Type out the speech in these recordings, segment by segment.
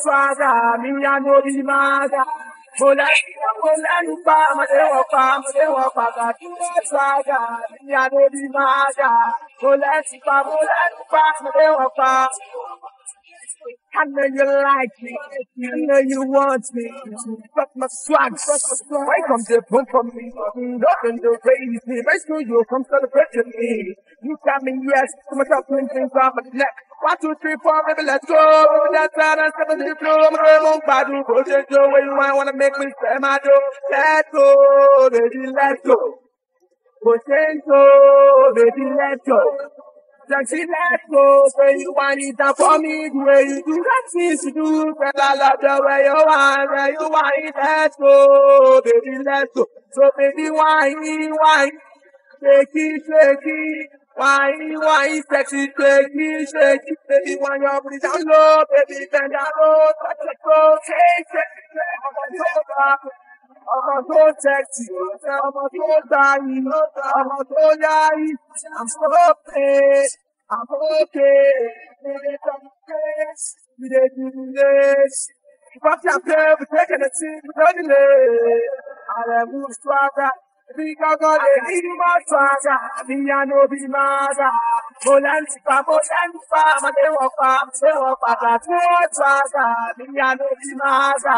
Swasa, Miya no di mata. Bola, bola nupa, mate wapa, mate wapa, kati swaga, Miya no di mata. Bola nupa, bola nupa, mate wapa. I know you like me. I know you want me. Fuck my swag. Why come to pump for me? Nothing to raise me. Make sure you come celebrating me. You tell me yes. Put myself in things on my neck. One, two, three, four, baby, let's go. Baby, that's how that's seven to the floor. I'm going on badu. Rotate your way. You might want to make me spam my door. Let's go, baby, let's go. Rotate your baby, let's go. Sexy, let's go. Where you want it that for me. The way you do that things you do. Girl, I love the way you want, where you want it. Let's go, baby, let's go. So baby, why, why? Take it, take it. Why, why, sexy, sexy, sexy, baby, why your booty down low, baby, bend down low, touch your clothes, hey, sexy, baby, I'm a ọmọ tó sexy, I'm tó dáyì, I'm tó yáyì, I'm so paid, I'm so paid, baby, I'm paid, we dey do this. Fuck your pay, we take anything, we don't delay. I am who's swagger. Rikagole ni matata, miyano bimata. Molanti pa molanti pa, matewa pa, matewa pa, matewa miyano bimata.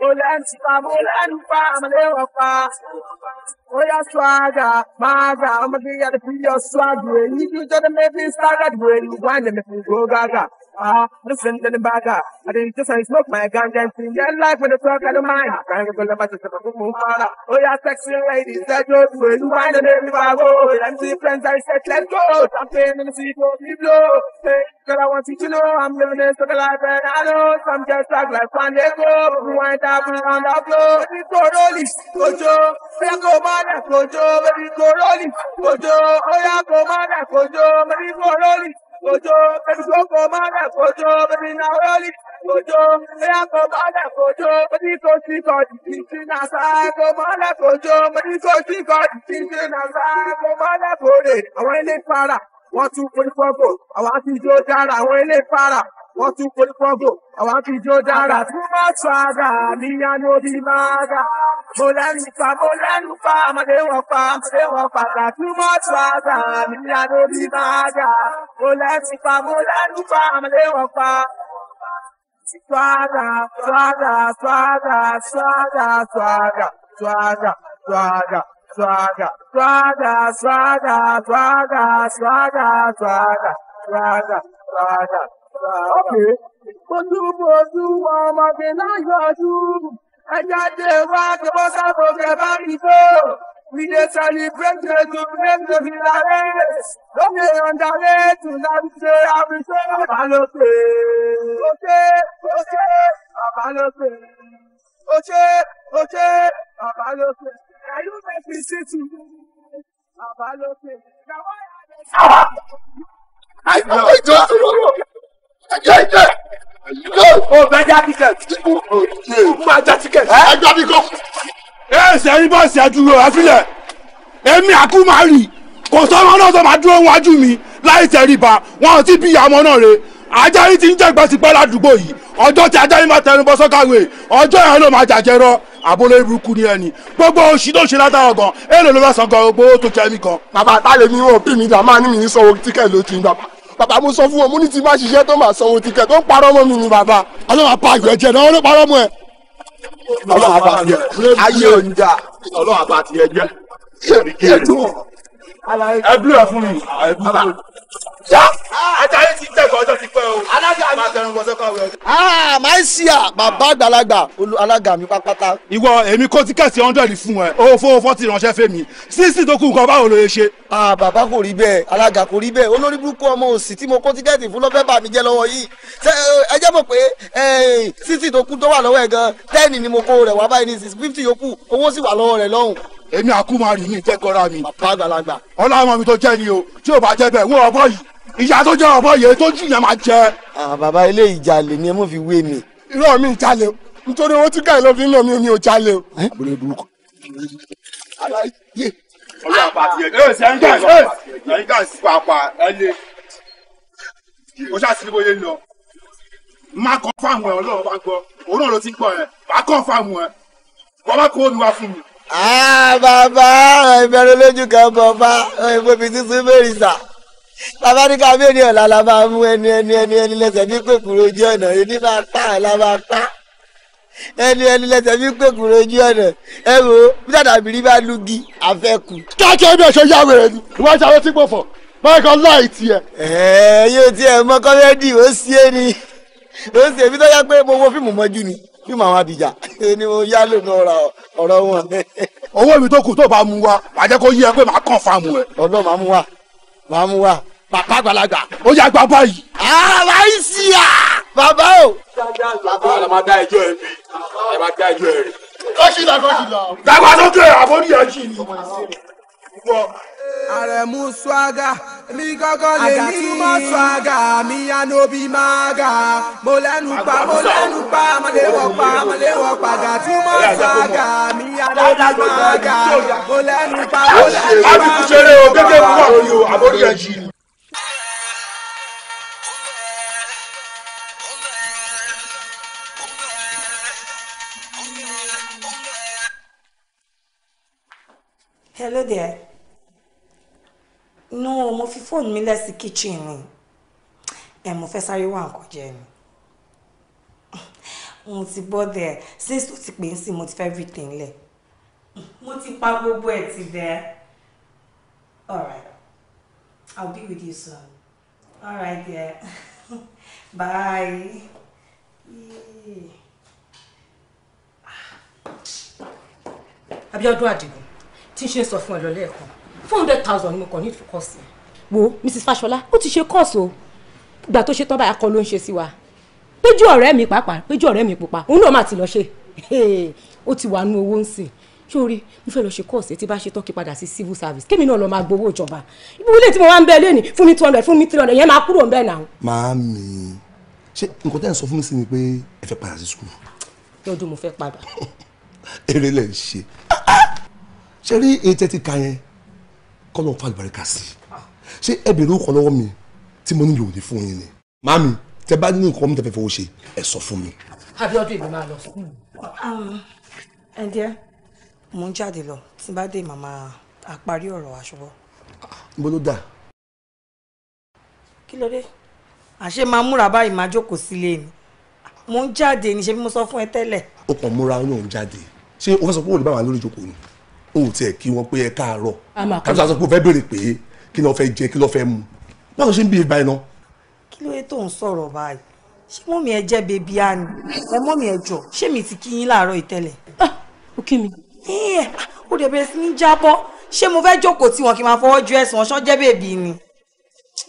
Molanti pa molanti pa, matewa pa. Oya swaga, maga, I'ma give you the free your swag, you do just make me stagger, you want to make me go gaga. ah, the friend and the bagger. Ah. I didn't just say smoke my gun, then sing your life with the talk of the mind. Trying to go to my sister, but move on. Ah. Oh, yeah, sexy ladies, that goes for you. Wine and every vibe. Oh, I'm see friends, I said, let's go. Champagne in the sea, don't be blow. Hey, girl, I want you to know I'm living this sort of life and I know some just like like one day go. Wind up on the floor. Baby, go rollies, go Joe. Hey, go man, go Joe. Baby, go rollies, go Joe. Oh, yeah, go man, go Joe. Baby, go rollies. kojo ẹnukọ kọ mọlẹ kojo bẹbí náà rọlì kojo ẹyà kọ mọlẹ kojo bẹbí kò sí kọ títí náà sá kọ mọlẹ kojo bẹbí kò sí kọ títí náà sá kọ mọlẹ kò rè àwọn ilé para wọ́n tún polipọ́gò àwọn àti ìjó dára àwọn ilé para wọ́n tún polipọ́gò àwọn àti ìjó dára. tún bá tún àgà mi yá ló bí máa gà. mo lẹ́nu pa mo lẹ́nu pa ọmọdé wọn pa ọmọdé wọn padà. tún bá tún àgà mi yá ló bí máa gà. mo lẹ́nu pa mo lẹ́nu pa ọmọdé wọn pa. Swaga, swaga, swaga, swaga, swaga, swaga, swaga swagger, swagger, swagger, swagger, swagger, swagger, swagger, swagger. Okay. Bojúbojú ọmọdé náà yọjú. Ẹ jáde wá kí wọ́n sábò kẹ bá mi tó. We dey celebrate the to make the villages. Don't be underrated to navigate every day. Abalope. Oche, oche, abalope. Oche, oche, abalope. Are you representing Abalope? Now why are they I know I don't know. Oh, my dad ticket! My dad ticket! I got it, go! Eh, ẹ sẹ́yìn bọ́ọ̀sì àdúró àfilẹ̀, èmi àkúmárì, kò sọ́mọ náà sọ ma dúró wájú mi láì tẹríba, wọn ò tí bí ìyá ọmọ náà re ajáyí ti ń jẹ́ gbàsípẹ́ ládùúgbò yìí ọjọ́ tí ajáyí máa tẹnu bọ́ sọ́kàwé ọjọ́ yẹn ló máa jàjẹrọ àbólóyè burúkú ni ẹni gbogbo oṣù tó ṣe látara gan èèlò ló lọ́sàn gan gbogbo tó jẹ́ mi gan. bàbá àtàlẹ́ mi ò bí mi dà máa ní mi ní sanwó tíkẹ́ẹ̀tì ló ti ń bàbá bàbá mo sọ fún wọn mo ní ti má ṣiṣẹ́ tó máa sanwó tíkẹ́ẹ̀tì tó ń parọ́ mọ́ mi ni bàbá. ọlọ́run apá àgbẹ̀ jẹ náà ló parọ́ mọ́ ẹ. ọlọ́run apá àgbẹ̀ ayé òǹda ọlọ́run apá àtìyẹ jẹ́ ẹ bílẹ̀ fún mi. Ah. àtàrí ti tẹ̀kọ̀ ọjọ́ ti pẹ́ o. alága mi máa tẹnu bọ́sẹ̀ kọ̀wé ọjọ́. aa máa ń ṣíà bàbá àgbàlagbà alága mi pátápátá. ìwọ èmi kò tí kẹ̀sì hundred fún ẹ o fowó fọ́tì ránṣẹ́ fẹ́mi sísì tó kù nǹkan báwo ló lè ṣe. aa ah, bàbá kò rí bẹ́ẹ̀ alága kò rí bẹ́ẹ̀ olórí burúkú ọmọ òsì tí mo kó tíkẹ́ẹ̀tì fún lọ́fẹ́ bà mí jẹ́ lọ́wọ́ yìí ẹ jẹ́ mọ̀ pé sísì tó kù tó wà lọ́wọ́ ẹ̀ gan tẹ́ẹ̀nì ni mo kó rẹ̀ wá báyìí ní six fifty yòókù owó sì wà lọ́wọ́ rẹ̀ lọ́hùn èmi àkúmarì mi jẹ́gọ́ra mi. bàbá àgbàlagbà. ọlọ́run mi tó jẹ́ ni o tí ò bá jẹ́ bẹ́ẹ̀ wọ́n ọ̀bọ yìí ìyá tó jẹ́ ọ̀bọ yìí tó jù yẹn máa jẹ. bàbá ilé ìjàlè ni ẹ mọ̀ fi wé mi. irọ́ mi ìjàlè o nítorí owó tí káyọ̀ lóbi ń lọ mi mi ò jalè o. àbúrò burúkú. aláìyé. ọlọ́run àpá tiẹ̀ ẹ̀ sẹ́ńgà sẹ́ńgà pàpà ẹ̀ lé. o ṣàṣìbóyè lọ. má kọ́ fáwọn ẹ̀ ọlọ́run bá gbọ́ òun náà ló ti ń gbọ́ ẹ̀ má kọ́ fáwọn ẹ̀ wọ́n bá kó omi wá fún mi. Ah, bàbá ìbẹ̀rù lójú kan bọ̀bá ìbomi tuntun mẹ́rin sà bàbá ní ká bẹ́ẹ̀ ni ọ̀la la máa mú ẹni ẹni ẹni ẹni lẹ́sẹ̀ bí pèkúrò ojú ọ̀nà ẹni máa pa ọ̀la máa pa ẹni ẹni lẹ́sẹ̀ bí pèkúrò ojú ọ̀nà ẹ wo bí dàdà bìrì bá lugi àfẹ́kù. káàkiri bí ẹ̀ṣọ́ yá wẹ̀rẹ̀ ni ìwọ́n ṣe àwọn tí kò fọ̀ máìkọ́ láìtì ẹ̀. ẹ̀ẹ́ yóò tiẹ̀ mọ kọ́mẹ́dì ó sì bí màmá àbíjà ni mo yá lónìí ọ̀rọ̀ ọ̀rọ̀ wọn. owó mi tó kù tó bá mu wa àjẹ́ kó yí ẹ pé màá kàn fáàmù ẹ. ọlọ́ màá mu wa màá mu wa bàbá àgbàlagbà ó yà gbà báyìí. àrà ìsì à bàbá o. bàbá àlọ́ máa dá ẹjọ́ ẹ bí ẹ máa dá ẹjọ́ ẹ rí. kọ́sìlà kọ́sìlà. dàgbà àbórí ẹ̀ ni àrẹ̀mú swaga mi kọ́kọ́ lè ní túmọ̀ swaga mi anobi maga mo lẹ́nu pa mo lẹ́nu pa mọ̀lẹ́wọ̀ pa mọ̀lẹ́wọ̀ pa àgà túmọ̀ swaga mi anobi maga mo lẹ́nu pa mo lẹ́nu pa mọ̀lẹ́wọ̀ pa mọ̀lẹ́wọ̀ pa. Hello there no mo fi fóònù mi lẹ̀ sí kitchen ni ẹ mo fẹ́ sáré wá nǹkan jẹ ni mo ti bọ́ dẹ̀ since tó ti pè é sí mo ti fẹ́ everything lẹ̀ mo ti pa gbogbo ẹ̀ ti dẹ̀ alright I'll be with you soon alright dear bye. Yeah. Abíọ́dún Àdìgún tí ń ṣe sọ fún ẹ lọ lẹ́ẹ̀kan four hundred thousand ni mo kàn ní ìfọkànsí. wo mrs fashola ó ti ṣe kọ́ọ̀sì o gbà tó ṣe tán báyà kọ́ ló ń ṣe sí wa péjú ọ̀rẹ́ mi pàápàá péjú ọ̀rẹ́ mi pupa òun náà má ti lọ ṣe ó ti wà nú owó ń sìn sórí mo fẹ́ lọ ṣe kọ́ọ̀sì tí bá ṣe tán kí padà sí civil service kémi náà lọ máa gbowó ìjọba ibi wọlé tí mo wá ń bẹ lẹ́nìí fún mi two hundred fún mi three hundred yẹn máa kúrò ń bẹ̀ náà. màámi ṣé nǹkan tẹ́ ẹ̀ ń sọ fún mi sí ni pé ẹ fẹ́ padà sí school. lọ́dún mo fẹ́ padà. eré lẹ́ ń ṣe ah, ah. ṣe rí eight thirty ka yẹn kọ́nà fún àlùbáríkà sí i ṣé ẹ bèrè ọkọ lọ́wọ́ mi tí mo nílò òde fún yín ni màámi tẹ bá ní nǹkan tẹ fẹ́ fowó ṣe ẹ sọ fún mi. abiodun ìlú máa lọ fún um, mi. ẹ díẹ̀ mo ń jáde lọ tí bá dé màmá àparí ọ̀rọ̀ wa ṣùgbọ́n. níbo ló dà. kí ló dé. àṣé máa múra báyìí máa jókòó sílé mi mo ń jáde ní ṣe bí mo sọ fún ẹ tẹ́lẹ̀. ó kàn múra ó ní òun jáde ṣé o fẹ́ sọ pé òun lè bá wa lórí ìjókòó ni òun tiẹ̀ kí wọ́n pé ẹ káàárọ̀ kábíyèsí àti sọ pé ó fẹ́ béèrè pé kí ló fẹ́ jẹ kí ló fẹ́ mu báwo ṣe ń bíi báyìí náà. kí ló yẹ tó ń sọ̀rọ̀ báyìí ṣé mọ́mí ẹ jẹ́ bèbí àná ẹ mọ́mí ẹ jọ ṣé mi ti kí yín láàárọ̀ ìtẹ́lẹ̀. Ah, ó kí mi. ẹ eh, ó dẹ̀ bẹ̀rẹ̀ sí ní jábọ́ ṣé mo fẹ́ jókòó tí wọn kì í máa fọwọ́ ju ẹ̀sùn ọ̀ṣán jẹ́ bèbí ni.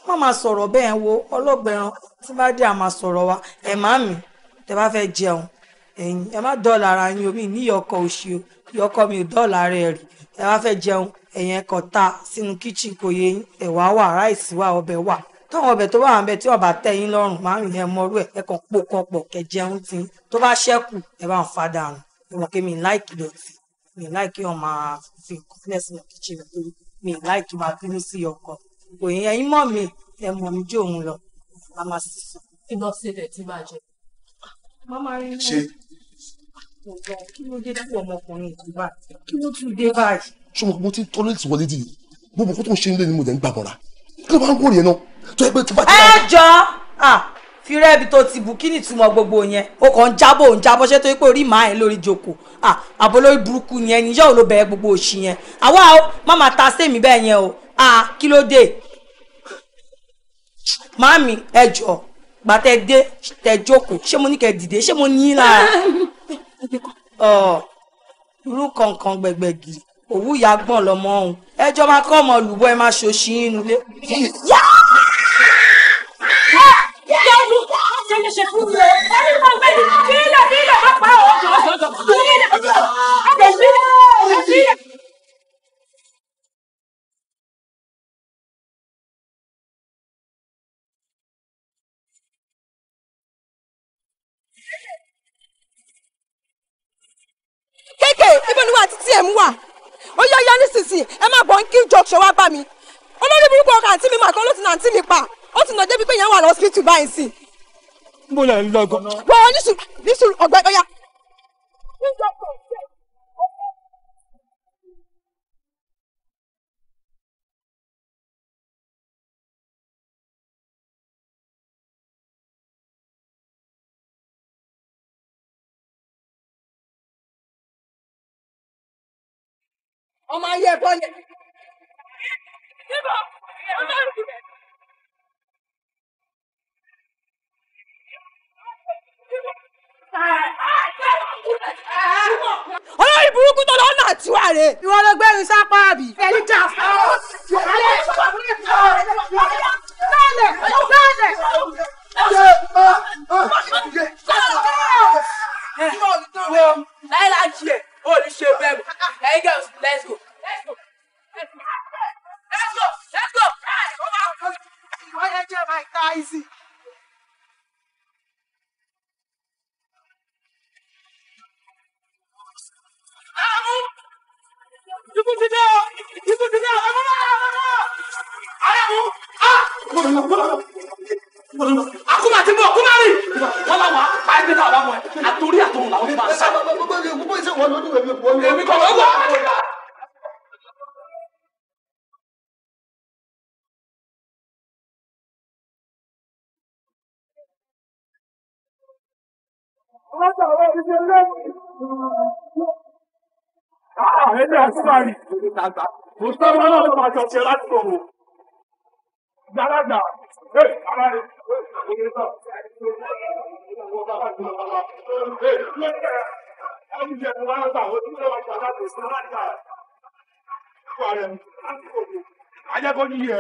má máa sọ̀rọ̀ bẹ́ẹ̀ wo ọlọ́gbẹ̀rán tí bá dé àmà sọ̀rọ̀ wa ẹ̀ má mi tẹ bá fẹ́ jẹun ẹ̀yin ẹ má dọ́ọ̀lù ara yín omi níyọkọ̀ òṣì yọkọ mi ò dọ́ọ̀là rẹ̀ rí ẹ wá fẹ́ jẹun ẹ̀yìn ẹ̀kọ́ ta sínú kíchìn kò yẹ yín ẹ̀wà wà ráìsì wà ọbẹ̀ wà táwọn ọbẹ̀ tó bá wà ń bẹ tí ọba tẹ́ yín lọ́rùn máa ń yẹn mọ́rú ẹ̀ ẹ kàn pò kan pọ̀ kẹ jẹun tí tó bá ṣẹ́kù ẹ bá ń fa dànù ìwọ̀n kí mi láìkì dọ̀tí mi láìkì ọ̀ máa fi nǹkan sílẹ̀ sínú kíchìn rẹ̀ torí mi láìkì máa bínú sí ọkọ kò yẹ ẹ̀yin mọ̀ mi ẹ mọ̀ mi jó òun lọ màmá sì sọ. ìgbọ̀nsẹ̀ rẹ̀ ti bàjẹ́. ṣé Ọlọ́run kí ló dé dẹ́kun ọmọkùnrin ìtú bá kí ló tún dé báyìí. ṣùgbọ́n mo ti tọ́lẹ́tì wọlé dì í gbogbo kó tó ń ṣe nílé ni mo dẹ̀ ń gbà mọ́ra kí ló máa ń wò yẹn náà tó yẹ pé tó bá ti. ẹ jọ fi rẹ́ẹ̀bi tó ti bù kí ni ìtumọ̀ gbogbo yẹn ó kàn ń jábọ̀ ń jábọ̀ ṣé tó yẹ pé orí màá ẹ̀ lórí jòkó àbọ̀ lórí burúkú yẹn ni yóò ló bẹ̀rẹ̀ gbogbo òṣì yẹn àwa ó má máa ta sẹ́mi bẹ́ẹ̀ yẹn o kí ló dé màmí ẹ jọ gbàtẹ́ dé tẹ jókòó ṣé mo ní kẹ́ dìde ṣé mo ní lára. irú kankan gbẹgbẹ gírì òwú ìyá gbọ̀n lọmọ ọ̀hún ẹjọ́ máa kọ́ ọmọ olùbọ́ ẹ máa ṣòṣì inú ilé. Yeah. kéèké ibi ni wà àti tm wà ó yá yá nísinsìnyí ẹ má bọ̀ ń kí junction wá gbà mí olórí burúkú ọkọ àǹtí mi mà kan ló ti nà àǹtí mi pa ó ti nà débi pé yẹn wà lọ́sibítù báyìí sí. mo lè lọ gan. wọ́n ní sùn ọgbẹ́ ọ̀yà. ní junction ọmọ ayé ẹ̀kọ́ yẹn. olórí burúkú tó lọ́nà àtiwá rè. ìwọ ló gbẹ́rin sápá àbí. ẹni jà fún ọ. sálẹ̀ sálẹ̀. láyé láti yẹ bóòlù ṣe bẹ́ẹ̀ bọ̀ ẹ̀yin girls let's go let's go let's go let's go. Come ìwọ yẹn jẹ́ my taxi. Ikú ti dé o! Ikú ti don't know. Ẹ don't know. Ẹ mú náà! Ààrẹ mú! Ah! akuma ti bọ kuma wa a ye bẹta a b'a mọ e. ẹ a tori a tọn la o de b'a sa. gbogbo ẹsẹ wọn lórí ẹbí wọn. èmi kọ o wa. Àwọn ah, ẹgbẹ́ àti bá rí. Mo sọ fún gbàlagbà ajẹ́kọ̀ọ́ yíyẹ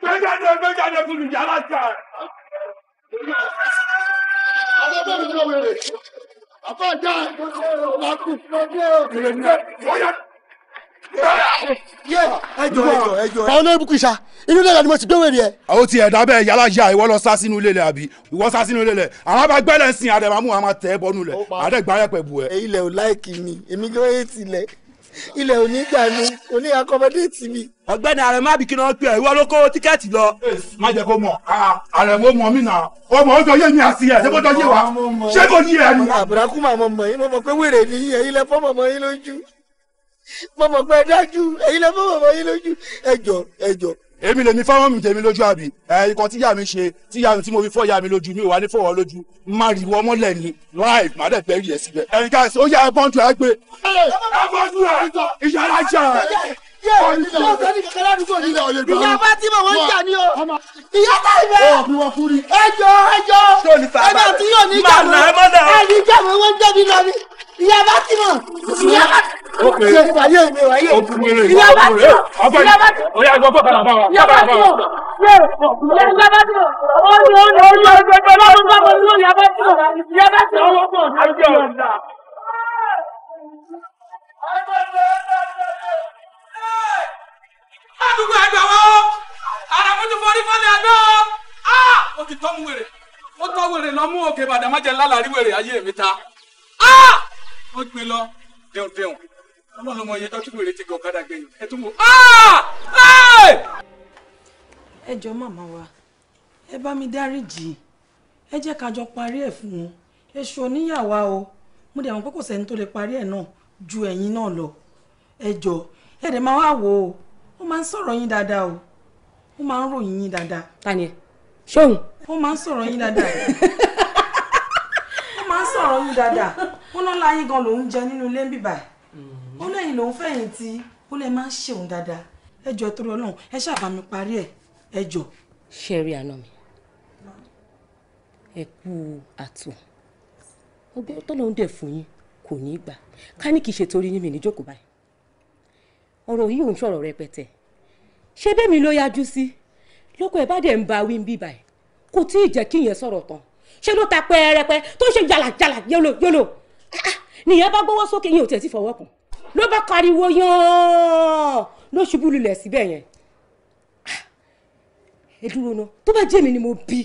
gbẹ́jáde gbẹ́jáde fún ta ọlọ́dọ̀ mi ló wẹ̀rẹ̀ àbájá ìgbésẹ̀ ọ̀la kù ẹjọ ẹjọ ẹjọ. àwọn náà ibùkún ìṣá inú ilé rẹ ni mo ti gbéwèrè ẹ. àwọn ti ẹ̀dá bẹ́ẹ̀ yálà yá ìwọ lọ sá sínú ilé rẹ àbí ìwọ sá sínú ilé rẹ àwọn bá gbẹ́lẹ̀ ń sìn àdèmàmú àwọn máa tẹ̀ ẹ́ bọ́nú rẹ àdẹ́gbà yẹ pẹ̀ bu ẹ. ilẹ̀ ò láìkì mi èmi gbé wáyé tilẹ̀ ilẹ̀ ò ní gbà mí ò ní akọ́mọdéètì mi. ọ̀gbẹ́ni àrẹ̀mọ àbíkí náà pé ìwọ ló kó tíkẹ́ẹ̀tì lọ. má jẹ́ kó mọ̀ ah, mọ̀mọ́ pé dájú ẹ̀yin lè mọ̀ mọ̀mọ́ yín lójú ẹ̀jọ̀ ẹ̀jọ̀. èmi lèmi fáwọn mi tèmi lójú àbí ẹ̀yìnkan tíyà mi ṣe tíyà mi tí mo fi fọ́ ìyá mi lójú mi ò wá ní fọwọ́ lójú má rí wọ́n mọ́lẹ̀ ni live má dẹ̀ bẹ́ẹ̀ yẹ síbẹ̀. ẹ̀yin ká ẹ̀sìn ó yẹ ẹ̀bọ́n gbé. ẹ̀bọ́n tu ẹ̀ ìyára jà ìyá bá tí mo wọ́n jà ní o ìyá bá ibẹ̀ ẹjọ́ ẹjọ́ ẹ ìyá bá ti mọ̀ ìyá bá ti mọ̀ ṣe wáyé mi wáyé ìyá bá ti mọ̀ ìyá bá ti mọ̀ ìyá bá ti mọ̀ ìyá bá ti mọ̀ ìyá bá ti mọ̀ ọ̀rọ̀ ọ̀rọ̀ ọ̀rọ̀ ọ̀rọ̀ ọ̀rọ̀ ọ̀rọ̀ ọ̀rọ̀ ìyá bá ti mọ̀ ìyá bá ti mọ̀ ọ̀rọ̀ ọ̀rọ̀ àdúgbò ẹgbẹ́ wo ara mo ti forí fọlẹ̀ àgbọ̀ ah mo ti tọ́ mu wèrè mo tọ́ wèrè lọ mú òkè bàdàmájẹ ńlá làrí wèrè ayé mi ta ah. ó gbé lọ dẹ̀hùn dẹ̀hùn ọlọ́run ọmọ ti gàn ọ̀kadà gbẹ̀yìn ẹ tún wò. Ah! ẹ jọ màmá wa ẹ bá mi ji ẹ jẹ́ parí o mụ dẹ̀ mọ̀ pé kò sẹ́ni náà ju náà lọ ẹ máa wá wò ó ó máa ń yín dáadáa o ó máa ń ròyìn yín dáadáa. tani wọn lọ́la yín gan lòún jẹ nínú ilé ń bìbà ó lẹ́yìn lòún fẹ̀yìntì ó lẹ́ máa ń ṣeun dáadáa ẹ jọ̀ọ́ torí ọlọ́run ẹ ṣàbà mi parí ẹ̀ ẹ jọ̀ọ́. ṣe rí àná mi ẹ kú àtò obìnrin tọ́lọ́ ń dẹ̀ fún yín kò ní í gbà ká ní kì í ṣe torí yín mi níjókòó báyìí ọ̀rọ̀ yìí ò ń rẹpẹtẹ ṣé bẹ́ẹ̀ mi ló yájú sí lóko ẹ̀ bá dẹ̀ ń ba wí ń bí báyìí kò tí ì jẹ́ kí ìyẹn sọ̀rọ̀ tán ṣé ló ta pẹ́ẹ́rẹ́pẹ́ tó ṣe jàlàjàlà yólò yólò nìyẹn bá gbọ́wọ́ sókè yín ò tẹ̀ sí fọwọ́ kàn ló bá kariwo yan ló ṣubú lulẹ̀ síbẹ̀ yẹn ah, ẹ dúró ná tó bá jẹ́ mi ni mo bí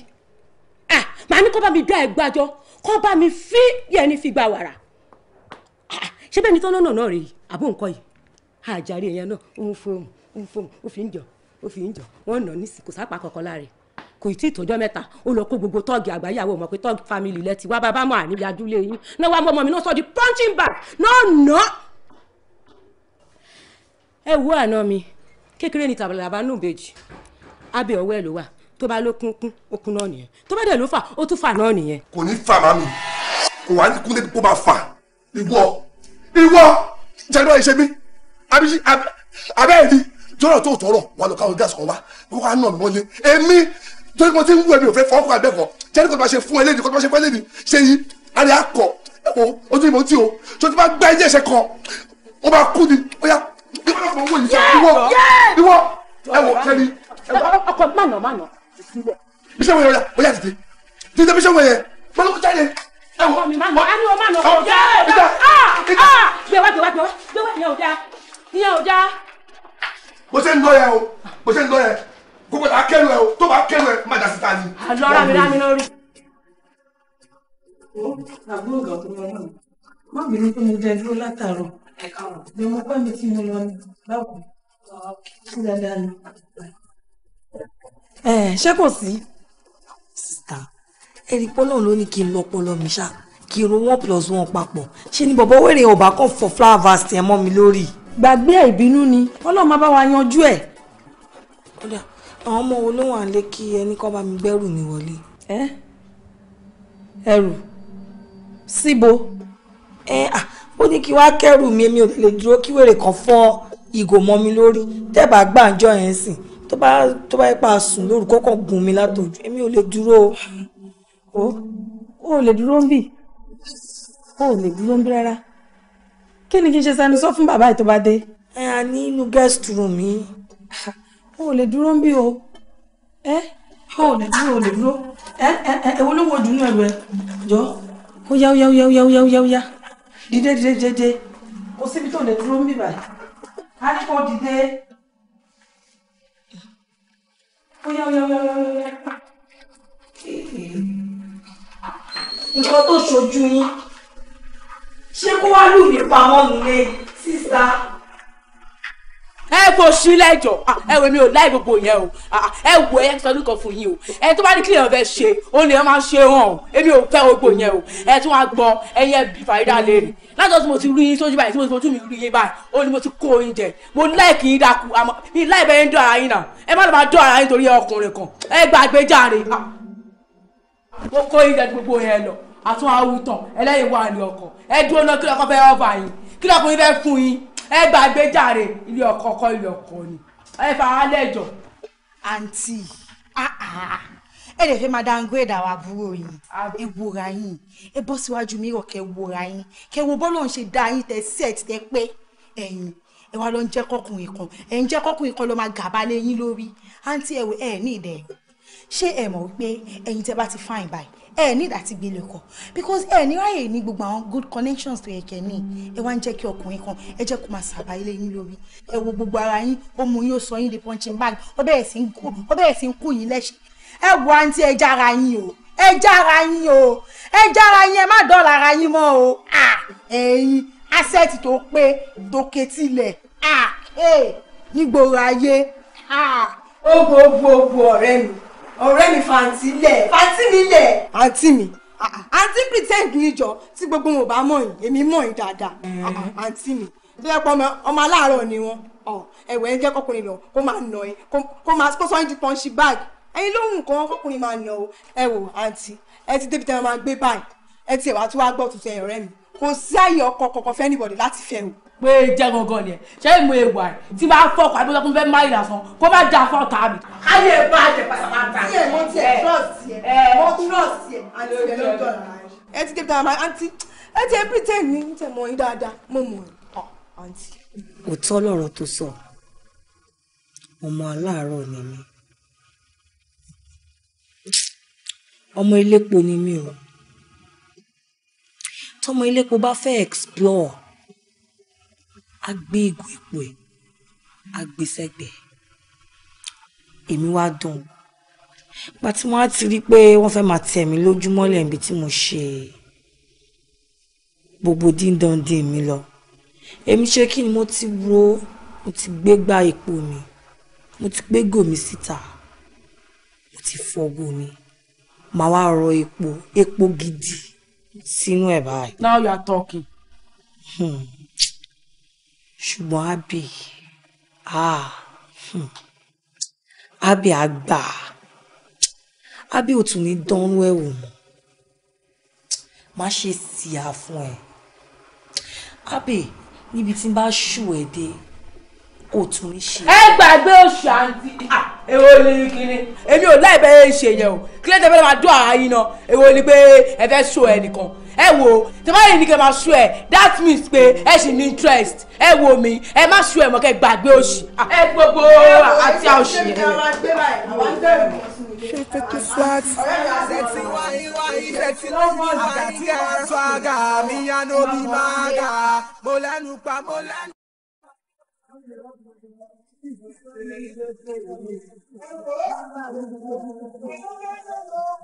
ah, màá ní kó bá mi dá ẹ gbájọ kó bá mi fi yẹn ní fi gba wàrà ah, ṣé bẹ́ẹ̀ ni tọ́nà náà rèé àbó nǹkan yìí àjàre yẹn náà ó ń fóun ó ń fóun ó fi ń jọ ó fi ń jọ wọ́n nà ní kò sápá kankan láre kò tí ì tọ́jọ́ mẹ́ta ó lọ kó gbogbo tọ́ọ̀gì àgbáyé àwọn ọmọ pé tọ́ọ̀gì family lẹ ti wá bàbá mọ́ àní ìyájúlé yín náà wá mọ́ ọmọ mi náà sọ di punching bag náà nà. ẹ wo àná mi kékeré ni tàbàlàbà nù abẹ ọwọ́ ẹ ló wà tó bá ló kún kún ó náà nìyẹn tó bá dẹ̀ ló fà ó tún fà náà nìyẹn. kò ní fà màmí kò wá ní kúndé kó bá fà ìwọ ìwọ jẹrọ ìṣe mi abẹ́ ẹ̀rí jọ̀rọ̀ tó tọrọ wà lọ gáàsì kan wá wọ́n wá nà mí èmi torí mo ti ń wú ẹbí òfin fọwọ́kọ abẹ́kọ̀ jẹ́rìí kó bá ṣe fún ẹlẹ́ni kó bá ṣe fún ẹlẹ́ni ṣe yí àrẹ akọ ẹ̀wọ̀ ojú ìmọ̀ tí o tó ti bá gbá ẹjẹ́ ẹ̀ṣẹ̀ kan ó bá kú ni ó yá ìwọ ìwọ ìwọ ẹ̀wọ̀ kẹ́ni. ọkọ mànà mànà sílẹ̀. bíṣẹ́ wọ̀nyẹn ó yá tètè tètè bíṣẹ́ wọ̀nyẹn pẹ̀lú kó jáde ẹ̀wọ̀ mànà gbogbo ta kẹnu ẹ o tó bá kẹnu ẹ má dá síta ni. àlọ́ ra mi rá mi lórí. àbúrò ọ̀gá tó lọ náà má bínú pé mo jẹ dúró látàárọ̀ bí mo pẹ́ mi tí mo lọ ní báwo sí dáadáa ni. ẹ ṣé kò sí. sista ẹ̀rí pọ́nlọ́ ló ní kí n lọ ọpọlọ mi ṣá kí n ro one plus one papọ̀ ṣe ni bọ̀bọ̀ wèrè ọba kan fọ flower vase tiẹ̀ mọ́ mi lórí. gbàgbé ìbínú ni ọlọ́run máa bá wa yanjú ẹ̀. kódà àwọn ọmọ wo ló wà ń lé kí ẹni kan bá mi gbẹ́rù mi wọlé. ẹ ẹrù síbo. ẹ à ó ní kí wàá kẹrù mi èmi ò lè dúró kí wèrè kan fọ́ ìgò mọ́ mi lórí tẹ́bà gbàǹjọ yẹn sìn tó bá tó bá yẹ pa sùn lórúkọ kan gùn mi látọjú èmi ò lè dúró o. o ò lè dúró ń bì o ò lè dúró ń bì rárá kí ni kí n ṣe sani sọ fún bàbá yìí tó bá dé. ẹ à ní inú guest room yìí. o ò lè dúró ń bì o ẹ ó ẹrù ẹ jọ ó yá ó yá ó yá ó yá ó yá ó yá ó yá dìde dìde dìde kò síbi tó lè dúró ń bì báyìí a ní kó dìde ó yá ó yá ó yá ó yá nǹkan tó ṣojú yín ṣé kó wá lù mí pamọ́ nílé sísá ẹ kò sí lẹ́jọ́ ẹ wẹ mi ò láì gbogbo yẹn o ẹ wọ ẹ sọdún kan fún yín o ẹ tó bá ní kílíọ̀n fẹ́ ṣe ó lè máa ṣe hàn o èmi ò fẹ́ gbogbo yẹn o ẹ tún wá gbọ́ ẹyẹ bí fàyídà léèrè látọ̀ tí mo ti rí yín sójú báyìí tí mo ti fojú mi rí yín báyìí ó ní mo ti kó yín jẹ mo láìkì yín dákú àmọ́ mi láì bẹ́ẹ̀ ń dọ̀ ara yín náà ẹ má lọ máa dọ̀ ara yín torí ọkùnrin kan ẹ gbàgbé jàre mo kó yín jẹ gbogbo yẹn lọ àtún àwùtàn ẹlẹ́yìn wà ní ọkọ̀ ẹ dúró náà kí lọ́kọ́ fẹ́ ọba yín kí lọ́kùnrin fẹ́ fún yín ẹ gbàgbé jàre ilé ọkọ kọ́ ilé ọkọ ni ẹ fara lẹ́jọ́. àǹtí ah, ah, ah. ẹ lè fẹ́ máa downgrade àwọn àbúrò yín ẹ wòra yín ẹ bọ́ síwájú mi rọ̀ kẹ́ wòra yín kẹ́ wo bọ́ọ̀lù ń ṣe dá yín tẹ́ set tẹ́ pé ẹ̀yìn ẹ wá lọ ń jẹ́ kọkùnrin kan ẹ̀ ń jẹ́ kọkùnrin kan ló máa gàba lé yín lórí àǹtí ẹ̀wẹ̀ ẹ̀ ní ìdẹ̀ ṣé ẹ mọ̀ wípé ẹ̀yin tẹ́ bá ti fáìn báyìí ẹ ní àti gbélé ọkọ because ẹ ní ráyè ní gbogbo àwọn good connections tó yẹ kẹ ní ẹ wá ń jẹ́ kí ọkùnrin kan ẹ jẹ́ kó máa sábà ilé yín lórí ẹ wo gbogbo ara yín ó yín ó sọ yín di punching bag ó bẹ̀rẹ̀ sí ń kú ó bẹ̀rẹ̀ sí ń kú yín lẹ́sẹ̀ ẹ wo àǹtí ẹ jára yín o ẹ jára yín o ẹ jára yín ẹ má dọ́là ara yín mọ́ o ẹ̀yin asẹ́ẹ̀tì tó pé tòkè tilẹ̀ nígboro ayé ó gbogbo ọ̀rẹ́ mi ọ̀rẹ́ mi fàǹtí lẹ̀ fàǹtí mi lẹ̀. àǹtí mi ah, ah. àǹtí pretend níjọ tí gbogbo wọn ò bá mọ̀ yín èmi mọ̀ yín dáadáa eh. ah, àǹtí mi tó yẹ pé ọmọ aláàárọ̀ ni wọn ẹ̀wẹ̀ ń jẹ́ kọkùnrin lọ kó máa nà ẹ kó máa kó sọ ẹ́ di pọ́ńṣì báàgì ẹ̀yin lóhùn kan kọkùnrin máa nà ó ẹ wò àǹtí ẹ ti débi tẹ́ ẹ máa gbé báyìí ẹ ti ẹ̀ wá tí wàá gbọ́ tuntun ẹ̀yọ̀rẹ́ mi kò sí àyè ọkọ̀ kọ̀ọ̀kan fẹ́ anybody láti fẹ́ o pé jẹ́ gangan ni ẹ̀ ṣé ìmọ̀ ewu àì tí bá fọ́ọ̀kù àbí ọlọ́kùnrin fẹ́ má ìlà san kó má já fọ́ọ̀tà mi. ayé bá jẹ pátápátá. tí ẹ mọ tí ẹ trust yẹ mọ trust yẹ àti ẹ lọ́jọ́ la. ẹ ti kẹta àmà àǹtí ẹ ti ẹ pretend ní tẹ mọ yín dáadáa mo mọ ẹ àǹtí. òótọ́ lọ̀rọ̀ tó sọ ọmọ aláàárọ̀ ni mí ọmọ elépo ni mí o tọmọ elépo bá fẹ́ explore á gbé ìgò epo ẹ̀ á gbé e sẹ́gbẹ̀ẹ́ èmi wá dùn gba tí wọ́n á ti rí i pé wọ́n fẹ́ máa tẹ̀ mí lójúmọ́lẹ̀ níbi tí mo ṣe gbogbo díndandín mi lọ èmi ṣe kí ni mo ti ro mo ti gbé gba epo mi mo ti gbé gò síta mo ti fọgbó mi màá wá rọ epo epo gidi sínú ẹ̀ báyìí. now you are talking. Hmm ṣùgbọ́n àbí àbí àgbà àbí ò tún ní dánrú ẹ̀ wò mọ́ má ṣe sì á fún ẹ àbí níbi tí n bá ṣù ẹ dé kò tún ní ṣe. ẹ gbàgbé oṣù àǹtí ah, èwo ni kiri èmi ò láì bẹ́ẹ̀ ṣe o kí ló dé fẹ́ máa dún àárín náà èwo ni pé ẹ fẹ́ ṣù ẹ nìkan ẹ wo tí wọ́n yìí ní kẹ́ máa sú ẹ̀ that means pé ẹ sì ní interest ẹ wo mi ẹ má sú ẹ̀ mọ́ kẹ́ gbàgbé òṣì ẹ gbogbo àti òṣì ẹ̀. ṣé fẹ́kí flat. ṣe ti wá ìwà iṣẹ́ tí lọ́wọ́ àgbà tí ẹ sọ àgà mi yánú bí máa gà mo lẹ́nu pa mo lẹ́nu. Thank you.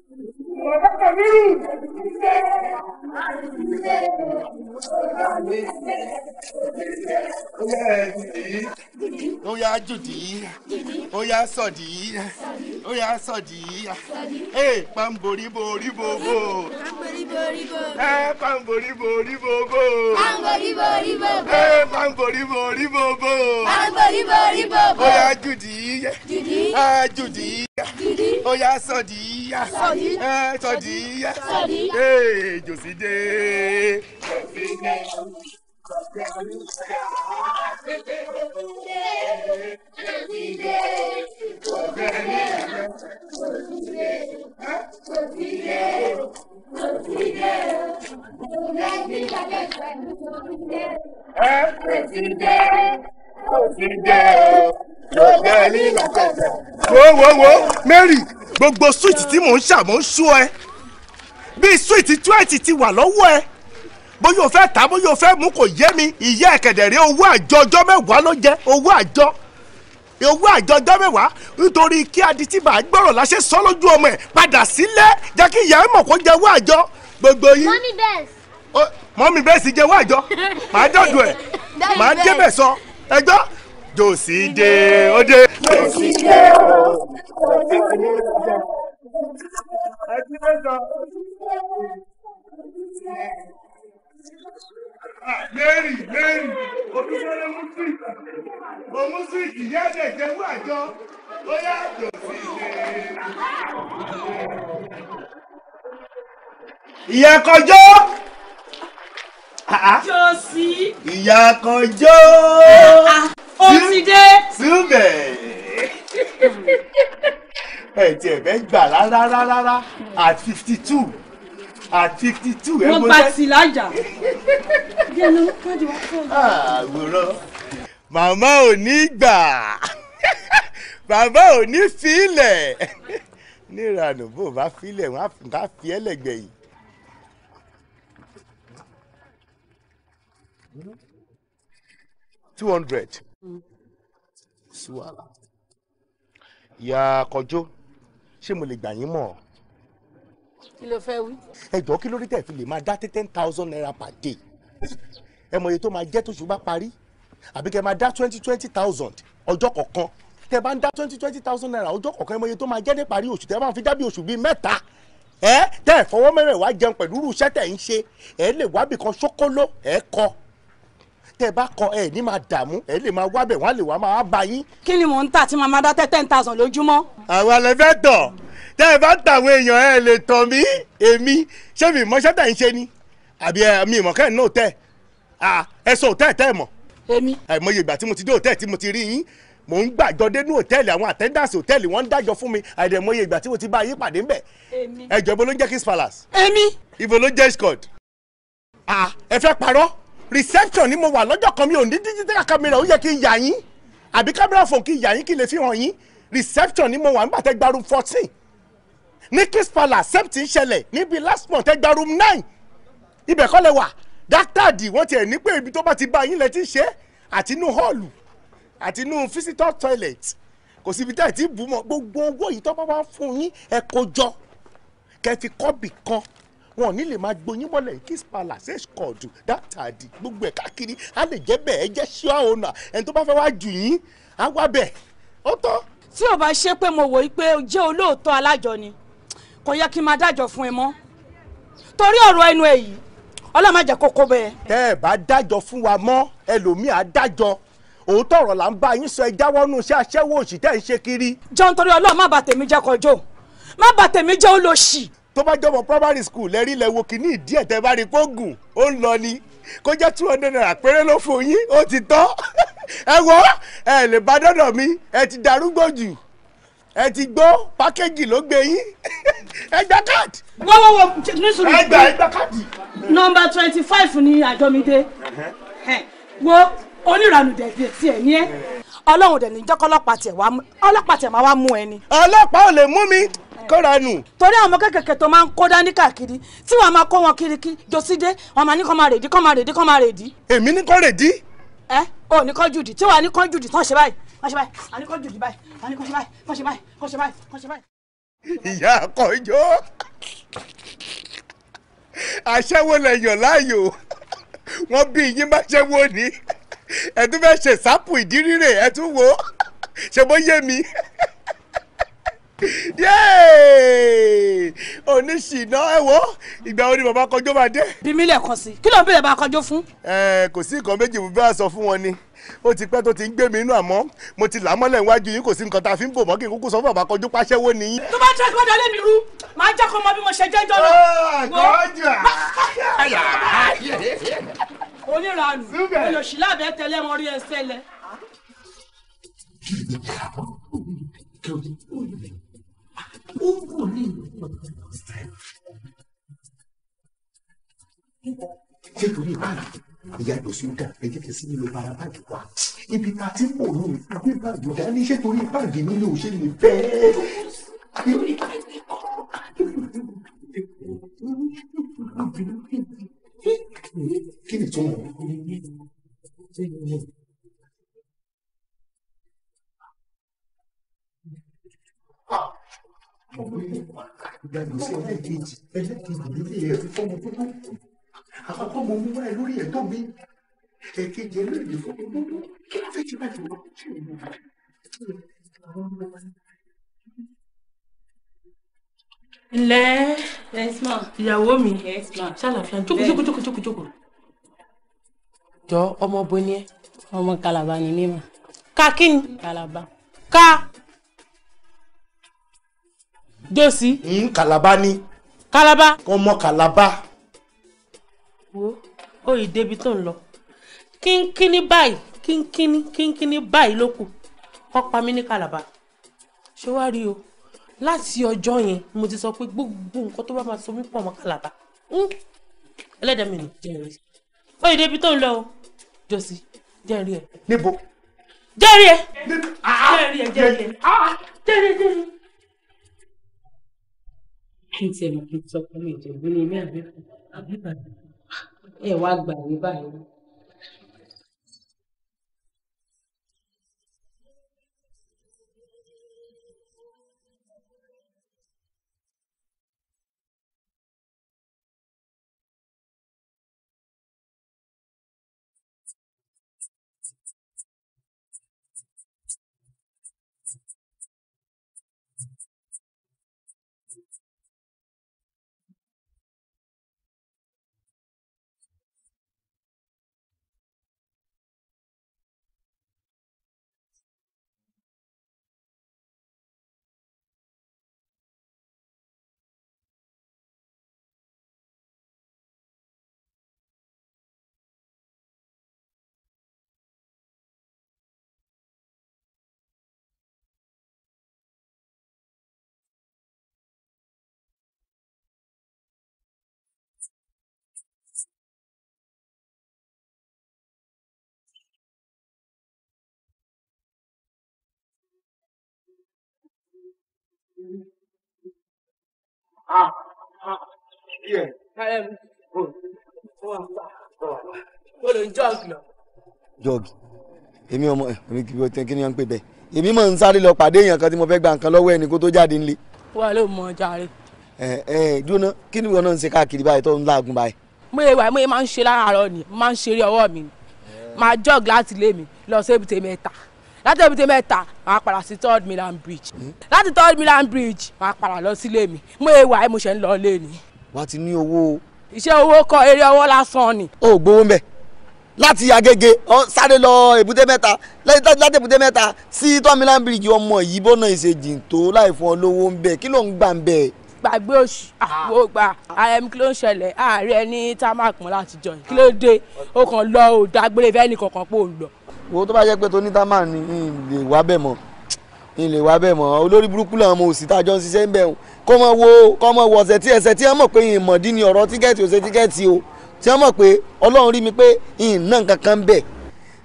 ó yá jùdí ó yá sọ̀dí ó yá sọ̀dí ee eh, pamborí borí bobo ee pamborí borí bobo eh, pamborí borí bobo ee pamborí borí bobo ó yá jùdí ó yá sọ̀dí sọdí. ẹ sọdí yẹ. sọdí. ee jòsídé. jòsídé. Eh, presidente kò sí jẹ́ o yóò jẹ́ lílọ pẹ̀lẹ́. wo wo wo Mary gbogbo swiiti tí mò ń ṣà mò ń ṣú ẹ bíi swiiti twenty ti wà lọ́wọ́ ẹ bóyá o fẹ́ ta bóyá o fẹ́ mú kò yé mi ìyá ẹ̀kẹ̀dẹ̀ rí owó àjọ ọjọ́ mẹ́wàá ló jẹ́ owó àjọ owó àjọ ọjọ́ mẹ́wàá nítorí kí adití bá a gbọ́rọ̀ láṣẹ sọ lójú ọmọ ẹ̀ padà sílé jẹ́ kí ìyá ẹ̀ mọ̀ kó jẹ owó àjọ gbogbo yín. mọ́mí bẹ́ẹ̀sì. jẹ owó àjọ màá dọ̀dọ̀ ẹ̀ màá débẹ̀ sọ ẹ gbọ́ jòsí dé ó dé. jòsí dé ó jòsí dé ó. Ah, Mary Mary olùsọ̀rọ̀ mú síìtì òmú síìtì yá dẹ̀jẹ̀ wú àjọ ó yá jòsí dé. ìyẹn kọjọ́. Ah, ah. jó sí. ìyá kan ah, jó. ó ti dé. súbẹ̀. ẹ tiẹ̀ bẹ́ẹ̀ gbà rárá rárá at fifty two at fifty two. wọ́n gba tìlájà. yẹnu káàdì wá fún ọ. àwòrán màmá ò ní gbà bàbá ò ní fi ilẹ̀ níranù bó bá fi wọn á fi ẹlẹ́gbẹ̀ẹ́ yìí. two hundred sí wàhálà ìyá kọjọ ṣé mo lè gbà yín mọ. kí ló fẹ́ wí. ẹ jọ̀ọ́ kí ló rí lè máa dá ten thousand naira per day ẹ mọ̀ iye tó máa jẹ́ tóṣù bá parí àbí kẹ́ máa dá twenty twenty thousand ọjọ́ kọ̀ọ̀kan tẹ́ bá ń dá twenty twenty thousand naira ọjọ́ kọ̀ọ̀kan ẹ mọ̀ iye tó máa jẹ́ ní parí oṣù tẹ́ bá ń fi dábì oṣù bíi mẹ́ta ẹ tẹ́ ẹ fọwọ́ mẹ́rẹ̀ wá jẹun pẹ̀lú irú iṣẹ́ tẹ̀ ń ṣe ẹ lè wábì kan ṣókóló ẹ kọ tẹ́ ẹ bá kọ ẹ ní máa dààmú ẹ lè máa wábẹ̀ wọ́n lè wá máa bá yín. kí ni mò ń tà tí màmá dá tẹ́ ten thousand lójúmọ́. àwọn alẹ́ fẹ́ tọ̀ tẹ́ ẹ bá tàwọn èèyàn ẹ lè tọ̀ mí èmi ṣé mi mọ ṣẹ́tà ń ṣe ni àbí mi ìmọ̀ kẹ́ ẹ̀ náà tẹ́ ẹ sọ òtẹ́ tẹ́ ẹ mọ̀. èmi. àìmọye ìgbà tí mo ti dé òtẹ́ tí mo ti rí yín mò ń gbàjọ dénú òtẹ́ẹ̀lì àwọn àtẹ́ndàsì òtẹ́ẹ̀lì wọ́n ń dájọ fún mi àìdẹ̀mọye ìgbà tí mo ti bá yín pàdé ńbẹ̀. èmi. ibo ló ń jẹ́ King's Palace. èmi. ibo ló ń jẹ́ Escort. ah ẹ fẹ́ parọ́ reception ni mo wà lọ́jọ́ kan mi ò ní digital camera ó yẹ kí n yà yín àbí camera phone kí n yà yín kí n lè fi hàn yín reception ni mo wà nígbà tẹ́ gba room fourteen ní kiss palace sept ń ṣẹlẹ̀ níbi last month tẹ́ gba room nine ibẹ̀ kọ́ lẹ wà dátàdì wọ́n tiẹ̀ ní pé ibi tó bá ti bá yín lẹ ti ṣe àti inú hall àti inú visitor toilet kò síbi tá ẹ̀ ti bù mọ́ gbogbo owó yìí tó bá wá fún yín ẹ kó jọ kẹ́ fi kọ́bì kan wọn ò ní lè máa gboyún bọ́lẹ̀ kiss palace escort dátàdì gbogbo ẹ̀ káàkiri á lè jẹ́ bẹ́ẹ̀ ẹ jẹ́ ṣíọ́ ọ̀nà ẹni tó bá fẹ́ wá jù yín á wá bẹ̀ ó tọ́. tí ò bá ṣe pé mo wò ó pé jẹ́ olóòótọ́ alájọ ni kò yẹ kí n máa dájọ́ fún ẹ mọ́ torí ọ̀rọ̀ ẹnu ẹ yìí ọlọ́run má jẹ́ kókó bẹ́ẹ̀. tẹ́ ẹ bá dájọ́ fún wa mọ́ ẹlòmíì dájọ́ òótọ́ ọ̀rọ̀ là ń bá yín sọ ẹ jáwọ́nú iṣẹ́ aṣẹ́wó òṣì tẹ́ kiri. jọ nítorí ọlọ́run má bà tèmi jẹ́ kọjọ́ má bà tèmi jẹ́ olóṣì tó bá jọmọ primary school lẹ́rí lẹ́wọ́ kìíní díẹ̀ tẹ́ bá rí pógùn ó ń lọ ni kó jẹ́ two hundred naira péré ló fún yín ó ti tọ́ ẹ wọ ẹ lè bá dọ́dọ̀ mi ẹ ti darúgbó jù ẹ ti gbọ́ pákéjì ló gbé yín ẹ gba káàdì. wọ́wọ́ wọ nísòrò ẹ ẹ gba káàdì. nọmba twenty five ni àjọmídé uh-huh. wo oníranù dẹ̀bi etí ẹ̀ ní ẹ ọlọ́run dẹ̀ ní jẹ́kọ́ ọlọ́pàá tẹ̀ wá mú ọlọ́pàá tẹ̀ máa wá mú ẹni. ọlọ́pàá ò lè mú mi kọ́ra nù. torí àwọn kékèké tó máa ń kó dání káàkiri tí wàá máa kó wọn kirikiri jòsídé wọn máa ní kọ́ máa rèdí kọ́ máa rèdí kọ́ máa rèdí. èmi ní kọ́ rèdí. ẹ o ní kọ́ jùdì tí wàá ní kọ́ jùdì tán ṣe báyìí wọ́n ṣe báyìí àní kọ́ jùdì báyìí àní kọ́ ṣe báyìí kọ́ ṣe báyìí kọ́ ṣe báyìí kọ́ ṣe báyìí. ìyá àkànjọ aṣẹ́wó lẹ́yìn láàyò wọ́n bí yín bá ṣẹ́wó ni ẹ tún fẹ́ ṣe sápò ìdí rírè ẹ tún wò ṣe bó yé mi oníṣìná ẹ wo ìgbà wo ni bàbá kọjọ́ máa dé. bí mi lè kàn sí kí ló ń bèrè bá kọjọ́ fún. ẹ kò sí nǹkan méjì bá sọ fún wọn ni ó ti pẹ́ tó ti ń gbé mi inú àmọ́ mo ti là á mọ́lẹ̀ níwájú yín kò sí nǹkan tá a fi ń bò mọ́ kí n kúkú sọ fún bàbá kọjú pàṣẹwó ni. tó bá tẹ́ ẹ̀kọ́ dalẹ́ mi rú màá jẹ́ kó mọ bí mo ṣe jẹ́jọ́ náà. oníranù olùsílábẹ́ tẹ̀lé wọn rí ẹsẹ̀ lẹ un bolinho nítorí báyìí ìyá ìdòsíúdà ẹjẹ kìí sí nílò para báàgì wa ibi tá ti ń bò ní ìgbé báàgì ọ̀dà ní ṣé torí báàgì nílé ò lè bẹ́ẹ̀. kí ni tó mọ̀? gbàgbé ǹlẹ́ ìyàwó mi ṣàlàfíà jókòó jókòó jókòó jókòó jókòó. jọ ọmọ bo ni ẹ. ọmọ Kalaba ni mímọ. ká kí ni. Kalaba. ká josi. n hmm, kalaba ni. kalaba. ọmọ kalaba. wo ó yìí débi tó ń lọ kínkínní báyìí kínkínní kínkínní báyìí ló kù kọ́ pa ní kalaba ṣé wàá rí o láti ọjọ́ yẹn mo ti sọ pé gbogbo nǹkan tó bá máa so mí pọ̀ mọ́ kalaba hmm? ẹlẹ́dàá mi nì jẹ́rìí ó yìí débi tó ń lọ o josi jẹ́rìí ẹ̀. níbo. jẹ́rìí ẹ̀ ah, ah. jẹ́rìí ẹ̀ jẹ́rìí ẹ̀ jẹ́rìí ah, ẹ̀ kí n tiẹ̀ mọ̀ kí n sọ fún mi ìjẹ̀bú ní ilé àbẹ́fọ́ àbẹ́fọ́ wá gbà mí báyìí Ah, ah, yeah. Um, oh, oh, oh. Ó lọ jọ́ọ̀gì lọ. Jọ́ọ̀gì, èmi ọmọ èmi kì í bọ́ kí ni wọ́n ń pè bẹ́ẹ̀. Èmi mọ̀ ń sáré lọ pàdé èèyàn kan tí mo fẹ́ gba nǹkan lọ́wọ́ ẹni kó tó jáde ńlé. Wà ló mọ jàre. Ẹ ẹ dúró kí ni ìwọ náà ń ṣe káàkiri báyìí tó ń láàgùn báyìí. Mo ìwà mo máa ń ṣe láàárọ̀ ni, máa ń ṣeré ọwọ́ mi, máa jọ́ọ̀gì láti ilé mi lọ sí èbúté mẹ́ta láti èbúté mẹ́ta màá padà sí third Milan bridge láti third Milan bridge màá padà lọ sílé mi mo èèwà ẹ mo ṣe ń lọ lé ni. wàá ti ní owó. iṣẹ́ owó kọ eré ọwọ́ lásán ni. o ò gbowó mbẹ láti Agége ọ sáré lọ èbúté mẹ́ta láti èbúté mẹ́ta sí third Milan bridge ọmọ yìí bọ́nà ìṣèjì tó láì fún ọ lówó ń bẹ kí ló ń gbà ń bẹ gbàgbé oṣù àwọn ògbà ààrẹ mi kí ló ń ṣẹlẹ̀ ààrẹ ah, ní tamak mọ́ láti jọ yìí kí ló dé ó kàn lọ ò dágbére fẹ́ẹ́nì kankan pò ń lọ. wo tó bá jẹ́ pé tó ní tamak ni n lè wá bẹ̀ mọ́ n lè wá bẹ̀ mọ́ olórí burúkú làwọn ọmọ òsì tájọ́ ń ṣiṣẹ́ ń bẹ̀ kó mọ wo kó mọ wo ọ̀sẹ̀ tí ẹsẹ̀ tí wọ́n mọ̀ pé ìmọ̀dí ni ọ̀rọ̀ tíkẹ́ẹ̀tì ọ̀sẹ̀ tíkẹ́ẹ̀tì o tí wọ́n mọ̀ pé ọlọ́run rí mi pé ìhìn náà kankan bẹ̀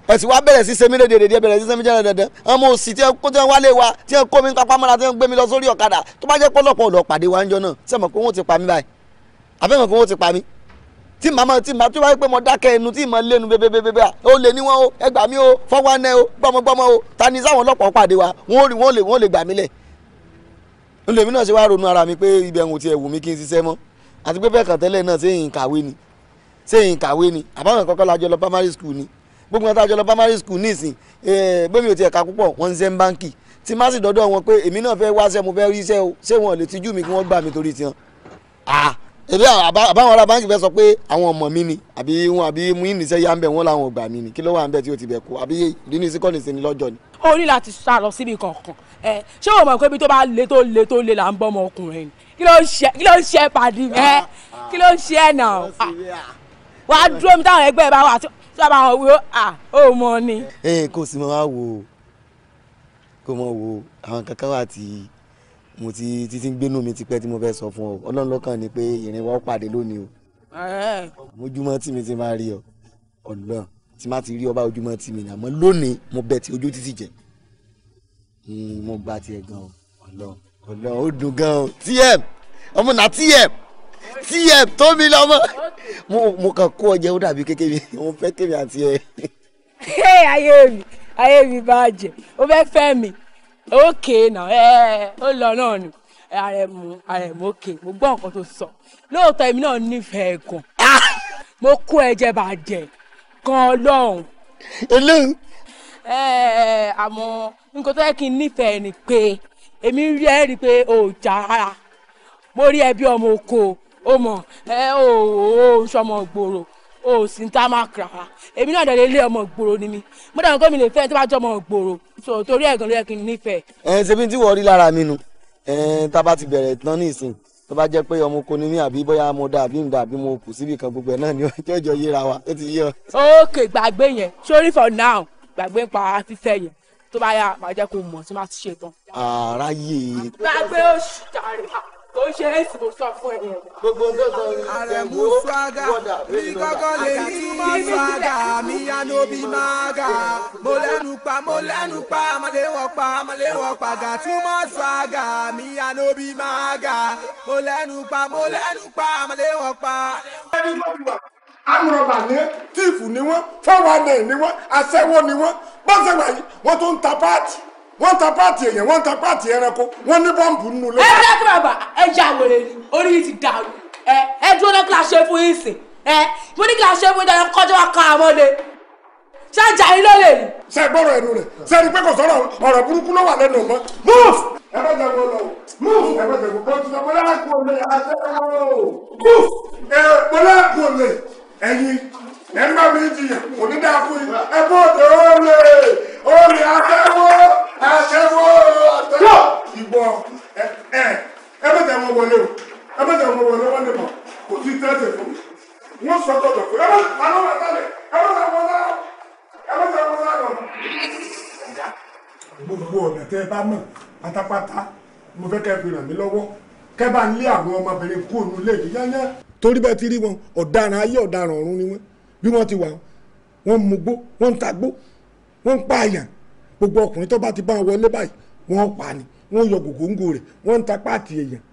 ẹ sì wá bẹ̀rẹ̀ sí sẹ́mi léde dèdè bẹ̀rẹ̀ sí sẹ́mi jẹ́ dandan ọmọ òsì tí kò tí wọ́n wálé wa tí wọ́n kó mi papá mọ́ra tí wọ́n gbé mi lọ sórí ọ̀kadà tó bá jẹ́ pọ́lọ́pọ́ ọ̀dọ̀ pàdé wa ń jọ náà sẹ́mọ̀ pé wọ́n ti pa mí báyìí àfẹ́mọ̀ pé wọ́n ti pa mí tí màmá tí màá tó bá yẹ pé mo dákẹ́ ẹnu tí mo lẹ́nu bébébébé ó lè ní wọn o ẹ gbà o fọwọ́ ẹ o gbọ́mọgbọ́mọ o ta ni sáwọn ọlọ́pàá pàdé wa wọ́n rí wọ́n lè wọ́n lè gbà mí lẹ̀ ń lèmi náà ṣe wá ronú ara mi pé ibẹ̀ ń wò tiẹ̀ wù mí kí n ṣiṣẹ́ mọ́ àti pé bẹ́ẹ̀ kàn tẹ́lẹ̀ náà ṣé n kàwé ni ṣé gbogbo ọ̀tá àjọlọ primary school nísìn eh, bẹ́ẹ̀mi ò tiẹ̀ ka púpọ̀ wọ́n ń ṣe ń báǹkì tí má sì dọ́dọ̀ wọn pé èmi náà fẹ́ wáṣẹ́ mo fẹ́ rí iṣẹ́ o ṣé wọn ò lè tijú mi kí wọ́n gbà mí torí tiwọn. èmi àbáwọn ará báǹkì fẹ́ sọ pé àwọn ọmọ mi ni àbí wọn àbí mú ìníṣẹ́ yá ń bẹ̀ wọ́n làwọn ò gbà mí ni kí ló wà ń bẹ̀ tí ó ti bẹ̀ kú àbí ìdí ní síkọ́ni wàá dúró mi táwọn ẹgbẹ́ bá wà tí wọ́n bá wọn wo ó mọ ni. ẹ kò sì máa wò ó kò mọ wò ó àwọn kankan wà tí mo ti títí gbénú mi tipẹ́ tí mo fẹ́ sọ fún ọ ọlọ́run lọ́kàn ni pé ìrìn wa ó pàdé lónìí o mojúmọ́ tí mi ti máa rí ọ ọ̀nà tí má ti rí ọba ojúmọ́ tí mi àmọ́ lónìí mo bẹ ti ojú títì jẹ hmm, mo gba tiẹ̀ gan ọ̀nà ọ̀nà ó dùn gan tm ọmọ náà tm tí ẹ tó mi lọ́mọ mo kàn kó ọjẹ ó dàbí kékeré mo fẹ́ kémi àti ẹ. ayé mi ayé mi bá jẹ ó fẹ́ fẹ́ mi òkè náà ẹ ó lọ náà nù àrẹ̀mú àrẹ̀mú òkè mo gbọ́ nǹkan tó sọ lóòótọ́ èmi náà nífẹ̀ẹ́ gan ah! mo kó ẹ̀jẹ̀ bàjẹ́ gan ọlọ́run. eléyìí. ẹ ẹ àmọ́ nǹkan tó yẹ kí n nífẹ̀ẹ́ ni pé èmi rí ẹ rí i pé ò já ara mo rí ẹ ọmọ oko ó mọ̀ ẹ ó ó sọmọ gbòòrò ó sì ń tá má kàrà èmi náà dẹ̀lé ilé ọmọ gbòòrò ni mi mo dàgbà kó mi lè fẹ́ bá jọ ọmọ gbòòrò so torí ẹ̀gàn ló kí n nífẹ̀ẹ́. ẹ ṣe bí tí wọ́n rí lára mi nu tá a bá ti bẹ̀rẹ̀ tán ní ìsìn tó bá jẹ́ pé ọmọ oko ni mí àbí bóyá mo dà àbí mo dà àbí mo kù síbi kan gbogbo ẹ̀ náà ni ọjọ́ yíra wa ó ti yé ọ. ókè gbàgbé yẹn sorry for now gbàgbé pa fífẹ́ yẹn tó bá yà máa jẹ́ kó mọ̀ tó máa ti ṣe tán. àráyè. gbàgbé oṣù tààrí kò ń ṣe èsì mo sọ fún ẹ. gbogbo ń dọ́sọ mi kọ́kọ́ maga mo lẹ́nu pa mo lẹ́nu pa amaléwọ̀ pa amaléwọ̀ pa gàtúmọ̀ mi yanobi maga mo lẹ́nu pa mo lẹ́nu pa amaléwọ̀ pa. ẹni lọ́bi wà amúrọ̀bà ni wọ́n tíìfù ni wọ́n fọwọ́ náà ni wọ́n aṣẹ́wó ni wọ́n bọ́sẹ̀ wáyé wọ́n tún ń ta páàtì wọ́n ta páàtì èèyàn wọ́n ta páàtì ẹranko wọ́n ní bọ́ǹbù nínú ilé. ẹ dákú bàbá ẹ jà wèrè ni orí yìí ti dàrú ẹ ẹ dúró ní kíláṣẹ fún yín sìn ẹ mo ní kíláṣẹ fún yín kọjá wa kan àwọn ọdẹ ṣé ajá yín ló lè ní. ṣe gbọ́dọ̀ ẹnu rẹ̀ ṣe ẹni pé kò sọ̀rọ̀ ọ̀rọ̀ burúkú ló wà lẹ́nu mọ́. move. ẹ bá jẹ́ kó move. ẹ bá jẹ́ kó move. ẹ bá jẹ́ kó lọ move. nígbà méjì onídàáfún ẹbú òde òòlè òòlè àtẹwó ole àtẹwó ìbọn ẹ ẹ ẹbẹtẹ wọn wọlé o ẹbẹtẹ wọn wọlé wọn ni mọ kò sí tẹsẹ fún wọn sọ gbọdọ fún ẹbẹ àná wọn sálẹ ẹbẹ sọ gbogbo bá mọ̀ pátápátá mo fẹ́ mí lọ́wọ́ ń lé àwọn ọmọbìnrin kúrò nílé torí bẹ́ẹ̀ ti rí wọn ọ̀daràn bí wọ́n ti wà wọ́n mú gbó wọ́n ń ta gbó wọ́n ń pààyàn gbogbo ọkùnrin tó bá ti bá wọn wọlé báyìí wọ́n pa ni wọ́n yọ gògóńgò rẹ̀ wọ́n ń ta páàtì èèyàn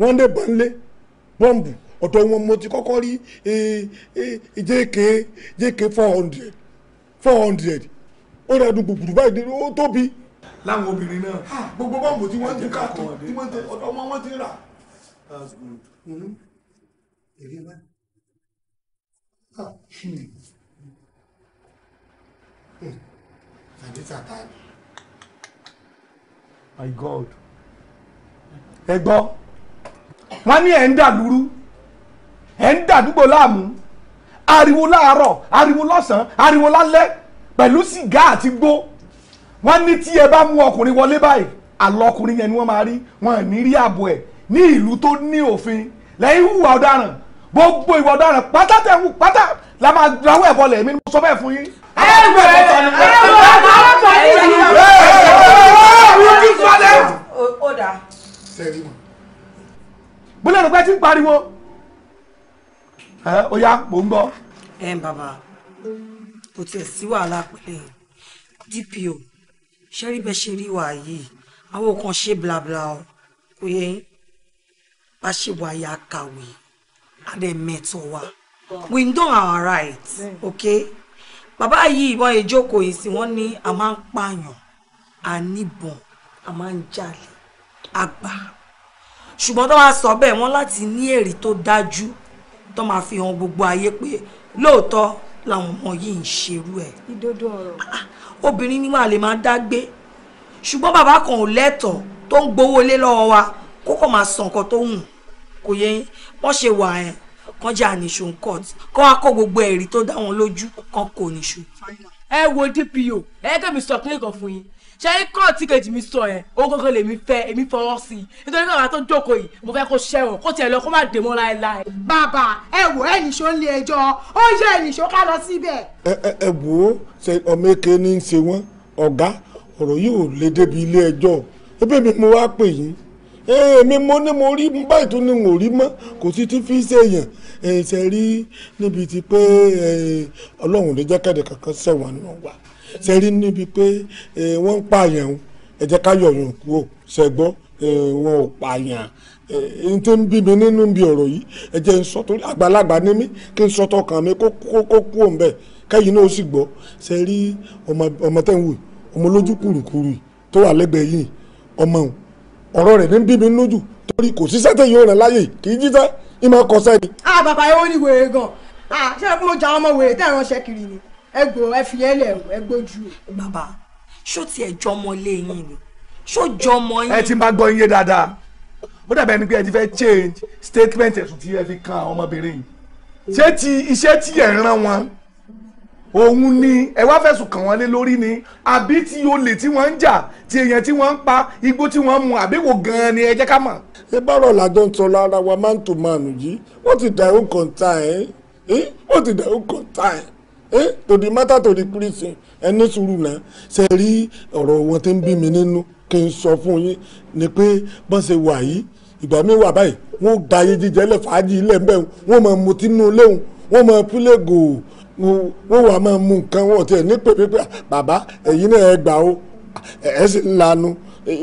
wọ́n lè bọ́n lé bọ́ǹbù ọ̀dọ̀ wọn mo ti kọ́kọ́ rí eh, eh, jk jk four hundred four hundred ó rẹ̀ dùn gbùgbùrù báyìí ó tóbi. láwọn obìnrin náà. Ah, gbogbo bọ́ǹbù tí wọ́n ti ká tó tí wọ́n ti ọ̀dọ́ ọmọ wọn ti rà. Mm-hmm. èrè báyìí. Akili. Nàìjíríà ta My God. Ẹ gbọ́, wọ́n ní ẹ̀ ń dà lúrú, ẹ̀ ń dà dúgbò láàmú, ariwo láàárọ̀, ariwo lọ́sàn-án, ariwo lálẹ́, pẹ̀lú sìgá àti gbó. Wọ́n ní tí ẹ bá mú ọkùnrin wọlé báyìí, àlọ́ ọkùnrin yẹn ni wọ́n máa rí, wọn ní rí ààbò ẹ̀ ní ìlú tó ní òfin lẹ́yìn hùwà ọ̀daràn gbogbo ìwà ọ̀daràn pátá tẹ̀ ń wù pátá la máa rawọ́ ẹ̀bọ lẹ̀ mí ni mo sọ bẹ́ẹ̀ fún yín. ẹ wẹ ẹ wẹ ọlọ́pàá yìí ni. ẹ ẹ wọ́n ti sọlẹ̀. ó dà. bílẹ̀ ló pẹ́ tí ń pariwo. ẹ ó yá mò ń gbọ́. ẹ ń bàbá kò tiẹ̀ sí wàhálà pẹ̀lẹ́ DPO ṣe rí bẹ́ẹ̀ ṣe rí wà yìí àwọn kan ṣe blabla o kò yẹ yín bá ṣe wà yà kàwé àdẹ̀mẹ̀tọ̀ wa we know our rights mm. okay bàbá yìí ìbọn ìjókòó yìí sí wọn ní a máa ń pààyàn a níbọn a máa ń jalè àgbà ṣùgbọ́n tó máa sọ bẹ́ẹ̀ wọ́n láti ní èrè tó dájú tó máa fi hàn gbogbo ayé pé lóòótọ́ làwọn ọmọ yìí ń ṣerú ẹ̀. ìdodo ọ̀rọ̀. Ah, ah, obìnrin ni wàá lè máa dágbé ṣùgbọ́n bàbá kan ò lẹ́tọ̀ọ́ tó ń gbowó lé lọ́wọ́ wa kó kàn máa sàn kan tó hùn kò yẹ yín wọ́n ṣe wà ẹ̀ kan jẹ́ àníṣó court kan wá kó gbogbo ẹ̀rí tó dá wọn lójú kan kò níṣó. ẹ wo dpo ẹ kẹ́ mi sọ kílẹ̀ fún yín ṣe é kọ́ọ̀tì kejì mi sọ yẹn ó gọ́gọ́ lèmi fẹ́ èmi fọwọ́ sí i nítorí náà tó jókòó yìí mo fẹ́ kó ṣẹ́wọ̀n kó tiẹ̀ lọ kó má dè mọ́ láéláé. bàbá ẹ wò ẹ nìṣó ń lé ẹjọ́ ó yẹ ẹ ká lọ síbẹ̀. ẹ ẹ ṣe ọmọ èké ní í ṣe wọn ọ̀gá ọ̀rọ̀ yìí ò lè débi ilé ẹjọ́ ebí mi mo wá pè yín Eh, èmi mo ní mo rí báyìí tó ní mo rí mọ́ kò sí ti fi ṣèyàn eh, ṣe rí níbi tí pé eh, ọlọ́run lè jẹ́ kẹ́dẹ̀ kankan sẹ̀wọ̀n nù wá ṣe rí níbi pé wọ́n ń pààyàn ẹ jẹ́ ká yọ̀yàn kúrò ṣẹ̀gbọ́ wọn ò pààyàn n tí ń bí mi nínú bí ọ̀rọ̀ yìí ẹ jẹ́ n sọ torí àgbàlagbà ní mí kí n sọ tọkàn mi kó kú òun bẹ́ẹ̀ kẹ́yìn náà ó sì gbọ́ ṣe rí ọmọ tẹ́ ń wò ọmọ lójú kùrùkùrù tó wà lẹ́gbẹ̀ẹ́ yìí ọmọ òun ọ̀rọ̀ rẹ̀ ní bí mi lójú torí kò sí sẹ́tẹ̀ yóò rẹ̀ láyè kì í jíṣẹ́ ì máa kọ sẹ́ni. a ah, bàbá yẹn ó ní wèrè gan ah, ṣé ẹ kún mo ja ọmọ wèrè tẹ́ ẹ ránṣẹ́ kiri ni ẹ gbò ẹ fi ẹ lẹ̀ ẹ gbójú. bàbá ṣó tiẹ̀ jọmọ lẹ́yìn ni ṣó jọmọ yín. ẹ ti máa gbọ́ iye dáadáa ó dàbí ẹni pé ẹ ti fẹ́ change statement ẹ̀sùn tí ẹ fi kan ọmọbìnrin yìí ṣé ti iṣẹ́ tí ẹ̀ ń rán òun ni ẹ wá fẹ̀sùn kàn wọ́n lé lórí ni àbí tí olè tí wọ́n ń jà tí èèyàn tí wọ́n ń pa igbó tí wọ́n ń mu àbí wo gan-an ni ẹ jẹ́ ká mọ̀. ṣé bárọ̀ làjọ ń tọrọ ara wa máa ń tò máa nù yìí wọ́n ti dà ó kàn tá ẹ̀ wọ́n ti dà ó kàn tá ẹ̀ tòdì mátà tòdì kúrìsì ẹni sùúrù náà ṣe rí ọ̀rọ̀ wọn tí ń bí mi nínú kí n sọ fún yín ni pé bọ́n ṣe wà yìí ìgbà mi wà báyìí wọ́n gba ayé jíjẹ lẹ́fàájì ilẹ̀ ń wọ́n mọ̀ mutí nù léwu wọ́n mọ̀ pílẹ̀ gòó wọ́n wà máa mú nǹkan wọ́n tiẹ̀ ní pépépé ah, bàbá ẹ̀yin náà ẹ gbà ó ẹ̀ sì ń lanu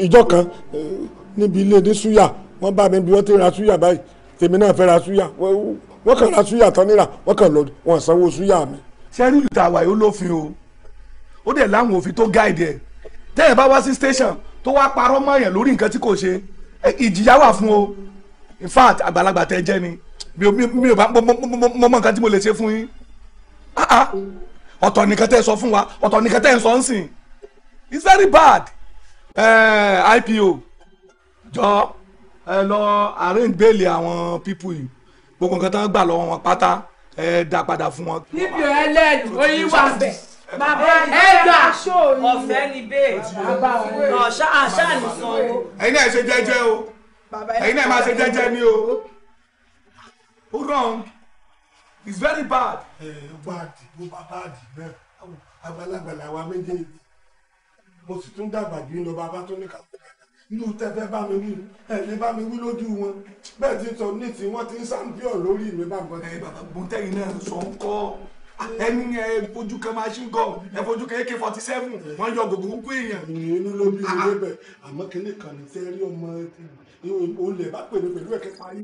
ìjọ kan níbi ilé ní súyà wọ́n bá mi bí wọ́n ti ra súyà báyìí tèmi náà fẹ́ ra súyà wọ́n kàn ra súyà tán níra wọ́n kàn lọ wọ́n sanwó súyà mi. sẹ́rí ìlú tàwa yóò lófin o ó dẹ̀ láwọn òfin tó gáìdì ẹ̀ tẹ́ ẹ bá wá sí station tó wá parọ́ mọ́ èèyàn lórí nǹkan tí kò ṣe ìjìyà wà fún o in fact àgbàlagbà tẹ́ jẹ́ ni mi ò bá mọ nǹkan tí mo lè ṣe fún yín Ah, ah. ọ̀tọ̀ nìkan tẹ́ ẹ sọ fún wa ọ̀tọ̀ nìkan tẹ́ ẹ sọ ń sìn it's very bad eh, IPO jọ ẹ lọ arrange bail àwọn people yìí gbogbo nǹkan tán gbà lọ́wọ́ wọn pátá ẹ dá padà fún wọn. níbi ẹlẹ́nu oyin wà bẹ̀ bàbá ẹgbà ọ̀fẹ́ ni bẹ́ẹ̀ ọ̀ṣà àṣà ni sanwó. ẹ̀yin náà ṣe jẹ́jẹ́ o ẹ̀yin náà máa ṣe jẹ́jẹ́ ni o ó rọrùn it's very bad. ẹ eh, ẹ báàdì bó bá báàdì náà àgbàlagbà làwa méjèèjì mo sì tún dàgbà jù lọ bàbá tó ní kàkúrà inú tẹfẹ bá mi wí ẹ lè bá mi wí lójú wọn bẹ́ẹ̀ ti sọ ní tí wọn ti ń sàǹpìọ lórí mi bá ẹ bàbá gbọ́ntẹ́yìn náà sọ ń kọ́ ẹni ẹ fojú kan machine gun ẹ fojú kan ak forty seven wọn yọ gbogbo gbogbo èèyàn. inú ló bí ilé bẹ àmọ́ kínní kan ní sẹẹrí ọmọ olè bá pèrè pẹ̀lú ẹkẹ parí.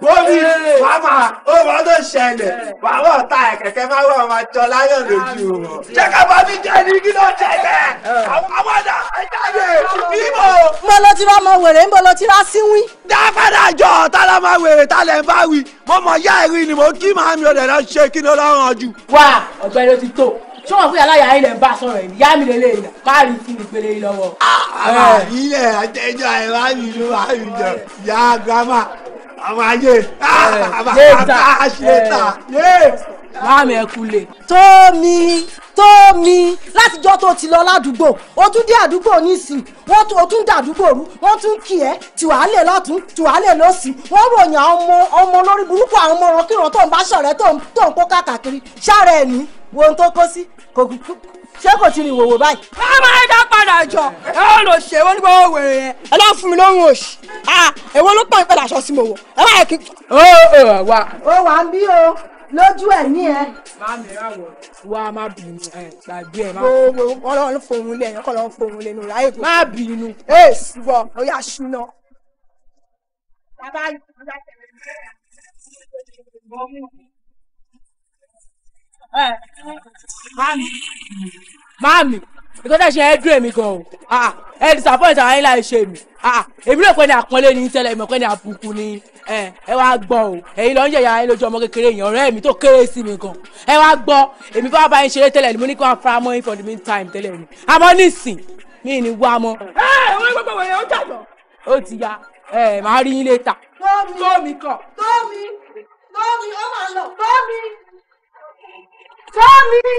Bobby, Mama, Oh, mọ tó ṣẹlẹ̀ màmá ọ̀tá ẹ̀ kẹ̀kẹ́ my wà máa jọ láyọ̀ lójú o. jẹ́ ká bá mi jẹ́ ní kí ló jẹ́ bẹ́ẹ̀ àwọn àdá ìjáde bímọ. mo lọ ti ra ọmọ wèrè ń bọ lọ ti ra síwí. dá padà jọ ta la máa wèrè ta lẹ̀ ń bá wí mo mọ yá ẹ̀rí ni mo kí màá mi ọ̀dẹ̀ lọ ṣe kí ni ọlọ́run ọjù. wá ọ̀gbẹ́ni ó ti tó tí wọn fún yàrá yàrá ilẹ̀ ń bá sọ̀rọ̀ yìí yá mi lélẹ̀ yìí má rí fún ìpele yìí lọ́wọ́. Ah, ah, ilẹ̀ àtẹjọ́ ẹ̀ ló má rí jọ yá gírámà àwọn ayé eh, àbá àṣetà eh. láàmì ẹkùlé. tómi tómi látijọ́ tó ti lọ ládùúgbò ojú dé àdúgbò nísìn wọ́n tún ojú ń dàdúgbò rú wọ́n tún kì ẹ́ tìwálẹ̀ lọ́tún tìwálẹ̀ lọ́sì wọ́n ròyìn àwọn ọmọ ọmọ lórí burúkú àwọn ọmọ ọ̀rọ̀ kíran tó ń bá ṣọ̀rẹ́ tó ń kó káàkiri ṣáà rẹ̀ ní wo tó kó sí kò ṣé kò ti rìn wòwò báyìí. ẹ máa dá padà jọ ẹ ó lọ ṣe wọn nígbà owó wèrè yẹn ẹ lọ fún mi lóhùn òṣì èwo ló pọ̀ ìpẹ́lẹ̀ aṣọ sí mi wò ẹ máa kí. ó wà ó wà ń bí o lójú ẹ ní ẹ. wá má bínú ẹ gbàgbé ẹ má. gbogbo wọn lọ fòun lé ẹyàn kọ lọ fòun lé nù ráyè. má bínú. ee ṣùgbọ́n ó yà ṣúná. bàbá yìí bàbá tẹ̀lé mi máàmì nǹkan tẹ́ ṣe ẹ́ dùn èmi gan o ah, ẹ disappoint àwọn ayélujára ṣe mi ah, èmi náà pẹ́ ní àpọ́nlé ní tẹ́lẹ̀ ìmọ̀ pẹ́ ní àbùkù ní ẹ wá gbọ́ o èyí lọ ń yẹ̀yà ayé lójú ọmọ kékeré yẹn ọ̀rẹ́ mi tó kéré sí mi gan ẹ wá gbọ́ èmi fọwọ́ bá yín ṣeré tẹ́lẹ̀ ni mo ní kí wọ́n fara mọ́ yín for the meantime tẹ́lẹ̀ ni àmọ́ nísìn mi ní wá mọ́. ẹ ẹ wọ́n gbọ́dọ̀ wọ̀nyẹn ó jàjọ. ó ti ya ẹ màá rí yín later. tómi tómi kọ tómi tómi ó máa lọ tómi. Tommy!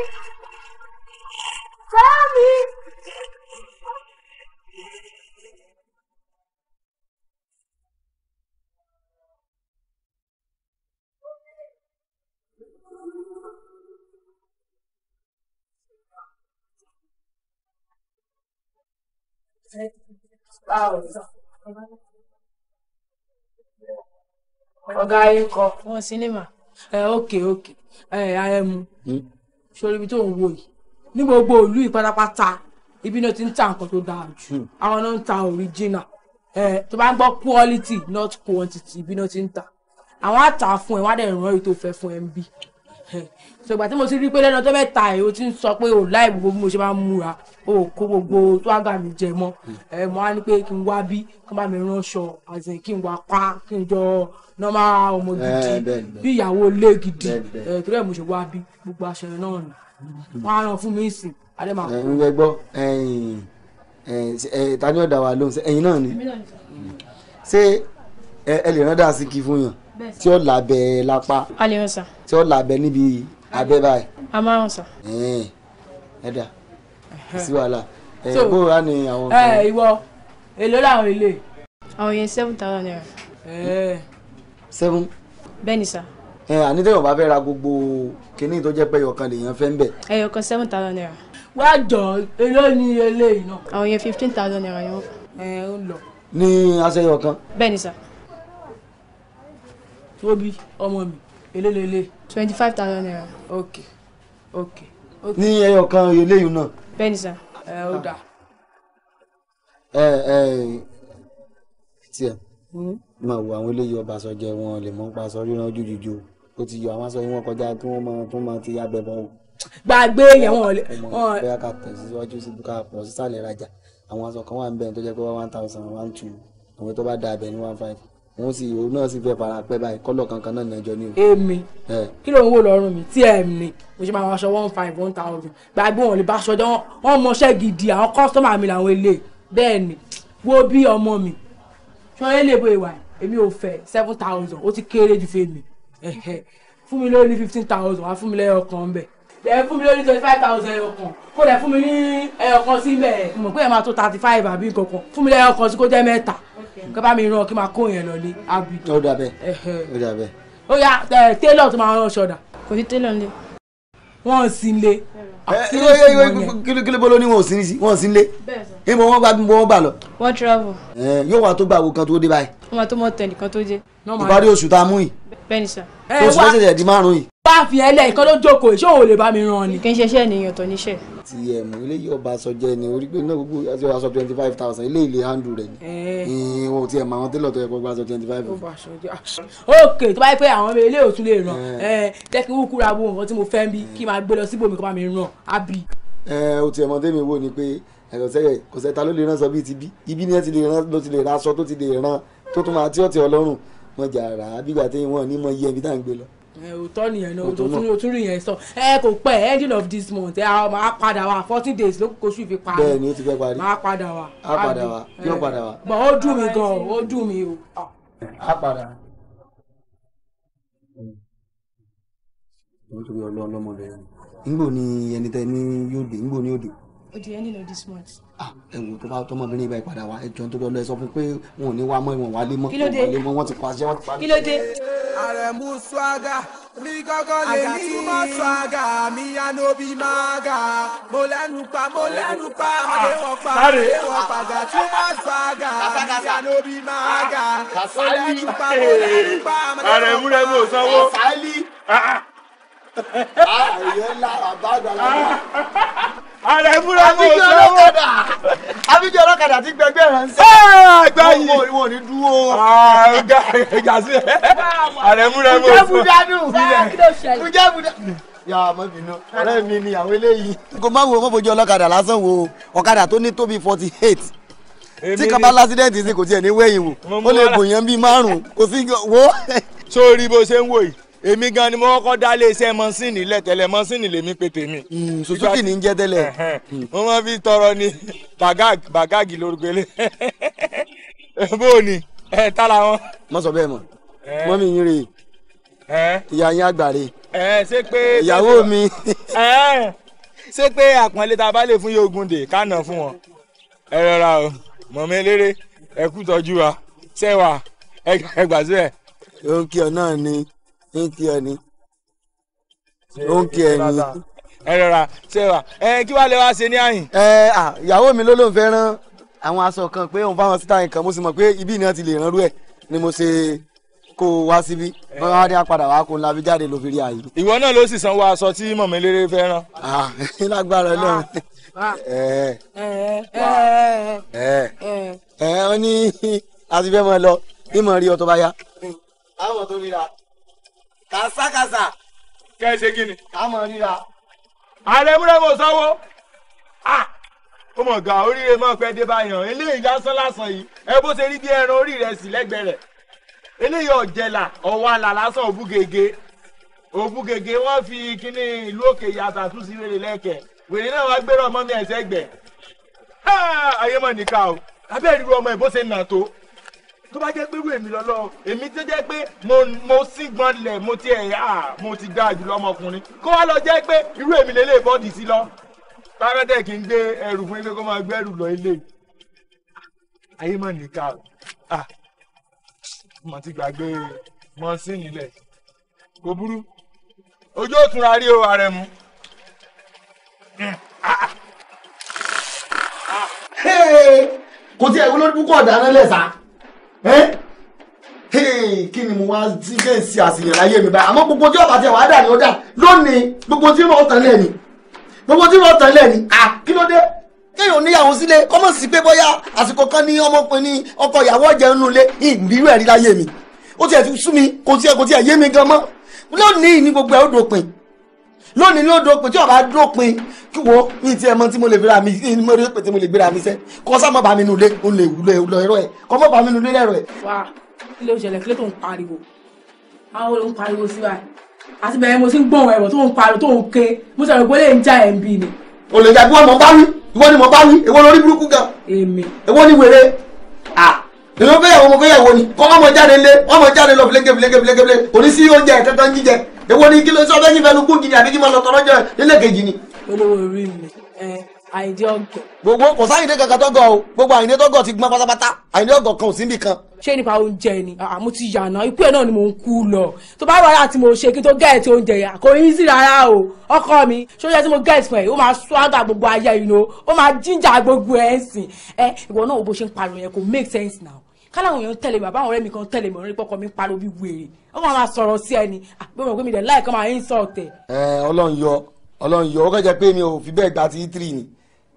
Tommy! Ọ̀gá yín kọ. Wọ́n sinimá. Ẹ ok, ókè. àrẹ̀mú sórí hmm. ibi tó ń wò yìí ní gbogbo ìlú yìí pátápátá ibi náà ti ń ta nǹkan tó dáa jù hmm. àwọn náà ń ta original tó bá ń gbọ́ quality not quantity ibi náà ti ń ta àwọn á tà fún ẹ wá dẹ̀ ràn èyí tó fẹ́ fún ẹ ń bí ṣùgbọ́n tí mo ti rí pé lẹ́nu ọjọ́ mẹ́ta ẹ̀ o ti ń sọ pé o oh, láì gbogbo bí mo ṣe máa ń múra o kó gbogbo tó àgà mi jẹ mọ́ ẹ mo á ní pé kí n wá bí kí n bá mi ránṣọ àti kí n wá pa kí n jọ nọ́mà ọmọ eh, gidi bí ìyàwó ilé gidi eh, ẹ torí mo ṣe wá bí gbogbo aṣọ náà nù wọ́n á ràn fún mi ìsìn adé máa eh, kú. ẹ gbọ́ ta ni ọ̀dà wa lóhùn ẹ̀yin náà ni ṣé ẹ lè rán dà sí kí fún yàn tí ó làbẹ̀ lápá tí ó làbẹ̀ níbi abẹ́ báyìí. a máa ń sàn. ẹ dà sí wàhálà ẹ bó wà ní àwọn. ẹ ìwọ èló làwọn ilé. àwọn yẹn seven thousand naira. seven. bẹ́ẹ̀ni sà. ẹ àní tẹ́wọ̀n bá fẹ́ ra gbogbo kínní tó jẹ́ pé ẹyọkan lèèyàn fẹ́ ń bẹ̀. ẹyọkan seven thousand naira. wá jọ èló ni eléyìí náà. àwọn yẹn fifteen thousand naira yẹn. ẹ ń lọ. ní aṣọ ẹyọkan. bẹ́ẹ̀ni sà tóbi ọmọ mi elélele. twenty five thousand naira. ok ok ok. ní ẹyọ kan eléyìí náà. bẹ́ẹ̀ni sà. ẹ ó dà. ẹ ẹ tiẹ̀ hmm? máa wo àwọn eléyìí ọba aṣọ jẹ wọn lè mọ pa aṣọ ríran ojújújú ó ti yọ àwọn aṣọ yìí wọn kọjá kí wọn máa tún máa ti yá bẹbọ o. gbàgbé yẹn wọn lè. bóyá ká tẹ̀ síwájú síbi ká pọ̀ sísàlẹ̀ rajà àwọn aṣọ kan wà ń bẹ̀rẹ̀ tó jẹ́ pé one thousand one two àwọn tó bá da abẹ ní one five òun sì òun náà sì fẹ́ fara pẹ́ báyìí kọ́lọ̀ kankan náà nàjọ ni o. èmi kí ló ń wò lọ́rùn mi tí ẹ̀ ní mo ṣe máa wọṣọ one five one thousand gbàgbé wọn lè bá aṣọ dán wọn mọṣẹ́ gidi àwọn kọ́sítọ́mà mi làwọn ilé bẹ́ẹ̀ ni wo bí ọmọ mi ṣọ yẹn lè bo ìwà èmi ò fẹ́ seven thousand ó ti kéré ju fèmí fún mi lórí fifteen thousand wá fún mi lẹ́yọ̀ kan bẹ́ẹ̀ ẹ fún mi lórí twenty five thousand ẹyọkan kó lẹ fún mi ní ẹyọkan síbẹ̀ mọ̀ pé ẹ máa tó thirty five àbí nǹkan kan fún mi lẹ́yọkan sí kó jẹ́ mẹ́ta kí bá mi rán kí máa kó yẹn lọ ní abi. ó dà bẹ́ẹ̀ ó dà bẹ́ẹ̀. ó yá télọ̀ tó máa rán ṣọ̀dà. kò sí télọ̀ nílé. wọ́n sì ń lé. kí ló bọ́lọ́ ní wọn ò sí ní sí wọn ò sí ń lé. ibo wọn gbà ibo wọn gbà lọ. wọ́n travel. yóò wá tó gbà wo kan tó dé báyìí. wọ́n máa tó mọ̀ tẹ̀ nìkan tó jẹ́. ìparí oṣù tá a mú yìí. bẹ́ẹ̀ ni sà. oṣù tó ṣẹ̀ṣẹ̀ di márùn-ún yìí bá fi ẹlẹ́ ìkan ló jókòó ìṣó òun lè bá mi ràn ni. kì í ṣeṣẹ́ ni ìyàtọ̀ níṣẹ́. ti ẹ̀ mú eléyìí ọba aṣọ ni orí pé náà gbogbo aṣọ twenty five thousand eléyìí lè handle rẹ ni eh. wọn ò tiẹ̀ àwọn tẹ́lọ̀ tó yẹ kó gba aṣọ twenty five. ok tó bá yẹ pé àwọn ilé òtún lè ràn eh. eh, jẹ́ kí wúkú ra nǹkan tí mo fẹ́ bí kí n máa gbé lọ síbòmí kó bá mi ràn á ẹ o tiẹ̀ mọ tẹ́mi wò ni pé ẹ̀rọ̀sẹ̀ kò sẹ́ta tó tún máa tí ọ̀tí ọlọ́run mọ̀jà rà á bí gbà téyìn wọn ní mọ̀ yẹ ibi tá à ń gbé lọ. òótọ́ nìyẹn náà o tún rí yẹn sọ ẹ kò pẹ́ ending of this month ẹ máa padà wá fourteen days ló kó oṣù fi parí bẹ́ẹ̀ni o ti fẹ́ parí máa padà wá á padà wá yóò padà wá. ó dùn mí gan ó dùn mí o. á padà. nítorí ńgbò ni ẹni tẹ ní yóò dé ńgbò ni yóò dé. ó di ending of this month. ah ẹ̀wọ̀n tó bá tọmọbìnrin ibà ìpadà wa ẹjọ́ tó lọ́ọ́ lọ sọ fún pé wọn ò ní wá mọ́ ìwọ̀n wá lé mọ́ wọ́n ti pàṣẹ wọ́n ti pàṣẹ. kí ló dé. àrẹ̀mú swaga mi kọ́kọ́ lè ní. àgàtúmọ̀ swaga mi yanobi maga mo lẹ́nu pa mo ah. lẹ́nu pa àdéhùn pa àdéhùn ah. pa àgàtúmọ̀ swaga mi yanobi maga ah. mo lẹ́nu pa mo eh. lẹ́nu pa àdéhùn pa. àrẹ̀mú rẹ̀ mọ̀ ààrẹ fúnra mi ò sọ́wọ́. àbíjọ ọlọ́kadà ti gbẹgbẹ́ rẹ̀ ń sẹ́. ẹgbẹ́ yìí owó ìwọ ni dúró. ẹgbà sí ẹ ààrẹ fúnra mi ò sọ. ǹjẹ́ budanu ǹjẹ́ budanu. yà á mọ̀ bínú ọ̀rẹ́ mi ni àwọn eléyìí. kò má wo mọ́bojì ọlọ́kadà lásán wo ọ̀kadà tó ní tó bí forty eight tí kan bá lásídẹ̀ntì sí kò tiẹ̀ ní wẹ̀yìn wò ó lè bòyàn bíi márùn-ún kò sí wo. sórí bó ṣe ń wò yìí èmi gan ni mo kọ́kọ́ dá iléeṣẹ́ mọ́sìnì lẹ̀ tẹ́lẹ̀ mọ́sìnì lèmi pé tèmi. Suzuki ní í jẹ́ tẹ́lẹ̀. Hmm. mo máa fi tọrọ ni bàgáàgì lórúkọ ilé bó o ní ẹ tára wọn. mo sọ bẹ́ẹ̀ mọ mọmi yín rèé ìyá yín àgbàre ìyàwó mi. ṣé pé àpọ́nlé tá a bá lè fún yóò gùn dè kánà fún wọn ẹ rọra o mọ̀mí eléré ẹ kú tọ́jú wa ṣẹ́wà ẹ gbà síbẹ̀. ó ń kí ọ náà ni ń kí ẹ ni ó ń kí ẹ ni. ẹ rọra ṣe wa ẹ kí wàá lè wá ṣe ní àyìn. ẹ à ìyàwó mi ló ló ń fẹ́ rán àwọn aṣọ kan pé òun fáwọn sítáyìn kan mo sì mọ̀ pé ibi ni wọ́n ti lè rán rú ẹ̀ ni mo ṣe kó o wá síbí bọ́n wá dé apàdà wá kó o lábí jáde ló fi rí àyè. ìwọ náà ló sì sanwó aṣọ tí mọ̀mí lérè fẹ́ rán. lágbára náà ẹ ẹ ẹ wọ́n ní àti fẹ́ mọ́ ẹ lọ ìmọ̀ rí ọ tó bá yá. àwọn tó ríra kàṣàkàṣà. kẹ́ ẹ ṣe kí ni. ká mọ̀ ríra. ààrẹ múra mo sanwó. Ah! ó mọ̀ gà oríire mọ́ pẹ́ dé báyọ̀ eléyìí lásán lásán yìí ẹ bó ṣe rí bí ẹran orí rẹ̀ sí lẹ́gbẹ̀ẹ́ rẹ̀ eléyìí ọ̀jẹ̀là ọ̀wàlà lásán òbúgege òbúgege wọ́n fi kíní ìlú òkè yàtà tún sí wèrè lẹ́kẹ̀ wèrè náà wá gbérò ọmọ mi ẹ̀sẹ̀ gbẹ̀ ayé mọ̀ nìka o abẹ́ẹ̀rí ọmọ ẹ̀ bó ṣe nà tó tó bá jẹ́ pé irú èmi lọ́lọ́ èmi tó jẹ́ pé mo sígbọn lẹ̀ mo ti ẹ̀yà mo ti dáa jùlọ ọmọkùnrin kó wá lọ jẹ́ pé irú èmi lélẹ̀ bọ́ọ̀dì sí lọ tákàtẹ́ kí n gbé ẹrù fún ilé kó máa gbé ẹrù lọ ilé ayé mà níkà o mo ti gbàgbé mọ́sìn nílẹ̀ kò burú ojú òtúnra rí o àrẹ̀mú. kò tí ẹ̀ wọ́n lórí púpọ̀ dáná lẹ̀ sá. Eh? kí ni mo wá sí bẹ́ẹ̀ sí àṣeyàn láyé mi báyìí àmọ́ gbogbo tí ọ̀bà tí wàá dà ní ọ̀dà lónìí gbogbo tí mo tàn lẹ́ni gbogbo tí mo tàn lẹ́ni à kí ló dé. kéèyàn níyàwó sílé ọmọ sí pé bóyá àsìkò kan ní ọmọkùnrin ní ọkọ ìyàwó ọ̀jẹ̀ ńlú ilé ìbírú ẹ̀rí láyé mi ó tiẹ̀ ti sú mi kò tiẹ̀ kò tiẹ̀ yé mi gan mọ́ lónìí ní gbogbo ẹ̀ ó dòpin lónìí ló dópin tí ọba dópin kí wo mi ti ẹ mọ tí mo lè gbéra mi ní mo rí pé tí mo lè gbéra mi sẹ kọ sámọ bá mi nù lé o lè wúlò lọ ẹrọ ẹ kọ mọ bá mi nù lé lẹrọ ẹ. wá kí ló ṣẹlẹ̀ kí ló tó ń pariwo àwọn olóhùn pariwo sí báyìí àti bẹ̀rẹ̀ mo ti ń gbọ̀n ẹ̀wọ̀ tó ń pariwo tó ń ké mo sọ̀rọ̀ pé ó lè ń já ẹ̀ ń bì ni. o lè jà bí wọn mọ bá wí ìwọ ni mo bá wí ìwọ lórí burúkú gan. èmi. ìwọ ni wèrè à èmi fẹ́ yàwó mo fẹ́ yàwó ni kọ́ ọmọ jáde lé ọmọ jáde lọ filegefile kò ní sí oúnjẹ kankan jíjẹ èwo ni kí ló sọ bẹ́ẹ̀ fẹnu kú gidi àbí kí máa lọ tọrọ jẹ nílẹ̀ kejì ni. olówó orí mi àìdí ọgọ. gbogbo kò sáyìndé kankan tó gọ o gbogbo àyìndé tó gọ ti gbọn pátápátá àyìndé ọgọ kan ò sí nìkan. ṣé nípa oúnjẹ ni àmú ti yànà ikú ẹ náà ni mò ń kú lọ tó bá wàhálà tí mo ṣe kí n tó gẹ̀ẹ́tì oúnjẹ yà kò yín sí rárá o ọkọ mi ṣóyẹ tí mo gẹ̀ẹ́tì fún ẹ ó máa swaga gbogbo ayé ìnáwó ó máa jíjà gbogbo ẹ̀ sìn ẹ ìwọ náà bó ṣe ń pariwo yẹn kò make sense now káláwọn èèyàn tẹ̀lé bàbá àwọn ọ̀rẹ́ mi kan tẹ̀lé mi ọ̀rẹ́ pọkọ mi pariwo bí wèrè wọ́n máa máa sí ẹni àbẹ̀wò pé mi dẹ̀ láì kan máa ń sọ ọ̀tẹ̀. ẹ Ọlọ́run yọ Ọlọ́run yọ ó kẹjẹ pé mi ò fi bẹ́ẹ̀ gba ti ítírì e ni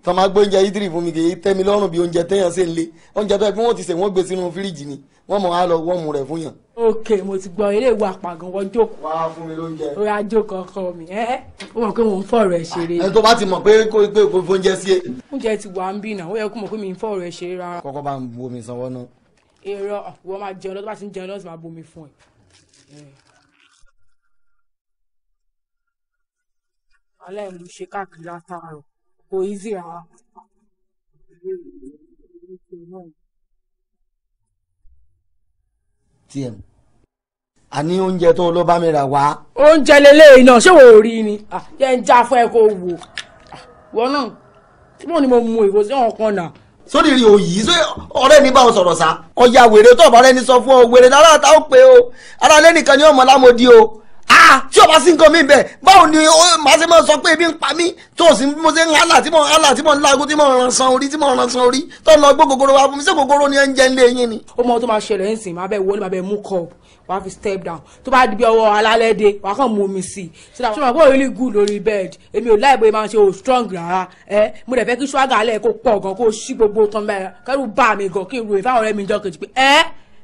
tọ́ máa gbé oúnjẹ ítírì e fún mi kì í tẹ́ mi lọ́rùn bí oúnjẹ téèyàn ṣe ń lé oúnjẹ tó yẹ pé ti sè wọ́n gbé sínú fíríjì ni wọ́n mọ̀ á lọ wọ́n mu fún yàn. ok mo ti gbọ́ eré ìwà àpàgàn wọ́n jókòó. wà fún mi lóúnjẹ. ó yà jókòó ọkọ mi ẹ ó mọ̀ pé mò ń fọ̀rọ̀ ẹ̀ ṣeré. ẹ tó bá ti mọ̀ pé kó pé kó fóúnjẹ sí e. oúnjẹ ti wà ń bì náà ó yẹ kó mọ̀ pé mi ń fọ̀rọ̀ ẹ̀ ṣeré rárá. kọ́kọ́ bá ń bu omi sanwó náà irọ́ ìwọ máa jẹun lọ́tọ́ bá ti ń jẹun lọ́tọ́ máa bomi fún ẹ. alẹ́ ìlú ṣe káàkiri látàárọ̀ kò í sí rárá. tm àní oúnjẹ tó ló bá mi rà wá. oúnjẹ lélẹ́yìn náà ṣé wò rí ni ah, jẹ́ ń já fún ẹ kó wò ah, wọ́n náà tí mo ní mo mú ìwòsàn ọ̀kan náà sórí rí òyì ṣé ọ̀rẹ́ ní bá ọ sọ̀rọ̀ sá. ọ̀ya wèrè tó ọ̀bà ní sọ fún ọ wèrè náírà tá ó pé o ara lẹ́nìkan ni ọmọ lámòdì o Ah, tí o bá sí nǹkan mi bẹ̀ báwo ni màá ṣe máa sọ pé ebi ń pa mí tó o sì ń mo ṣe ń hálà tí mo hálà tí mo ń lago tí mo ń san orí tí mo ń san orí tó ń lọ gbó gogoro wa fún mi ṣé gogoro ni ẹ ń jẹ ilé yín ni. ó mọ tó máa ṣẹlẹ̀ ń sìn máa bẹ̀ wọlé máa bẹ̀ mú cup wà fi step down tó bá di ọwọ́ alálẹ́dẹ wà á kàn mú omi sí i ṣé wàá bọ̀ really good lórí bed èmi ò láìpẹ́ yìí máa ṣe o strong rárá ẹ mo dẹ̀ fẹ́ kí ṣúgà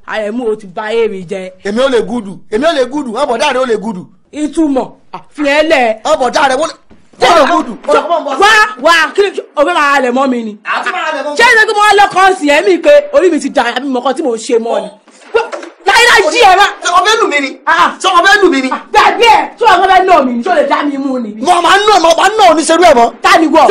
àrẹ̀mú o ti ba èrè jẹ. èmi ò lè gùdù èmi ò lè gùdù ọ̀bọ̀dá rẹ̀ ò lè gùdù. ìtumọ̀ fiẹ́ lẹ̀. ọ̀bọ̀dá rẹ̀ wọ́n lè gùdù. wá wá kí ni o fẹ́ máa lẹ̀ mọ́ mi ni. àti máa lẹ̀ mọ́ mi. ṣé ẹ láyé jí ẹ má. sọkọ bẹ lù mí ni. sọkọ bẹ lù mí ni. Ah, gbàgbé ẹ tí wọn bẹ nà mí ni tí wọn lè já mi mú ni. wọn máa nà ọmọ wọn nà oníṣẹlú ẹ mọ. tani wọ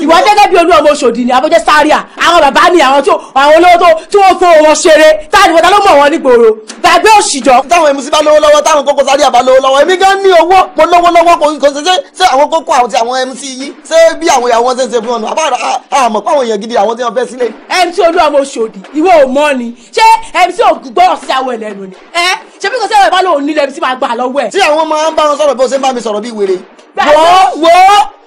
ìwọ gẹ́gẹ́ bí olú ọmọ Ọ̀ṣọ́dì ni àbọjẹ sáríà àwọn bàbá ni àwọn tí àwọn olówó tó tí wọn fọ wọn ṣeré tani wọn ta ló mọ wọn ní gbòòrò gbàgbé òṣìjọ. táwọn èmùsí bá lówó lọ́wọ́ táwọn kókó sáríà bá lówó lọ́wọ́ èmi gan ní owó mo lówó lọ́wọ́ kò kò ṣe ṣe àwọn kókó àwọn ti àwọn MC yìí ṣé bí àwọn ìyàwó ṣe ń ṣe fún ọ àbá àmọ́ pàwọn èèyàn gidi àwọn tí wọn fẹ́ sílẹ̀. MC olú ọmọ Ọ̀ṣọ́dì ìwọ ò mọ ni ṣé MC ò gbọ́ ọ̀s yàwó ẹ̀ lẹ́nu ni ẹ ṣé bí kò sí ẹ̀rọ ìbálò òun nílẹ̀ tí màá gbà lọ́wọ́ ẹ̀. tí àwọn máa ń bá wọn sọ̀rọ̀ bí o ṣe ń bá mi sọ̀rọ̀ bí wèrè wọ́ wọ́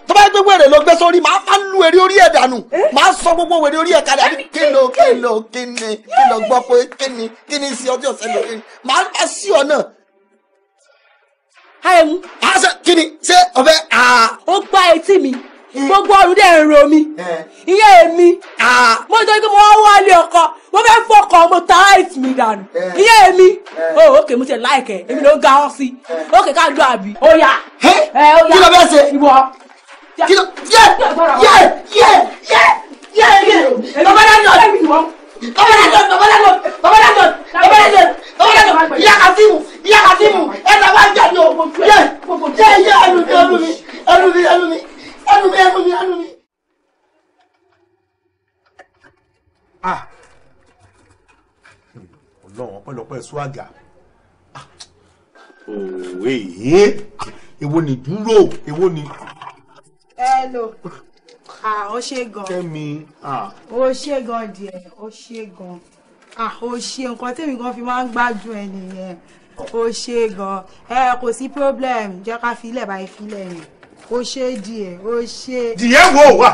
tó bá gbé wèrè ló gbé sórí màá fà lu èrè orí ẹ̀ dànù màá sọ gbogbo wèrè orí ẹ̀ kalẹ̀ àbí kílò kílò kíni kílò gbọ́ pé kíni kíni sí ọjọ́ ọ̀sẹ̀ lò kíni màá bá sí ọ náà. ayẹwo. a sọ kíni ṣé ọbẹ̀. ó gbá etí mi. Hmm. gbogbo ọrùn dẹ̀ ń ro mi iye èmi mo jẹ́ kí mo wá wálé ọkọ mo fẹ́ fọkọ mo ta láìsí mi dànù iye èmi o oh, òkè mo ti láìkẹ èmi ló ń ga ọ sí òkè ká lọ àbí ó yá kí ló bẹ́ẹ̀ ṣe ìwọ kí ló yẹ yẹ yẹ yẹ yẹ yẹ bàbá náà lọ bàbá náà lọ bàbá náà lọ bàbá náà lọ bàbá náà lọ bàbá náà lọ ìyá kasimu ìyá kasimu ẹ̀ ta bá jà ní òkú yẹ yẹ ẹnu mi ẹnu mi ẹnu mi ẹnu mi ẹnu mi ẹnu mi ẹnu mi. Ah. ọlọ́run ọpẹ́lọpẹ́ swaga ah. òwe yìí ah. èwo ni dúró èwo ni. hello ah ó ṣe gan. kẹ́mi ah. ó ṣe gan díẹ̀ ó ṣe gan ah ó ṣe nǹkan tèmi gan fi máa ń gbádùn ẹ nìyẹn ó ṣe gan ẹ eh, kò sí problem jẹ́ ká filẹ̀ báyìí filẹ̀ yẹn ó ṣe díẹ̀ ó ṣe. díẹ̀ wo wà.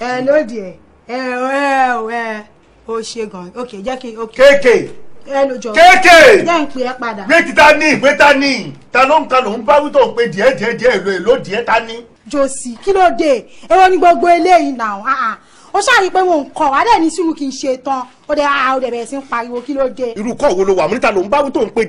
ẹ ló díẹ̀ ẹ ẹ ẹ ó ṣe gan ok jẹ́ kí ok. kéèké ẹ ló jọ kéèké jẹ́ ń pè é padà. gbé ti ta ní ìgbé ta ní ta ló ń ta ló ń bá wító ń pe díẹ̀ díẹ̀ díẹ̀ èlò èlò díẹ̀ ta ní. jòsì kí ló dé gbogbo eléyìí náà ah, ah. ó ṣàrí pé mo ń kọ wá dẹ̀ ní sùúrù kí n ṣe tán ó dẹ̀ ah, ó dẹ̀ bẹ̀rẹ̀ sí ń pariwo kí ló dé. irú kọ́ wo ló wà mú níta ló bá wító ń pe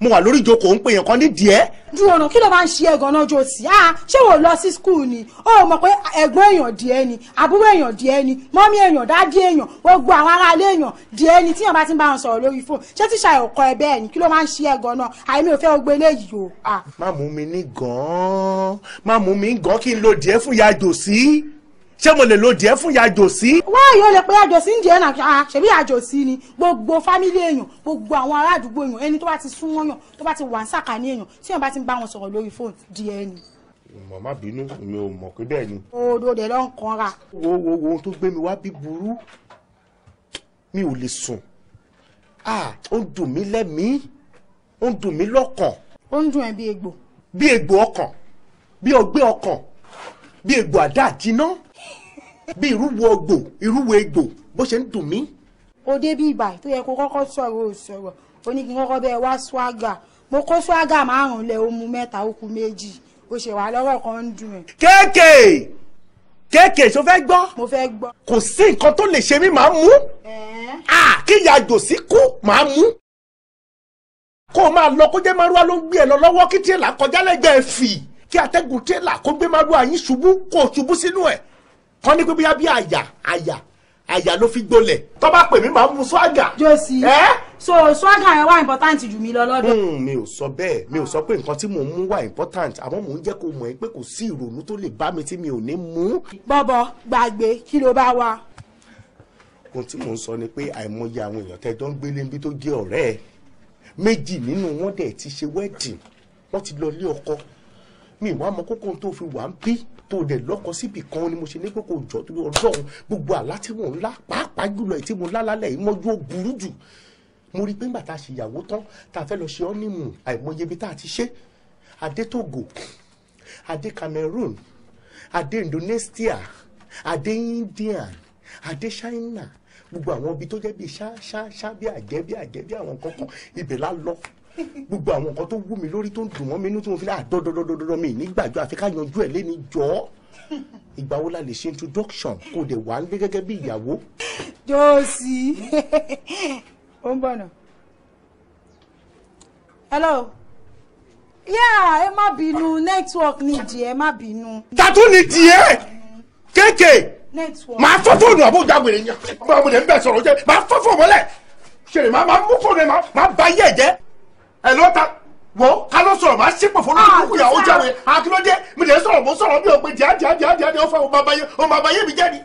mo wà lórí ìjókòó ń pè yàn kan nídìí ẹ. dúró nù kí ló máa ń ṣe ẹ ganan jò sí a ah, ṣé wò lọ sí skul ni ó mọ̀ pé ẹ̀gbọ́n èèyàn díẹ̀ ni àbúrò èèyàn díẹ̀ ni mọ́mí èèyàn dádì èèyàn gbogbo àwọn aráalé èèyàn díẹ̀ ni tíyàn bá ti ń bá wọn sọ̀rọ̀ lórí fóònù ṣé tíṣà ẹ̀ kọ́ ẹ bẹ́ẹ̀ ni kí ló máa ń ṣe ẹ ganan àìmí ò fẹ́ gbé eléyìí o. Ah. má mú mi ní gan-an má mú mi gan kí n lo díẹ̀ fún ya jò ṣé mo lè lo díẹ̀ fún ìyá àjòsí. wáyé o lè pe àjòsí ń jẹ́ náà ah, ṣebí àjòsí ni gbogbo fámílì èèyàn gbogbo àwọn ará àdúgbò èèyàn ẹni tó bá ti sún wọ́n yàn tó bá ti wà ń sàkà ní èèyàn tí èèyàn bá ti ń bá wọn sọ̀rọ̀ lórí fóònù di ẹni. màmá bínú mi ò mọ̀ pé bẹ́ẹ̀ ni. odò dẹ̀ ló ń kanra. wo wo wo ohun tó gbé mi wá bí burú mi ò lè sùn ah ó ń dùn mí lẹ́mìí ó ń dùn mí lọ́kàn. ó ń dùn ẹ́ bí egbò. bí egbò ọkàn bí ọgbẹ́ ọkàn bí egbò àdá àjiná bí ìrúwo ọgbò ìrúwo egbò bó ṣe ń dùn mí. òde bíi ìbà tó yẹ kó kọ́kọ́ sọ̀rọ̀ ò sọ̀rọ̀ ó ní kí kọ́kọ́ bẹ́ẹ̀ wá swaga mo kó swaga márùn-ún lẹ̀ ó mu mẹ́ta ó kù méjì ó ṣe wà lọ́rọ̀ kan ń dùn ẹ̀. kéèké kéèké ṣó fẹ́ gbọ́. mo fẹ́ gbọ́. kò sí nǹkan tó lè ṣe mí màá mú. kí ìyá àjòsí kú màá mú kó o máa lọ kó jẹ́ márúwá ló ń gbé ẹ lọ lọ́wọ́ kí tírélà kọjá lẹ́gbẹ̀ẹ́ fì kí atẹ́gùn tírélà kó gbé márúwá yín ṣubú kó o ṣubú sínú ẹ̀ kọ́ ní pé bóyá bí àyà àyà àyà ló fi gbolẹ̀ tó bá pè mí màá mú swaga. josi eh? so swaga yẹn wá important jù mí lọ lọ́dọ̀. Hmm, mi ò sọ bẹ́ẹ̀ mi ò sọ pé nǹkan tí mò ń mú wá important àmọ́ mò ń jẹ́ kó mọ̀ ẹ́ pé kò sí ìrònú tó lè bá mi tí mi ò ní mú. bọ́bọ̀ gbàgbé kí ló bá wa. ohun tí mò ń sọ ni pé àìmọye àwọn èèyàn tẹ́ jọ ń gbélé níbi tó jẹ́ ọ̀rẹ́ ẹ méjì nínú wọn dẹ̀ ti ṣe wedding wọ́n ti lọ lé ọkọ mi ìwà ọmọ kókó tó fi wà ń bí tó dẹ̀ lọ́kọ síbì kan ni mo ṣe ní pé kò jọ torí ọlọ́run gbogbo àlá tí mo ń pàápàá jùlọ èyí mo lá lálẹ́ yìí mọ́jú ó burú jù mo rí i pé ńgbà tá a ṣe ìyàwó tán tá a fẹ́ lọ ṣe ọ́nìmù àìmọye ibi tá a ti ṣe adé Togo adé Cameroon adé Indonesia adé India adé China gbogbo àwọn ibi tó jẹ́ bíi ṣá ṣá ṣá bí àjẹ́ bí àjẹ́ bí àwọn kankan ibẹ̀ la lọ gbogbo àwọn nǹkan tó wú mi lórí tó ń dùn mọ́ mi inú tí mo fi náà ah, dọ́dọ́dọ́dọ́dọ́ mi nígbàjọ àfi ká yanjú ẹ̀ lẹ́ni jọ ìgbà wo la lè ṣe introduction kò dé wà nílé gẹ́gẹ́ bí ìyàwó. jọ́ọ̀sì ó ń bọ̀ nà. hello yeah ẹ má bínú network ni jì ẹ má bínú. tatu ni jì ẹ kéèké màá fọ́ fóònù àbújá wèrè yẹn báwo ni ẹ ń bẹ̀ sọ̀rọ̀ jẹ́ màá fọ́ fóònù mọ́lẹ̀ ṣèlè màá mú fóònù ẹ̀ màá bá yẹ̀ jẹ́ ẹ ló ta wọ ká ló sọ̀rọ̀ máa ṣépè fún olórí kúkú ah, ìyàwó jáwé akílódé ah, mi lè sọ̀rọ̀ mo sọ̀rọ̀ bí o pé díà díà díà díà díà ó fẹ́ o bàbá yé o bàbá yé mi jẹ́ ni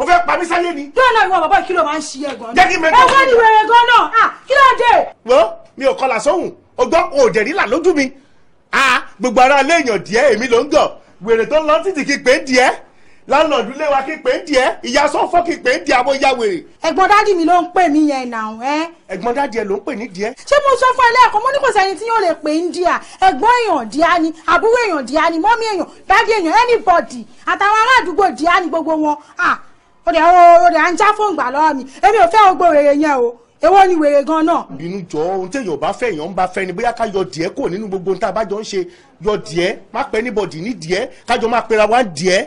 o fẹ́ pa mí sáyé ni. yóò náà ìwọ bàbá kí ló máa ń ṣe ẹ gan. jẹ́ kí mi gbọ́ ẹgbẹ́ ni wẹ̀rẹ̀ gan náà ah, kí ló dé. wọ́n mi ò kọlà sóhùn ọgbọ́n òjẹ̀rí là lójú mi gbogbo ara léèyàn díẹ̀ èmi ló ń gọ̀ wèrè tó ń lọ títì kí pé díẹ̀ láńlọ́ọ̀dù lé wa kí pé ń diẹ ìyá sọ́fọ́ kí pé ń diẹ àbọ̀ ìyá wèrè. ẹ̀gbọ́n dádì mi ló ń pè mí yẹn nà ẹ́. ẹ̀gbọ́n dádì ẹ ló ń pè ní diẹ. ṣé mo sọ fún ẹ lẹ́ẹ̀kan mo ní kò sẹ́ni tí yóò lè pè ń diẹ ẹ̀gbọ́n èèyàn díá ni àbúrò èèyàn díá ni mọ́mí èèyàn dádì èèyàn anybody àtàwọn ará àdúgbò díá ni gbogbo wọn. ó dẹ̀ ó dẹ̀ à ń já fóònù gbà lọ́wọ́ mi èmi ò fẹ́ ogbó wèrè yẹn o èwo ni wèrè gan náà. bínú jọ ohun tí èèyàn bá fẹ́ èèyàn ń bá fẹ́ ni bóyá ká yọ díẹ̀ kúrò nínú gbogbo ohun tá a bá jọ ń ṣe yọ díẹ̀ má pẹ́ níbọ̀dì ní díẹ̀ kájọ má pera wá díẹ̀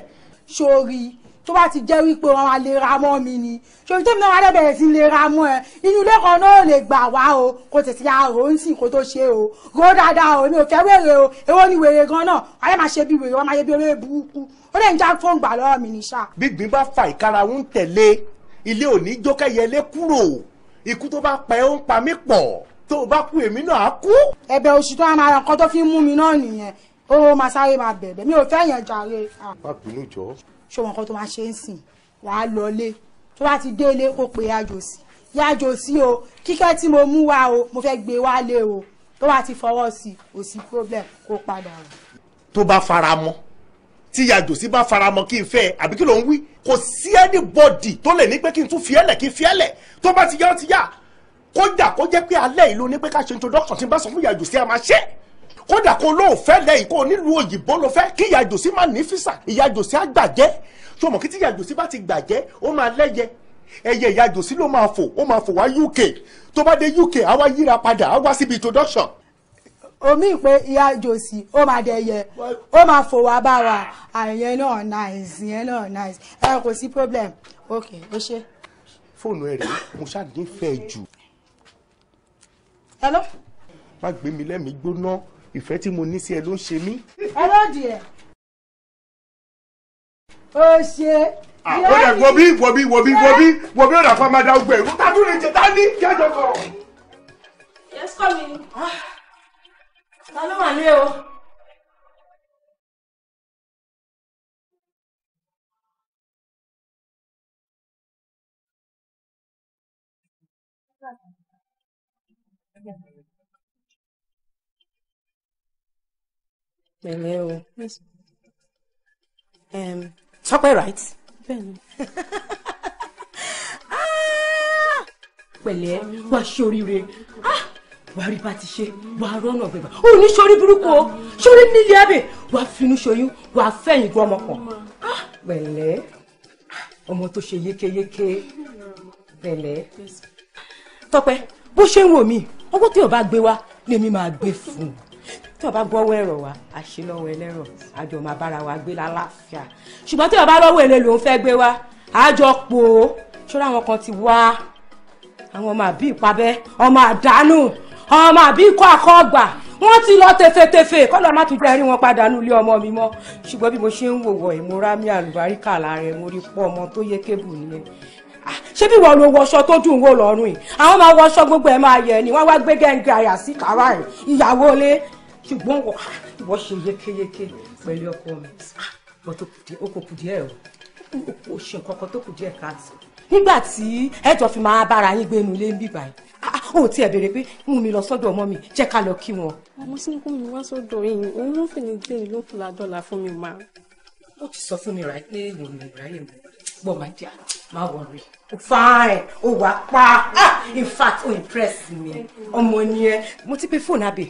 sórí tó bá ti jẹ́ wípé wọn wá lè ra mọ́ mi ni ṣòwò tẹ́mi náà wá lè bẹ̀rẹ̀ sí lè ra mọ́ ẹ inú ilé kan náà lè gbà wá o kò tètè ya rò ń sìn kó tó ṣe o rò dáadáa o mi ò fẹ́ wèrè o èwo ni wèrè gan náà wọ́n yẹ máa ṣe bí wèrè wọ́n máa yẹ bí eré burúkú ó lè ń já fóònù gbà lọ́wọ́ mi ní sá. gbígbín bá fa ìkara ń tẹ̀lé ilé òní jókèyẹlé kúrò ikú tó bá pẹ́ ó ń pa mí pọ̀ tó bá kú èmi náà á kú. ẹ̀bẹ̀ òṣì tó máa ra nǹkan tó fi ń mú mi náà nìyẹn ó máa sáré máa bẹ̀bẹ̀ mi ò fẹ́ yẹn jàre. Ah. má bínú jọ. ṣọwọ́n kan tó máa ṣe ń sìn wàá lọlé tó bá ti délé kó pe yájòsí yájòsí o kíkẹ́ tí mo mú wá o mo fẹ́ gbé e wá lé o tó bá ti fọwọ́ sí kò sí problem kó padà o. tó bá fara mọ́ tí yájòsí bá fara mọ́ kí n fẹ́ àbí kí ló ń wí kò sí anybody tó lè ní pé kí n tún fiẹ́lẹ̀ kí n fiẹ́lẹ̀ tó bá ti yá ó ti yá kódà kó jẹ́ pé alẹ́ ìlú ní pé ká ṣe introduction tí n bá sọ fún yájòsí a máa ṣe é kódà kó lóun fẹ́ lẹ́yìn kó nílùú òyìnbó ló fẹ́ kí ìyá jòsí má ní físà ìyá jòsí á gbàjẹ́ ṣọmọ kí tí ìyá jòsí bá ti gbàjẹ́ ó máa lẹ́yẹ ẹyẹ ìyá jòsí ló máa fò ó máa fò wá UK tó bá dé UK á wá yíra padà á wá síbi introduction. omi pé ìyá jòsí ó máa dẹyẹ ó máa fò wá bá wa àyẹn náà nice ìyẹn náà nice ẹ kò sí problem ok ó ṣe. fóònù ẹ rèé mo ṣáà nífẹ̀ẹ́ jù. hello. má gbé mi lẹ́mìí gbóná. No ìfẹ́ tí mo ní sí ẹ ló ń ṣe mí. ẹ lóde ẹ ó ṣe. àkọlẹ̀ wọbí wọbí wọbí wọbí wọbí ọ̀dà fámadà ọgbẹ́ ìlú tá a dúró ìjẹta ní jẹjọ kọ. yẹ́sọ̀ mi ah, ta ló wà ní o. pẹ̀lẹ́ o Tọ́pẹ́ right. Ah! pẹ̀lẹ́ wá ṣe oríire ah! wàá rí bá ti ṣe wàá rọ́nà gbẹ̀gbà ó ní sórí burúkú o sórí nílé abẹ wàá finú ṣoyún wàá fẹ̀yìn gbọ́ ọmọ kan ah! pẹ̀lẹ́ ọmọ tó ṣe yékéyéké pẹ̀lẹ́ Tọ́pẹ́ bó ṣe ń wò mí ọwọ́ tí o bá gbé wá lèmi máa gbé fún un tí o bá gbọ́wọ́ ẹ̀rọ wa àṣelọ́wọ́ ẹlẹ́rọ̀ àjọ máa bára wa gbé lálàáfíà ṣùgbọ́n tí o bá lọ́wọ́ èlé lòún fẹ́ gbé wa àjọ pò ó ṣọ́ra àwọn kan ti wá àwọn ọmọ àbí ìpabẹ́ ọmọ àdánù ọmọ àbí ikọ́ àkọ́gbà wọ́n ti lọ tefetefe kọ́lọ́ má tún jẹ́ rí wọn padà nílé ọmọ mi mọ́ ṣùgbọ́n bí mo ṣe ń wòwọ̀ ìmúra mi àlùbáríkà lára ẹ̀ mo rí pọ̀ ọmọ tó yẹ kébù nìyẹn ṣé bí wọn lo wọṣọ tó dùn wò lọ́rùn yìí àwọn máa wọṣọ gbogbo ẹ máa yẹ ni wọn wá gbé gẹǹgẹ àyà sí kàrá ẹ ìyàwó ilé ṣùgbọ́n wọ ìwọ ṣe yékéyéké pẹ̀lú ọkọ mi wọ́n tó kù díẹ̀ ó kò kù díẹ̀ o kò ṣe nǹkan kan tó kù díẹ̀ káàtó. nígbà tí ẹjọ́ fi máa bára yín gbénu lé ń bíbá yìí ó ti ẹ̀ béèrè pé mú mi lọ sọ́dọ̀ ọmọ mi jẹ́ ká lọ kí wọn. àmọ́ sí ni kó mi wá sọ́dọ̀ yìí òun ló fi ní gbé ìlú fúlà dọ́là fún mi máa. ó ti sọ fún mi rà pé ìwọ ni ìbúráyè mi máa jẹ́ má wọrí. fine ó wàá pa ah, in fact ó impress mi ọmọ ni ẹ mo ti pe fóònù abẹ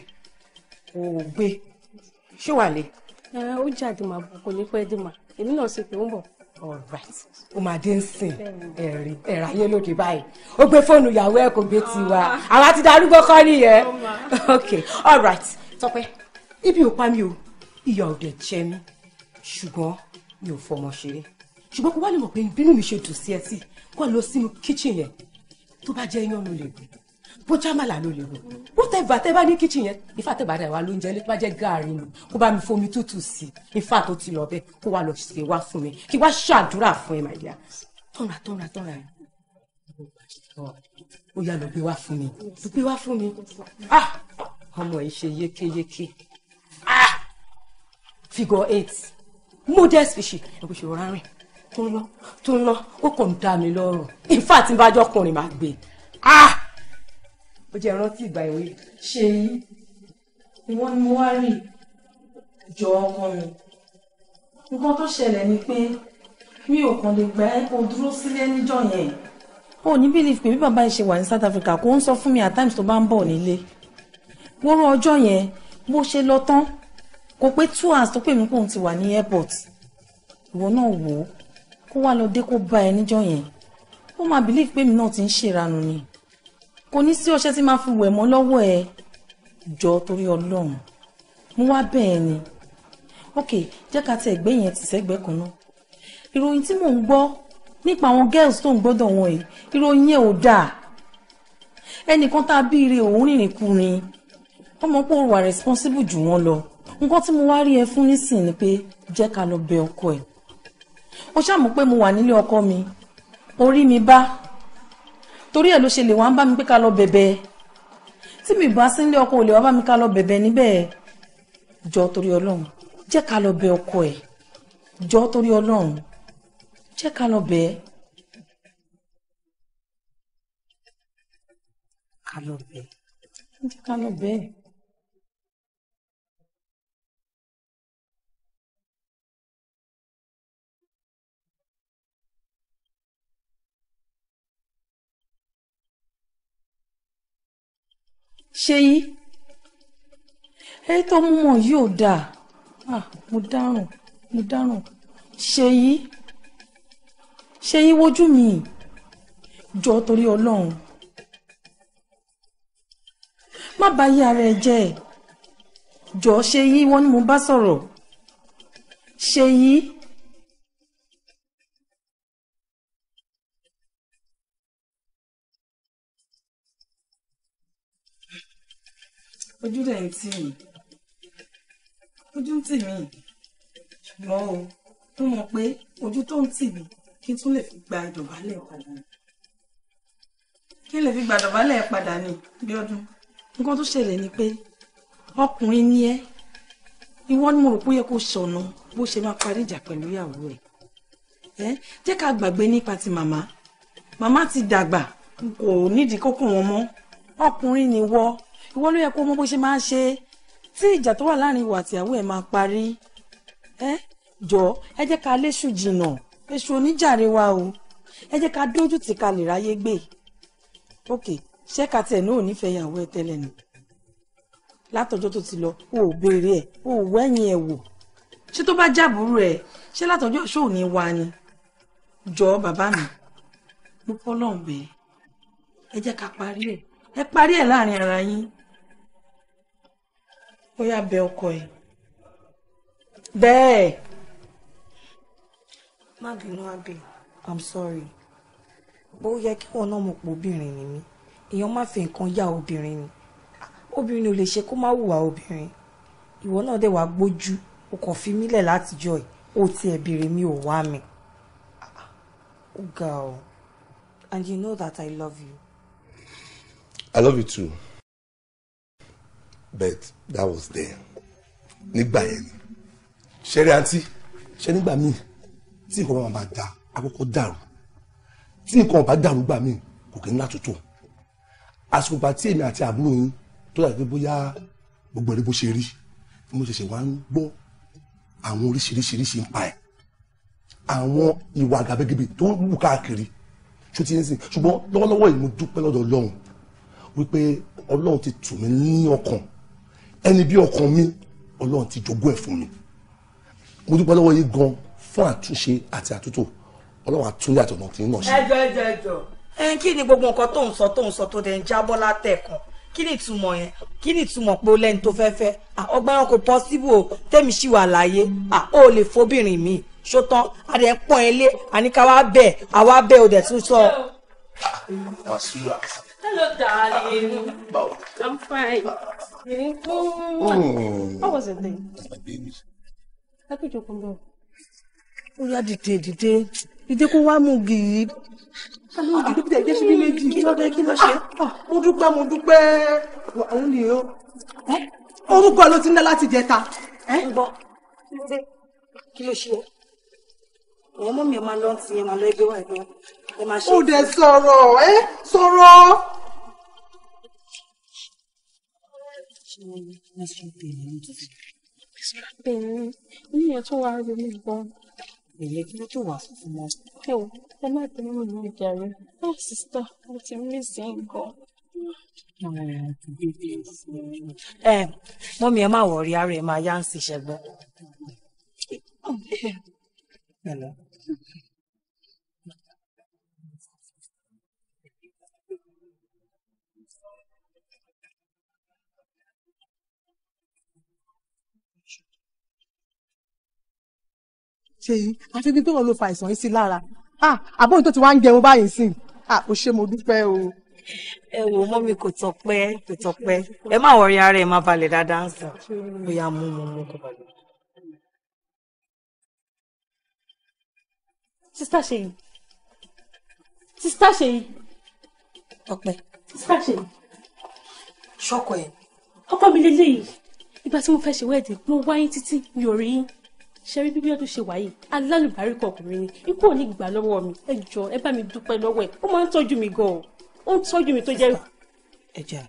wò ó gbé ṣé wà lè. ó jáde mà bọ̀ kò ní pẹ́ dé èmi náà sì pé ó ń bọ̀. all right ó máa dé ń sìn ẹ̀rí ẹ̀rọ ayé lóde báyìí ó gbé fóònù ìyàwó ẹ̀ kò gbé tiwa àwa ti darúgbó kọ́ nìyẹn ok all right tọpẹ́ ibi ò pa mi o ìyà ò dẹ̀ jẹ mí ṣùgbọ́n mi ò fọmọ ṣeré ṣùgbọ́n kó wá lè mọ̀ pé bínú mi ṣe dùn sí ẹ tí kó lọ sínú kíchìn yẹn tó bá jẹ́ iyán ló lè gbé bójá màlà ló lè rò whatever tẹ́ bá ní kitchen yẹn ifá tẹ́ bá dà wá lóúnjẹ ló bá jẹ́ gààrí ni kó bá mi fomi tútù sí i ifá tó ti lọ bẹ́ẹ̀ kó wá lọ ṣe wá fún mi kí wá ṣàdúrà fún ẹ my dear tọ́ra tọ́ra tọ́ra ẹ̀ ó yá lọ gbé wá fún mi lọ gbé wá fún mi ah ọmọ yìí ṣe yékéyéké ah figure eight modest fish ẹ kò ṣe rọra rìn tó ń lọ tó ń lọ ó kàn ń dá mi lọ́rùn in fact tí n bá jọkùnrin máa gbé ah ó jẹ́ rántí ìgbà ìwé ṣe yí ni wọ́n ní mo wá rí jọ ọmọ mi nǹkan tó ṣẹlẹ̀ ni pé mi ò kàn lè gbà ẹ́ kó dúró sílẹ̀ níjọ́ yẹn. ó ní bílíf pé bí bàbá yìí ṣe wà ní South Africa kò ń sọ fún mi at times tó bá ń bọ̀ nílé wóró ọjọ́ yẹn bó ṣe lọ tán kò pé two hours tó pè mí kóun ti wà ní airport ìwọ náà wò ó kó wá lọ dé kó bá ẹ níjọ́ yẹn ó máa bílíf pé mi náà ti ń ṣèrànù ni kò ní sí ọṣẹ tí máa fi wẹ̀ mọ́ lọ́wọ́ ẹ jọ torí ọlọ́run mo wá bẹ́ẹ̀ ni ok jẹ́ ká tẹ ẹgbẹ́ yẹn ti sẹ́gbẹ́ kan náà ìròyìn tí mò ń gbọ́ nípa àwọn girls tó ń gbọ́dọ̀ wọn yìí ìròyìn yẹn ò dáa ẹnìkan tá a bí ire òun rìnrìn kùnrin ọmọ pé wà responsible jù wọ́n lọ nǹkan tí mo wá rí ẹ fún nísìn ni pé jẹ́ ká lọ bẹ ọkọ ẹ̀ ó ṣàmù pé mo wà nílé ọkọ mi orí mi bá torí ẹ̀ ló ṣe lè wá ń bá mi pé ká lọ bẹ̀bẹ̀ tí mi bá sílé ọkọ ò lè wá bá mi ká lọ bẹ̀bẹ̀ níbẹ̀ jọ torí ọlọ́run jẹ́ ká lọ bẹ̀ ọkọ ẹ̀ jọ torí ọlọ́run jẹ́ ká lọ bẹ̀ ká lọ bẹ̀ ẹ́ jẹ́ ká lọ bẹ̀ ẹ́. ṣéyí èyí tó mú mọ yìí ò dáa ah, mo dáràn mo dáràn ṣéyí ṣéyí wojú mi jọ torí Ọlọ́run má bá yí ara ẹ jẹ́ jọ ṣéyí wọ́n ní mo bá sọ̀rọ̀ ṣéyí. ojú dẹ̀ ń tì mí ojú ń tì mí ṣùgbọ́n o mo mọ̀ pé ojú tó ń tì mí kí n tún lè fi gba ìdọ̀bálẹ̀ padà ni kí n lè fi gba ìdọ̀bálẹ̀ padà ni bí ọdún nǹkan tó ṣẹlẹ̀ ni pé ọkùnrin ni ẹ ìwọ ni mo rò pé ó yẹ kó sọnà bó ṣe máa parí ìjà pẹ̀lú ìyàwó ẹ̀ ẹ jẹ́ ká gbàgbé nípa ti màmá màmá ti dàgbà kò nídìí kókó wọn mọ́ ọkùnrin ni wọ́ ìwọ ló yẹ kó mọ bó ṣe máa ṣe tí ìjà tó wà láàrin ìwà àtìyàwó ẹ máa parí ẹ jọ ẹ jẹ́ ká léṣù jìnnà èṣù oníjàre wa o ẹ jẹ́ ká dójú tì ká lè ráyé gbé òkè ṣé ká tiẹ̀ náà ò nífẹ̀ẹ́ ìyàwó ẹ tẹ́lẹ̀ ni látọjọ́ tó ti lọ o ò béèrè ẹ o ò wẹ̀yìn ẹ wò ṣé tó bá jábùrú ẹ ṣé látọjọ́ ṣó ò ní wa ni jọ bàbá mi mo pọ́ bẹ́ẹ̀ ẹ jẹ́ ká parí ẹ ẹ parí ẹ láàrin ara yín ó yá bẹ ọkọ ẹ bẹ́ẹ̀ má bínú abẹ i'm sorry bó yẹ kí wọn náà mọ̀ pé obìnrin ni mí èèyàn má fi nǹkan yá obìnrin ni obìnrin ò lè ṣe kó má hùwà obìnrin ìwọ náà dẹ̀ wá gbójú o kàn fi mílẹ̀ látijọ́ ẹ̀ o tiẹ̀ béèrè mi ò wá mi ó ga ọ and you know that i love you. i love you too but that was there. nígbà yẹn ni ṣẹ́rí àǹtí ṣẹ́ nígbà míì tí nǹkan bá máa da àkókò dàrú tí nǹkan bá dàrú gbà míì kò kí ń látòtò àsìkò bá tí èmi àti àbúrò yín tó dàbí bóyá gbogbo ẹ̀rí bó ṣe rí mo ṣẹ̀ṣẹ̀ wá ń gbọ́ àwọn oríṣiríṣiríṣi ń pa ẹ̀ àwọn ìwà àgàbẹ́gẹ́bẹ́ tó wù káàkiri tó ti ń sìn ṣùgbọ́n lọ́wọ́lọ́wọ́ yìí mo dúpẹ́ lọ́dọ̀ ọlọ́run wípé ọlọ́run ti tù mí ní ọkàn ẹni bí ọkàn mi ọlọ́run ti jogún ẹ̀ fún mi mo dúpẹ́ lọ́wọ́ yín gan fún àtúnṣe àti àtúntò ọlọ́run àtúnlé àtọ̀nà tí ń náà ṣe. ẹjọ ẹjọ ẹjọ ẹn kí ni gbogbo nǹkan tó ń sọ tó ń sọ tó dẹ̀ ń jábọ́ látẹ̀kàn kí ni ìtumọ̀ yẹn kí ni ìtumọ̀ pé ó lẹ́ni tó fẹ́ fẹ́ ọgbà wọn kò pọ́síbù o tẹ́mi ṣì wà láyé ó lè fóbìnrin mi ṣótán adé pọ́n ẹ lé àníkà wá bẹ́ẹ̀ àwa bẹ́ẹ̀ ò dẹ̀ tún sọ. Hello, darling. Bow. Ah, I'm fine. Ah. Mm. Oh. was wasn't there. My babies. How could you come down. Ó yá dìde dìde dìde kó wá mú gìrì. Àlọ́ òdìdó bí ẹ̀jẹ̀ ṣubí méjì kí lọ́dọ̀ kí lọ ṣe. Ah, mo dúpẹ́ mo dúpẹ́. Òun ni o. Orúkọ ló ti ń dá láti jẹta. Ń gbọ́ kí ló ṣe ẹ̀yẹ́ mọ́ mi ẹ̀ máa lọ ti ẹ̀ máa lọ ẹgbẹ́ wa ẹ̀gbẹ́ ẹ̀ máa ṣe. ó dẹ̀ sọ̀rọ̀ ẹ́ sọ̀rọ̀ national pain ló ń tó fi bẹ̀rẹ̀ níyẹn tó wá rí mi gan. èyí kí ló tó wà fún fún wọn. ẹ wò ẹ má bínú mi ní ìjàre ó sísítà mo ti mí sí nǹkan. ẹ mọ́mí ẹ má wọrí ara ẹ máa yá ń ṣiṣẹ́ gbọ́. Hello. ṣe yìí àfi bíi pé wọn ló fa àìsàn yìí sí lára àbóyún tó ti wá ń jẹun báyìí sí o ṣé mo dúpẹ́ o. ẹ wo mọ́mí kò tọpẹ́ kò tọpẹ́ ẹ má wọrí ara ẹ má balẹ̀ dáadáa ń sàn bóyá mú mu mú kó balẹ̀. sista Ṣèyí sista Ṣèyí. tọpẹ́. sista Ṣèyí. ṣọkọ ẹ. ọkọ mi lélẹyìí ìgbà tí mo fẹ́ ṣe wẹ́ẹ̀dì mo wáyé títí mi ò rí yín ṣe rí bíbí ọdún ṣe wáyé alálùbáríkọ ọkùnrin ni ikú ò ní gbà lọ́wọ́ mi ẹ jọ ẹ bá mi dúpẹ́ lọ́wọ́ ẹ̀ ó máa ń tọ́jú mi gan-an ó ń tọ́jú mi tó jẹ́. ẹ jà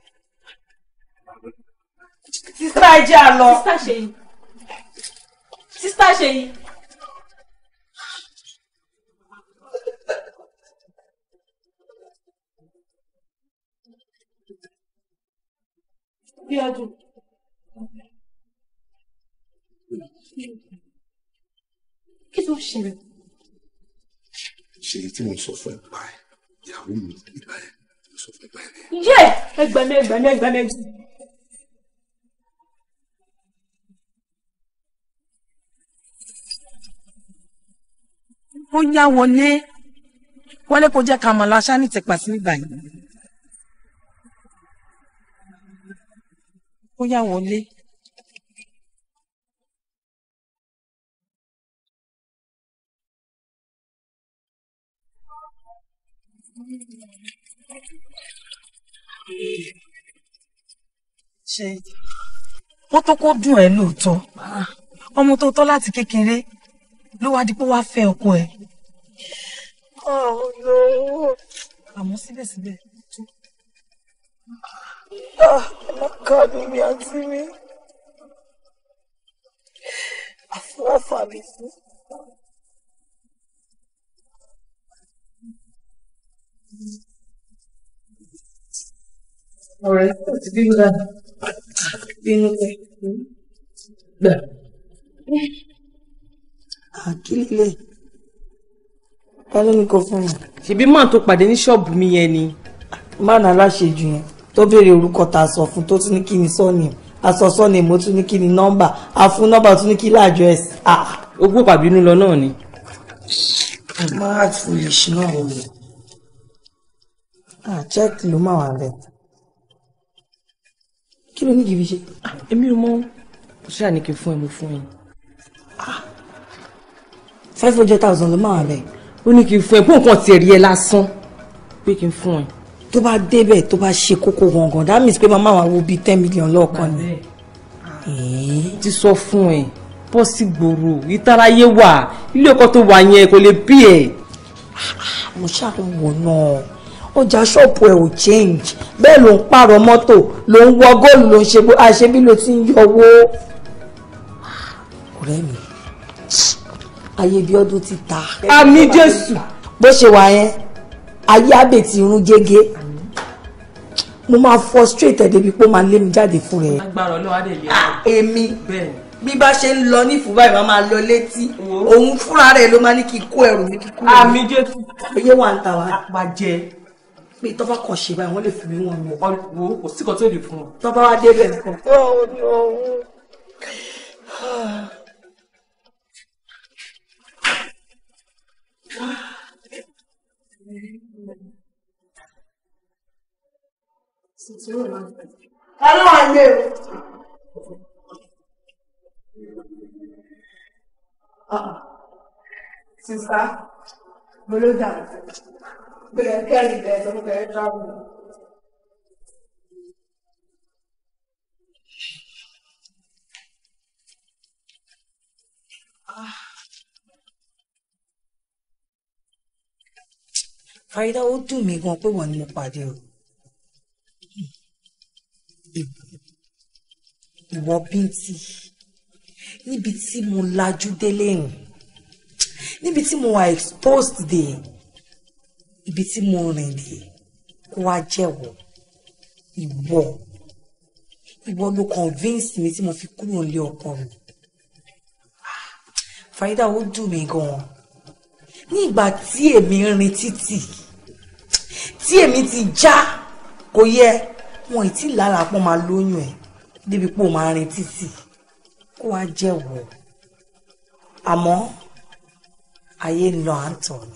sísá ẹ jẹ́ sísá ṣe sísá ṣe bí ọdún kí ló ń ṣẹlẹ̀. ṣe tí mo sọ fún ẹ pa ẹ ìyàwó mi ìgbà ẹ tí mo sọ fún ẹ pa ẹ ni. yé ẹgbẹ̀mí ẹgbẹ̀mí ẹgbẹ̀mí. ó yá wọlé wọlé kó jẹ́ ká mọ̀ lọ aṣáá ní tẹ̀pá sí nígbà yìí. ó yá wọlé. ṣe wọ́n tó kó dùn ẹ́ lóòótọ́ ọmọ tó tọ́ láti kékeré ló wá di pé wá fẹ́ ọkọ ẹ̀. àmọ́ síbẹ̀síbẹ̀ tó. ọlọ́kàdùn ah, mi àti mi àfọwọ́fà mi fún. Alright, to be with that. Being okay. There. Àkílẹ̀. Ta ló ní kó fún mi? Ṣèbí máa tó pàdé ní ṣọ́ọ̀bù mi yẹn ni. Máa nà láṣejù yẹn tó béèrè orúkọ tá sọ fún tó tún ní kí ni sọ́ọ̀nì. Aṣọ sọ́ọ̀nì mo tún ní kí ni nọ́mbà. A fún nọ́mbà tún ní kí ni àdírẹ́sì. Ah. Ó gbọ́ pàbínú lọ náà ni. Má foolish náà wò ah check ló máa wà bẹ kí ló ní kì í fi ṣe. èmi ò mọ ṣáà ní kí n fún ẹ mo fún ẹ. Ah. five hundred thousand ló máa wà bẹ. ó ní kí n fún ẹ bó nǹkan tiẹ̀ rí ẹ lásán pé kí n fún ẹ. tó bá débẹ̀ tó bá ṣe kókó gangan that means pé màmá wa wo bíi ten million lọ́ọ̀kan ni. ti sọ fún ẹ bọ́ sí gbòòrò ìtaraye wà ilé ọkọ tó wà yẹn kò lè bí ẹ. Ah, ah, mo ṣàlùwọ̀ náà ọjà ṣọ́ọ̀pù ẹ̀ ò change bẹ́ẹ̀ ló ń pààrọ̀ mọ́tò ló ń wọ góòlù ló ń ṣe bó àṣebí ló ti ń yọwó. ọ̀rẹ́ mi ayé bí ọdún ti ta. àmì jésù. bó ṣe wà yẹn ayé àbẹ̀ ti rún gégé mo máa frustrate ẹ̀ débi pé ó máa lé mi jáde fún rẹ̀. agbára ọlọ́wà dẹ̀ lé ọ. Ah, èmi bí bá ṣe ń lọ nífù báyìí máa máa lọ létí òun fúnra rẹ̀ ló máa ní kí kó ẹrù mi kí n àmì jésù. oyé wa ń ta wa. àpàjẹ pé tọ́ bá kọ̀ ṣe báyìí wọ́n lè fi mí wọn lọ. wo kò sí kan tó lè fún ọ. tọ́ bá wá débẹ̀ nǹkan. Hello, I'm here. Uh-uh. Sister, below down. Branca libera, não perde nada. Fàyídá ó dùn mí gan pé wọ́n ní mo pàdé o. Ìwọ bíntì níbi tí mo laju dele rìn níbi tí mo wà exposed de ibi tí mo rìn dé kó wá jẹ́wọ́ ìwọ ìwọ ló convince mi tí mo fi kúrò nílé ọkọ mi Farida ó dùn mí gan ní ìgbà tí èmi rìn títì tí èmi ti já kò yẹ wọn ì tí lára pọ́n máa lóyún ẹ̀ débi pò máa rìn títì kó wá jẹ́wọ́ àmọ́ ayé ń lọ à ń tọ̀ ni.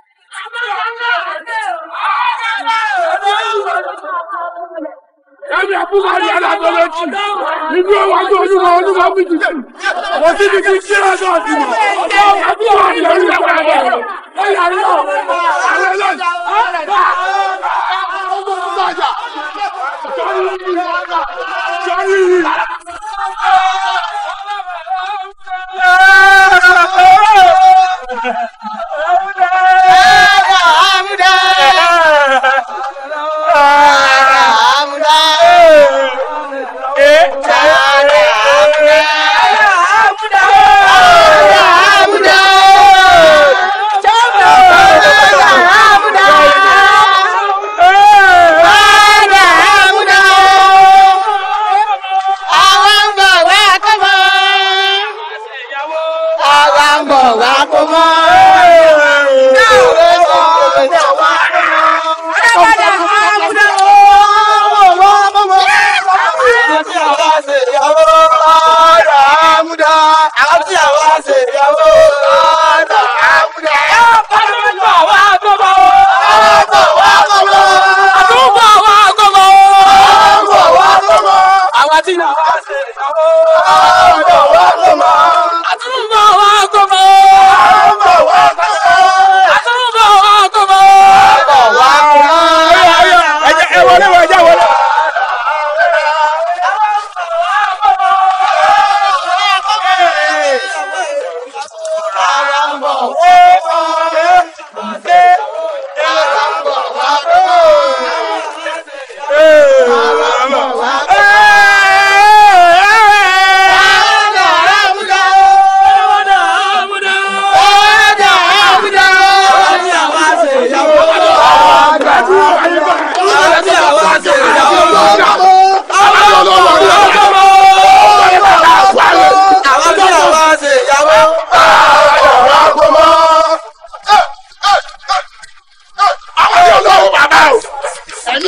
ẹni àbúkà ní alágbọ́lẹ̀ jù nínú ọwájú olúmọ olúmọ mi jù lẹ́nu kò sí ní kí kí lọ́dọ̀ ọ̀sìn mọ̀ àbúkà wà ní orí ẹ̀wọ̀n ẹ̀wọ̀n ẹ̀wọ̀n ẹ̀yà rí ọ̀ ààrẹ lẹ́yìn ọmọ ọmọ ọjà sọrí sọrí. Yeah. àti àwọn àṣeyàwó.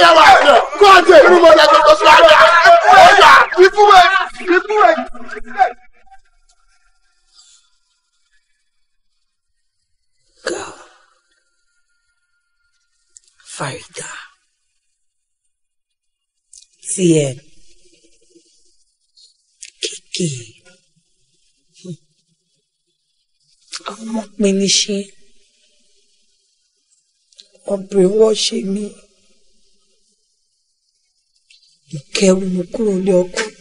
yẹn wà ẹ̀ kó o jẹ irú mọ́tò tó tó sọ́wọ́ àgbà ọjà ìfúwẹ̀ Go. Farida. Tiẹ̀. Kiki. Ọmọ pé ní ṣe. Ọbẹ̀ wọ́ ṣe mí ìkẹrù mi kúrò lé ọkọ mi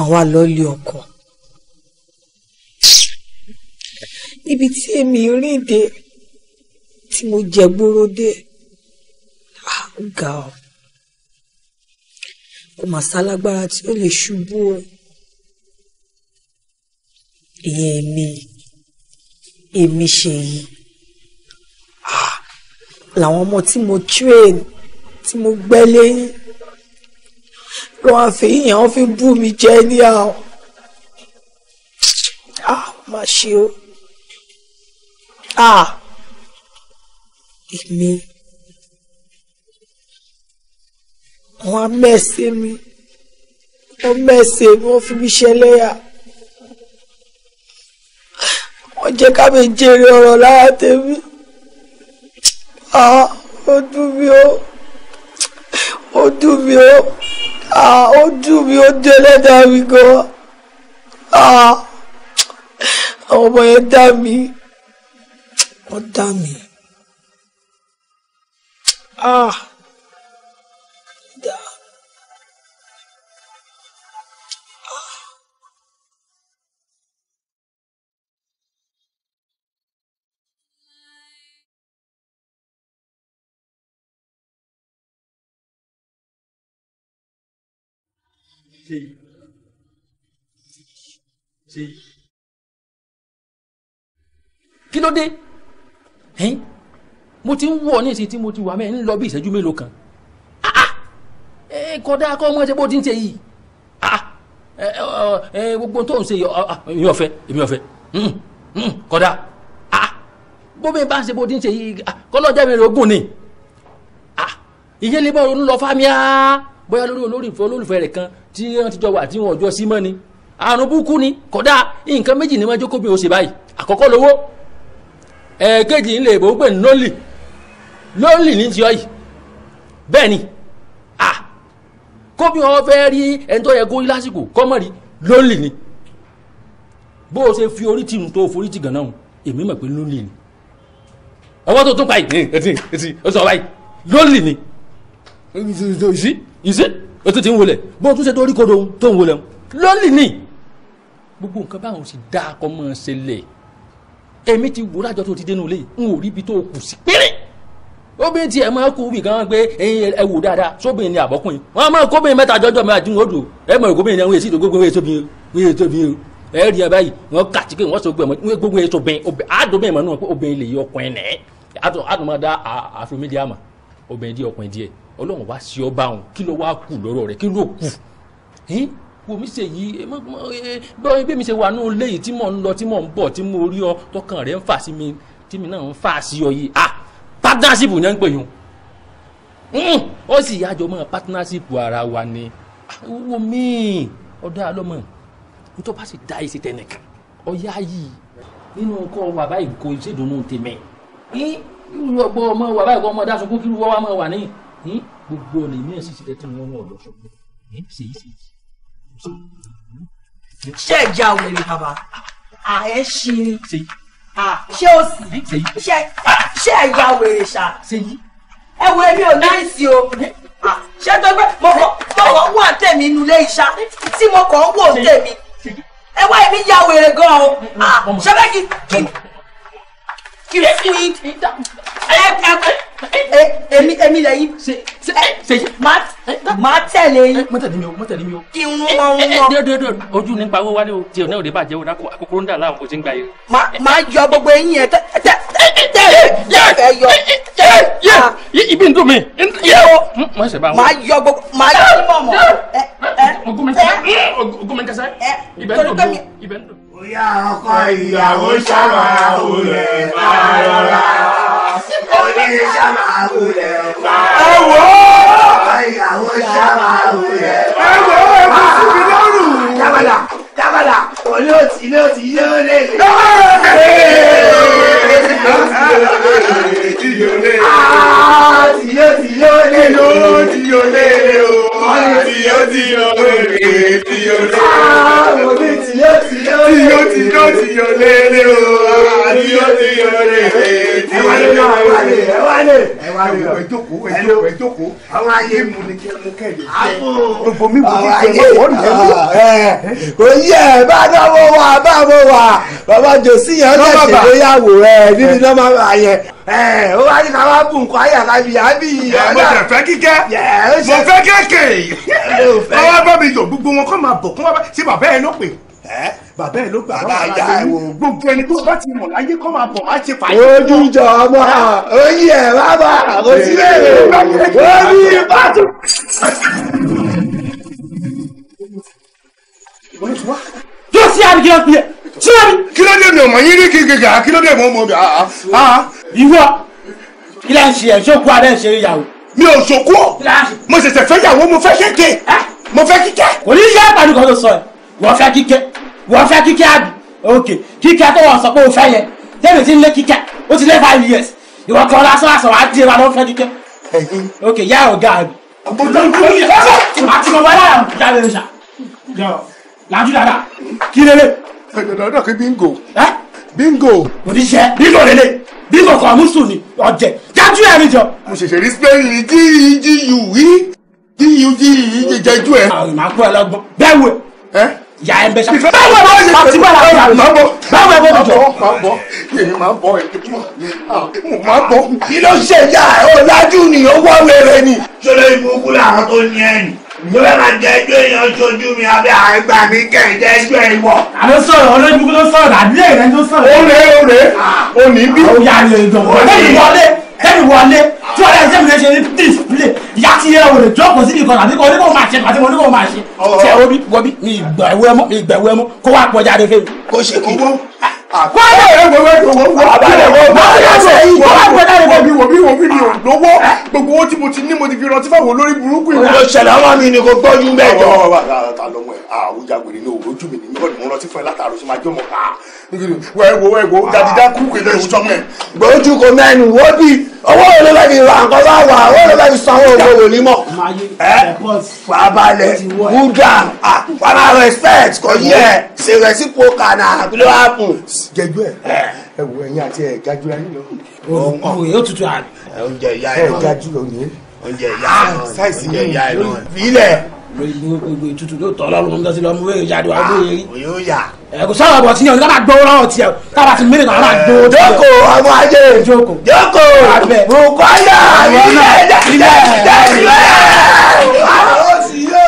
àwa lọ lé ọkọ níbi tí èmi rìn dé tí mo jẹ gbóró dé ga ọ kò mà sálágbára tí ó lè ṣubú o ìyẹn èmi èmi ṣèyí làwọn ọmọ tí mo train tí mo gbẹ́ lẹ́yìn ló wá fi yíyan wọn fi bú mi jẹ ní àwọn a máa ṣe o a èmi wọn mẹsẹ mi wọn mẹsẹ mi wọn fi mi ṣẹlẹ́yà wọn jẹ ká mi jèrè ọ̀rọ̀ lára tèmi. Ah, ah ó dùn mí ó ó dùn mí ó ah ó dùn mí ó dé ẹlẹ́dàá mi gan ah àwọn ọmọ yẹn dá mi wọ́n dá mi ah. Şey. Şey. Kí ló dé? Ẹ́n mo ti ń wọ̀ ní ìsìn tí mo ti wà mẹ́rin ń lọ bí ìṣẹ́jú mélòó kan. Ah, ah! Kódà kọ́ ọmọ ṣe bó ti ń ṣe yìí. Ah, gbogbo tó ń ṣe èmi ọ̀fẹ́ èmi ọ̀fẹ́ hmm, hmm, kódà bóbi bá ń ṣe bó ti ń ṣe yìí kọ́lọ́jà mi rè ogún ni ìyẹn lè bá ronú lọ fámíà bóyá lórí olólùfẹ́ rẹ̀ kan tí wọ́n ti jọ wà tí wọ́n jọ sí mọ́ ni àrùn búkú ni kódà nǹkan méjì ni wọ́n jókòó bí o ṣe báyìí àkọ́kọ́ lówó ẹ̀ẹ́kejì ńlẹ̀ èbó pè lónlì lónlì ní ti yìí bẹ́ẹ̀ ni ah kóbi wọn fẹ́ rí ẹni tó yẹ kó rí lásìkò kọ́mọ̀ rí ni bó o ṣe fi orí tì tó forí tì gànáà èmi mọ̀ pé lónlì ni ọwọ́ tó tún pa yìí etí etí ó sọ wáyé lónlì ni ìsí ìsí o tún ti ń wọlé bó o tún ṣe torí kodo tó ń wọlé lọ́ọ̀lì ni gbogbo nǹkan báwọn sì dá akọ mọ́ ẹ ṣẹlẹ̀ èmi ti wò lájọ tó ti dénú lé n ò rí ibi tó kù sí péré obìnrin tiẹ̀ máa kú wí kan gbé ẹyin ẹ wò dáadáa sóbìnrin ni àbọ̀kùnrin wọn máa kóbìnrin mẹ́ta jọjọ mẹ́ta dín odò ẹ mọ̀ ìkóbìnrin ni àwọn èsì gbogbo ẹ̀ tóbi ẹ̀ tóbi ẹ̀ rí ẹ báyìí wọn kà tí kò wọ́n sọ gbogbo ẹ̀ tóbi ọlọ́run wá sí ọba òun kí ló wá kù lọ́rọ̀ rẹ̀ kí ló kù wo mi ṣe yìí bọ́ ẹbí mi ṣe wà ní olè yìí tí mò ń lọ tí mò ń bọ̀ tí mo rí ọ tọkàn rẹ̀ ń fà sí mi tí mi náà ń fà sí ọ yìí ah partnership yẹn ń pè yun hmm, ó sì yájọ mọ́ partnership ara wa ni ah, wo mi ọ̀dọ́ àlọ́mọ nítorí bá sì dá èsì tẹnìkan ọ̀yá yìí nínú kọ́ wà báyìí kò ṣèdùnnú tèmi irú ọgbọ́n ọmọ wà báyìí kọ́ ọmọ dá sunkún kí irú wọ́n wà mọ́ gbogbo ọ̀nà ìmí ẹ̀ sì ti tẹ́tí wọn wọn ọ̀dọ́ ṣọ́gbọ́n ṣèyí ṣèyí. ṣé ẹ já wẹ̀rẹ̀ bàbá ààyè ṣirin ṣé o sì ṣé ẹ ya wẹ̀rẹ̀ ṣá ẹ wo èmi ò láìsí o ṣé tó gbé mo kọ tó kọ wà tèmi nulẹ̀ ìṣá tí mo kọ wò tèmi ẹ wá èmi ya wẹ̀rẹ̀ gan-an ṣẹ́fẹ́ kí kí kí fún yín ẹ ẹ èmi èmi lẹ́yìn. ṣe ṣe ṣe máa tẹ̀lé yín. Eh, mọ tẹ̀lé mi o mọ tẹ̀lé mi o. kí n wọ́n wọ́n. dẹ́dẹ́dẹ́ ojú ní pawó wálé o tí o náà lè bàjẹ́ o dákò àkókò ń dà láwọn kò sí ń gbà yẹn. máa yọ gbogbo eyín yẹn tẹ tẹ tẹ fẹ́ eh, eh, yọ. Ah. ibi ń dùn mí. máa hmm, ṣe bá yọ gbogbo máa yọ mọ̀ mọ̀. ogunmi kẹsẹ́ ibẹ̀ ń dùn mí ibẹ̀ ń dùn. ó yà ọkọ ìyàwó ṣàwárò rẹ̀ bá oníṣẹ́ máa wulẹ̀ pa. ẹ wò ó. ìyàwó ṣá máa wulẹ̀ pa. ẹ wò ó ẹ kò sí mi lọ́rùn. dábàdà dábàdà olóòtí lóòtí yóò lè lè. Tiyole. Ah, tiyole tiyole. Tiyole tiyole o ọmọ bá a náà mọ̀ bá a mọ̀ bàbá jòsí yẹn ọ̀sẹ̀ ṣègbéyàwó ẹ̀ níbi náà máa bà yẹn ó wá ní ká wá bùn kọ́ àyà lábìyà bí. mo fẹ́ kíkẹ́ mo fẹ́ kéèké yìí ọwọ́ mi yọ gbogbo wọn kọ́ máa bọ̀ kọ́ bá ṣe bàbá ẹ ló pè bàbá ẹ ló gbà bàbá ajá ẹ wò gbogbo ẹni tó bá ti mọ̀ láyé kọ́ máa bọ̀ wá ṣe fàyè. ojú jọ ọmọ ah! oyin ẹ bàbá kò sí lèrè orí ìbátú. yóò ṣe àdìgẹ́ ọ̀gbìn ẹ̀ ṣé àmì. kí ló dé mi ò mọ̀ yín rí kí gègé kí ló dé mi ò mọ̀ mi. Ah, ah. ìwọ ilé ń ṣe ẹ̀ ṣó adé ń ṣe ìyàwó mi ò ṣòkú ọ mo ṣẹ̀ṣẹ̀ fẹ́ yàwó mo fẹ́ kéke mo fẹ́ kíkẹ́. kò ní yá àgbàdo kan tó sọ ẹ wọ́n fẹ́ kíkẹ́ wọ́n fẹ́ kíkẹ́ àbí ok kíkẹ́ tó wọ́n sọ pé o fẹ́ yẹ tẹ́lẹ̀ ti ń lé kíkẹ́ ó ti lé five years ìwọ kan lásán àṣọ wa dé wa ló fẹ́ kíkẹ́ ok yá ọ̀gá àbí. àbójá ń kúrò yẹ. àti mo wá láyà jáde ṣá lájú dáadáa kí lélẹ̀. ẹ̀dọ̀dọ̀ kí bí ń gò. ẹ́ bingo. mo ti ṣe bingo lele bingo kan musu ni ọjẹ jájú ẹ níjọ. mo ṣẹ̀ṣẹ̀ rí spẹ́ẹ̀lì jíyù yí jíyù jíyù jẹjú ẹ. àwọn ìmọ̀ àpò ẹlọgbọ́n bẹ́ẹ̀ wẹ̀. ẹ yà ẹ bẹ ṣe. báwo ẹ bọ ma ti bá la fìyà mi. báwo ẹ bọ ma bọ. ma bọ èmi ma bọ ẹ ma bọ. kí ló ṣe yá ẹ o lájú ni ó wá wẹrẹ ni. sọlá ìmúkúlà àwọn tó ní ẹ̀yìn mo máa jẹ ẹjọ́ èèyàn ṣojú mi abẹ́ àgbà mi kẹ̀jẹ́ ẹjọ́ ìwọ. àlọ́ sọ̀rọ̀ ọlọ́dúnkún ló sọ̀rọ̀ àdúrà ìrẹ́ tó sọ̀rọ̀. ó rèé ó rèé ah. ó ní bí. ó yà lè dọ̀ ẹ̀mí wọlé ẹ̀mí wọlé ah. tí wọ́n lẹ́yìn sẹ́mi ṣe ní display ìyá ti yẹ òrè jókòó sí nìkan àti oníkó máa ṣe àti oníkó máa ṣe. ṣe obi wọbi mi ìgbà ìwé mọ́ ìgbà ìwé kó wá pọ̀ fẹ́ mi. kó ṣe kí wọ́n yẹ gbogbo owó tí mo ti ní mo ti fi rántí fáwọn olórí burúkú yìí. ló ṣẹlẹ̀ ọmọ mi ni kò gbọ́jú bẹ́ẹ̀ jọ. ta lọ́mọ ẹ̀ àwùjá gbèrè ní òwúrọ̀ ojú mi nìyí wẹ́ẹ̀wò wẹ́ẹ̀wò dàdídákú kẹlẹ́ ìwúsọ mọ́ ẹ̀. gbòójú kò mẹ́nu wo bí owó òde láti ra nǹkan bá wà owó òde láti sanwó owó òní mọ̀. ẹ fàbalẹ̀ buddha fara respect kò yẹ ṣe reciprocal na kilo happen. jẹjọ ẹ ẹ wọ ẹyin àti ẹ jájú ẹ yín lọ. òkú yóò tutù àná. ẹ jájú lọ nìyẹn oúnjẹ ìyá ẹ̀ náà sáìsì mi ìbílẹ̀. gbogbo ètùtù ló tọ́ lọ́rùn ń dọ́sí lọ́mú wẹ́rẹ́ ìyáàdùn àwọn olóyè rí. òye ó yà. ẹ̀kú sọ̀rọ̀ bọ̀ tí yàn ní kábà lọ́wọ́ tiẹ̀ kábà ti mílíọ̀nù àwọn àgbo. jókòó ọmọ ajé jókòó bùkọ́ yà ilẹ̀ ilẹ̀ ilẹ̀ ó sì yóò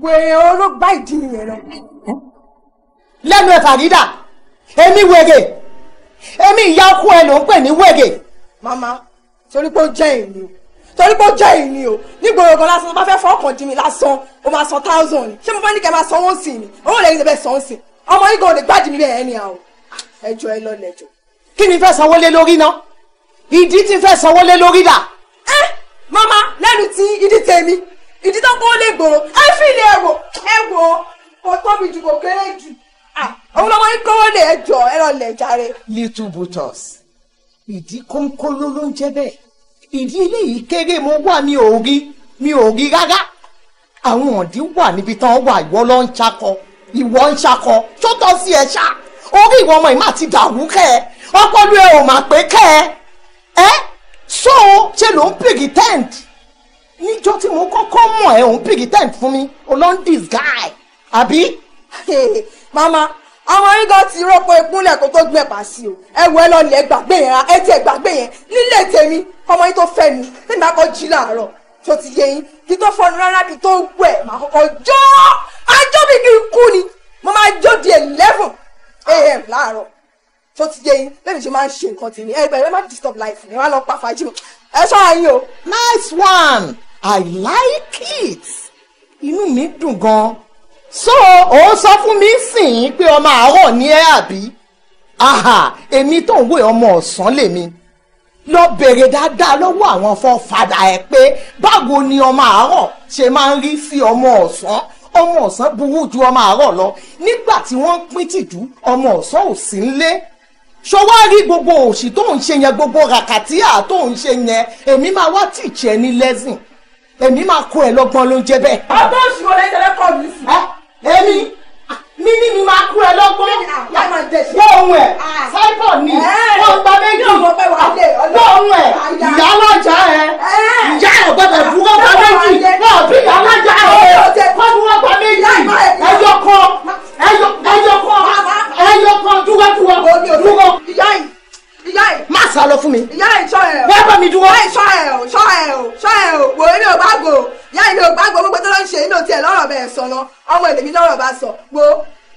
wèrè olóògbá ìdí nìyẹn lọ. lẹ́nu ẹ̀fà dídà èmi wèrè èmi ìyá ọkọ ẹ ló ń pè ní wèrè. màmá torí pé ó jẹ́ èmi o torí pé ó jẹ́ èmi o nígboro kan lásán tó bá fẹ́ fọ́ọ̀kan dì mí lásán o máa san thousand ni ṣé mo bá ní kẹ́ máa san one sin ni owó lẹ́yìn tẹ́ bẹ́ẹ̀ san sin ọmọ yìí kò lè gbádìí mi bẹ́ẹ̀ ni àwọn ẹjọ́ ẹ lọ́lẹ̀ jọ. kí ni fẹ́ sanwó lé lórí náà ìdí ti fẹ́ sanwó lé lórí dà. ẹ màmá lẹ́nu ti ìdí tèmi ìdí tó kó lè gbòòrò ẹ ẹwò ẹwò kò tóbi jù kò kéré jù àwọn ọmọ yìí kọ́wọ́ lè ẹjọ́ ẹ lọ lẹ̀ little butters ìdí kónkóló ló ń jẹ bẹ́ẹ̀ ìdí eléyìí kéré mo wà mi ò rí mi ò rí rárá àwọn ọ̀dí wà níbi tán wà ìwọ ló ń ṣakọ ìwọ ń ṣakọ tó tọ́ sí ẹ ṣá orí ìwọ ọmọ ìmá ti dàrú kẹ ẹ ọpọlọ ẹ ò mà pé kẹ ẹ ẹ so ṣe ló ń pèrè tẹ́ǹtì níjọ́ tí mo kọ́kọ́ mọ̀ ẹ́ òun pìgì tẹ̀ fún mi olondis guy àbí. mama àwọn arígan ti rọ́pò ìpínlẹ̀ kó tó gbé ẹ̀pà sí o ẹ wọ ẹ lọ́ọ̀lì ẹ gbàgbé yẹn ẹ tiẹ̀ gbàgbé yẹn nílé tèmi ọmọ yín tó fẹ́ mi tèmi bá kọ́ jí láàárọ̀ tó ti yẹ yín kí tó fọnù rárá kí tó wẹ̀ máa kọ́kọ́ jọ́ ajọ́ mi kì í kú ni mo máa jó di eleven a.m. láàárọ̀ tó ti yẹ yín lẹ́yìn tí mo máa ń ṣe nǹkan tèmi ẹ má disturb life mi wá lọ pa mi ẹ ṣọ́ra yín o. nice one. I like it inú mi dùn gan so ò sọ fún mi sìn pé ọmọ àárọ̀ ni ẹ àbí aha èmi tó ń wé ọmọ ọ̀sán lèmi lọ bèrè dáadáa lọ́wọ́ àwọn fọ́fadà ẹ̀ pé báwo ni ọmọ àárọ̀ ṣe máa ń rí sí ọmọ ọ̀sán ọmọ ọ̀sán burú ju ọmọ àárọ̀ lọ nígbà tí wọ́n ń pín tìjú ọmọ ọ̀sán ò sí nílé ṣọwárí gbogbo òṣì tó ń ṣe yẹn gbogbo ràkàtíà tó ń ṣe yẹn èmi máa wá tìjẹ́ ní lẹ́sìn èmi máa kó ẹ lọ́gbọ́n ló ń jẹ bẹ́ẹ̀. ọgbọ́n oṣù wo lẹ́sẹ̀ lẹ́kọ̀ọ́ mi sí. èmi mi ni mi máa kó ẹ lọ́gbọ́n wọ́n ohun ẹ̀ ah. sáìpọ̀ ni wọ́n gba méjì wọ́n ohun ẹ̀ ìyá alájà ẹ̀ ìyá ẹ̀ gbọ́dọ̀ fún wọn gba méjì wọ́n bí ìyá alájà ẹ̀ kọ́ ni wọ́n méjì ẹyọ kan ẹyọ kan ẹyọ ìyá ẹ̀. má sá lọ fún mi. ìyá ẹ̀ sọ ẹ̀ o. wọ́n bá mi dúró. ìyá ẹ̀ sọ ẹ̀ o sọ ẹ̀ o sọ ẹ̀ o wò ó ní o gbàgbó ìyá ẹ̀ ní o gbàgbó gbogbo tó ló ń ṣe inú tiẹ̀ lọ́rọ̀ bẹ́ẹ̀ sọ lọ ọmọ èdèmí lọ́rọ̀ bá sọ gbó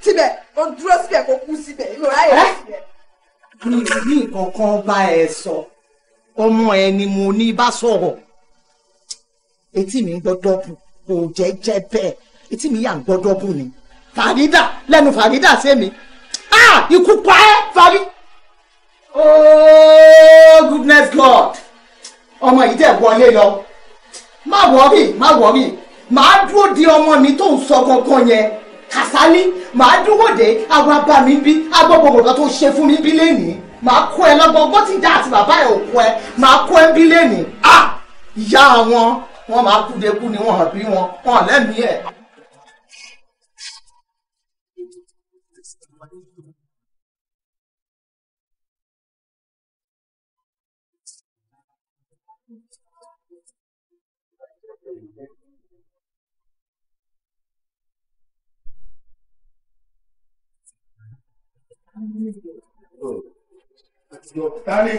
síbẹ̀ o dúró síbẹ̀ kó kú síbẹ̀ inú ráyè síbẹ̀. mi ò ní nǹkan bá ẹ sọ ọmọ ẹ ni mo ní bá sọ̀rọ̀ etí mi gbọ́dọ̀ bù kò jẹ́jẹ́ bẹ́ẹ̀ etí mi yà gbọ́dọ̀ bù ni fàrídà lẹ́nu fàrídà sẹ́mi ah ikú pa ẹ́ fàrídà oh goodness god ọmọ yìí tẹ̀ wọlé lọ má wọrí má wọrí màá dúró de ọmọ mi tó ń sọ gangan yẹn Kàsálí màá dúró de àwa bá mi bí agbọ́gbọ̀gbọ̀gbọ̀ tó ṣe fún mi bí lẹ́nìí màá kó ẹ lọ́gbọ́n bó ti dá àti bàbá ẹ̀ ò kó ẹ màá kó ẹ bí lẹ́nìí ah! ìyá wọn wọn máa kú dekú ni wọn hàn bí wọn wọn lẹ́mìí ẹ̀. Tani?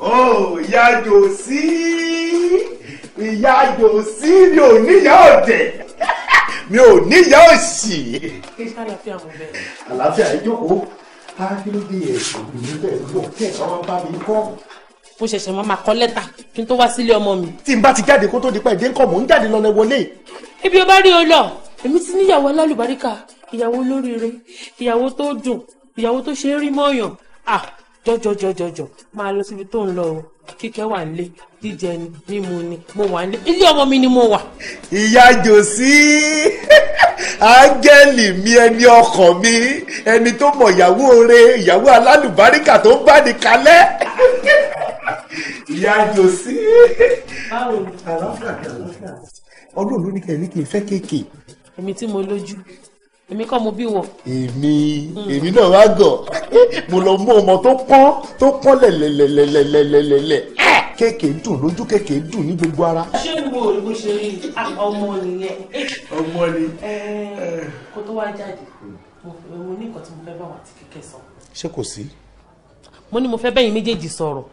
Oh, ìyá Jòsí! Ìyá Jòsí mi ò níyà ọ̀dẹ̀! Mi ò níyà òsì! Kí sálàáfíà mo bẹ̀? Àlàáfíà ẹ jókòó. Á kí ló dé ẹ̀sùn ìbílẹ̀ lọ kí ẹ̀ka wọn bá mi kọ́. Mo ṣẹ̀ṣẹ̀ máa ma kọ lẹ́tà kí n tó wá sílé ọmọ mi. Tí n bá ti jáde kó tó di pẹ́ dé ń kọ̀ mò ń jáde lọ wọlé ibi o bá rí o lọ èmi ti níyàwó alálùbáríkà ìyàwó olóríire ìyàwó tó dùn ìyàwó tó ṣe é rí mọ́ọ̀yàn à jọjọjọjọjọ máa lọ síbi tó ń lọ o kíkẹ́ wà nílé jíjẹ ni mímu ni mo wà nílé ilé ọmọ mi ni mo wà. ìyá jòsí áńgẹ́lì mi ẹni ọkàn mi ẹni tó mọ̀ ìyàwó re ìyàwó alálùbáríkà tó ń bá ní kalẹ̀ ìyá jòsí. báwo ni ọdún òlú ní kẹ̀lé kì í fẹ́ kéèké. èmi tí mo lójú èmi kọ́ mo bí wọ. èmi hmm. èmi náà wá gọ̀ mo lọ mú ọmọ tó pọ́n tó pọ́n lẹ̀lẹ̀lẹ̀lẹ̀lẹ̀lẹ̀ eh, kéèké ń dùn lójú kéèké ń dùn ní gbogbo ara. ṣé ìwọ ò bó ṣe rí ah, ọmọ nìyẹn. ọmọ ni. Eh, eh. kó tó wá jáde mo ní nǹkan tí mo fẹ́ bá wa ti kékeré sọ. ṣé kò sí. mo ní mo fẹ́ bẹ́yìn méjèèjì sọ̀rọ̀.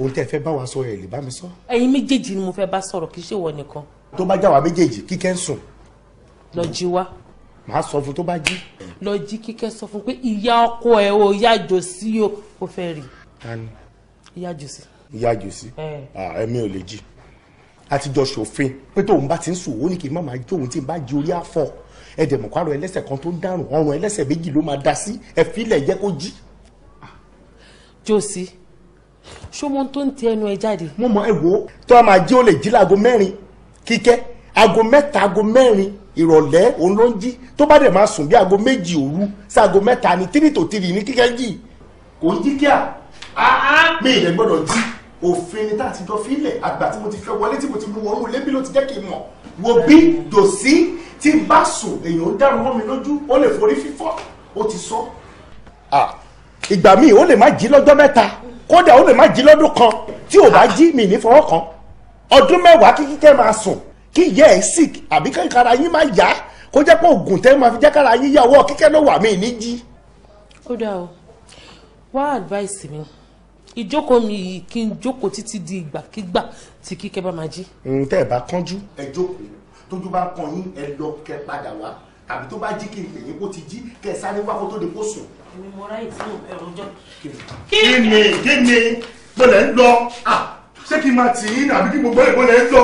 ohun tẹ́ ẹ fẹ́ bá wa sọ ẹ̀ lè bá mi sọ. ẹ̀yin méjèèjì ni mo fẹ́ bá sọ̀rọ̀ kì í ṣèwọ nìkan tó bá jáwàá méjèèjì kíkẹ́ ń sùn. lọ jí wá. màá sọ fún tó bá jí. lọ jí kíkẹ́ sọ fún pé ìyá ọkọ ẹ o ìyá jòsí o ó fẹ́ rí. tani. ìyá jòsí. ìyá jòsí ẹ̀mí ò lè jí àtijọ́ ṣòfin pé tóun bá ti ń sùn ó ní kí n má máa jóun tí n bá jí orí àfọ̀ ẹ̀dẹ̀mọ̀kárọ̀ ẹlẹ́sẹ̀ kan tó ń dàrùn ọrùn ẹlẹ́sẹ̀ méjì ló máa dá sí ẹ̀fílẹ̀ jẹ́ kó jí. jòsí ṣó mo tó ń ti ẹnu ẹ jáde. mo mọ ẹ wo tó a máa jí ó lè jí láago mẹ́rin kíkẹ́ aago mẹ́ta aago mẹ́rin ìrọ̀lẹ́ òun ló ń jí tó bá dẹ̀ máa sùn bí aago méjì òru sí aago mẹ́ta ni tírì tó tírì ní kíkẹ́ jì kò ń jí kíá mi ìlẹ̀ gbọ́dọ̀ jí òfin ni táà ti jọ fílẹ̀ àgbà tí mo ti fẹ́ wọlé tí mo ti mú wọnú lébí ló ti jẹ́ kí n mọ̀ wo bí dòsí tí bá sùn èèyàn ń dàrú mọ́ mi lójú ó lè forí fífọ́ ó ti sọ. ìgbà míì ó lè má jí lọ́jọ́ mẹ́ta kódà ó lè má jí lọ́dún kan tí ò bá jí mi ní fọwọ́ kan ọdún mẹ́wàá kí kíkẹ́ máa sùn kí ìyá ẹ̀ sick àbí kí kára yín máa yá kó jẹ́ pé oògùn tẹ́ máa fi jẹ́ kára yín yá ọwọ́ kíkẹ́ ló wà mí níjí. ó dáa o wá advice mi ìjókòó mi yìí kí n jókòó títí di ìgbàkigbà tí kíkẹ́ bá máa jí. tẹ́ ẹ bá kánjú. ẹ jókòó tójú bá kan yín ẹ lọ kẹ padà wá tàbí tó bá jí kí n pè yín kó ti jí kẹ sáré wá kó tó di kó sùn. èmi mo ráyè tí mo bẹ̀rù kí ni kí ni mo lè ń lọ. Ah! ṣé kí n máa tì í nàbí kí gbogbo ìbọn lẹ́ ń sọ.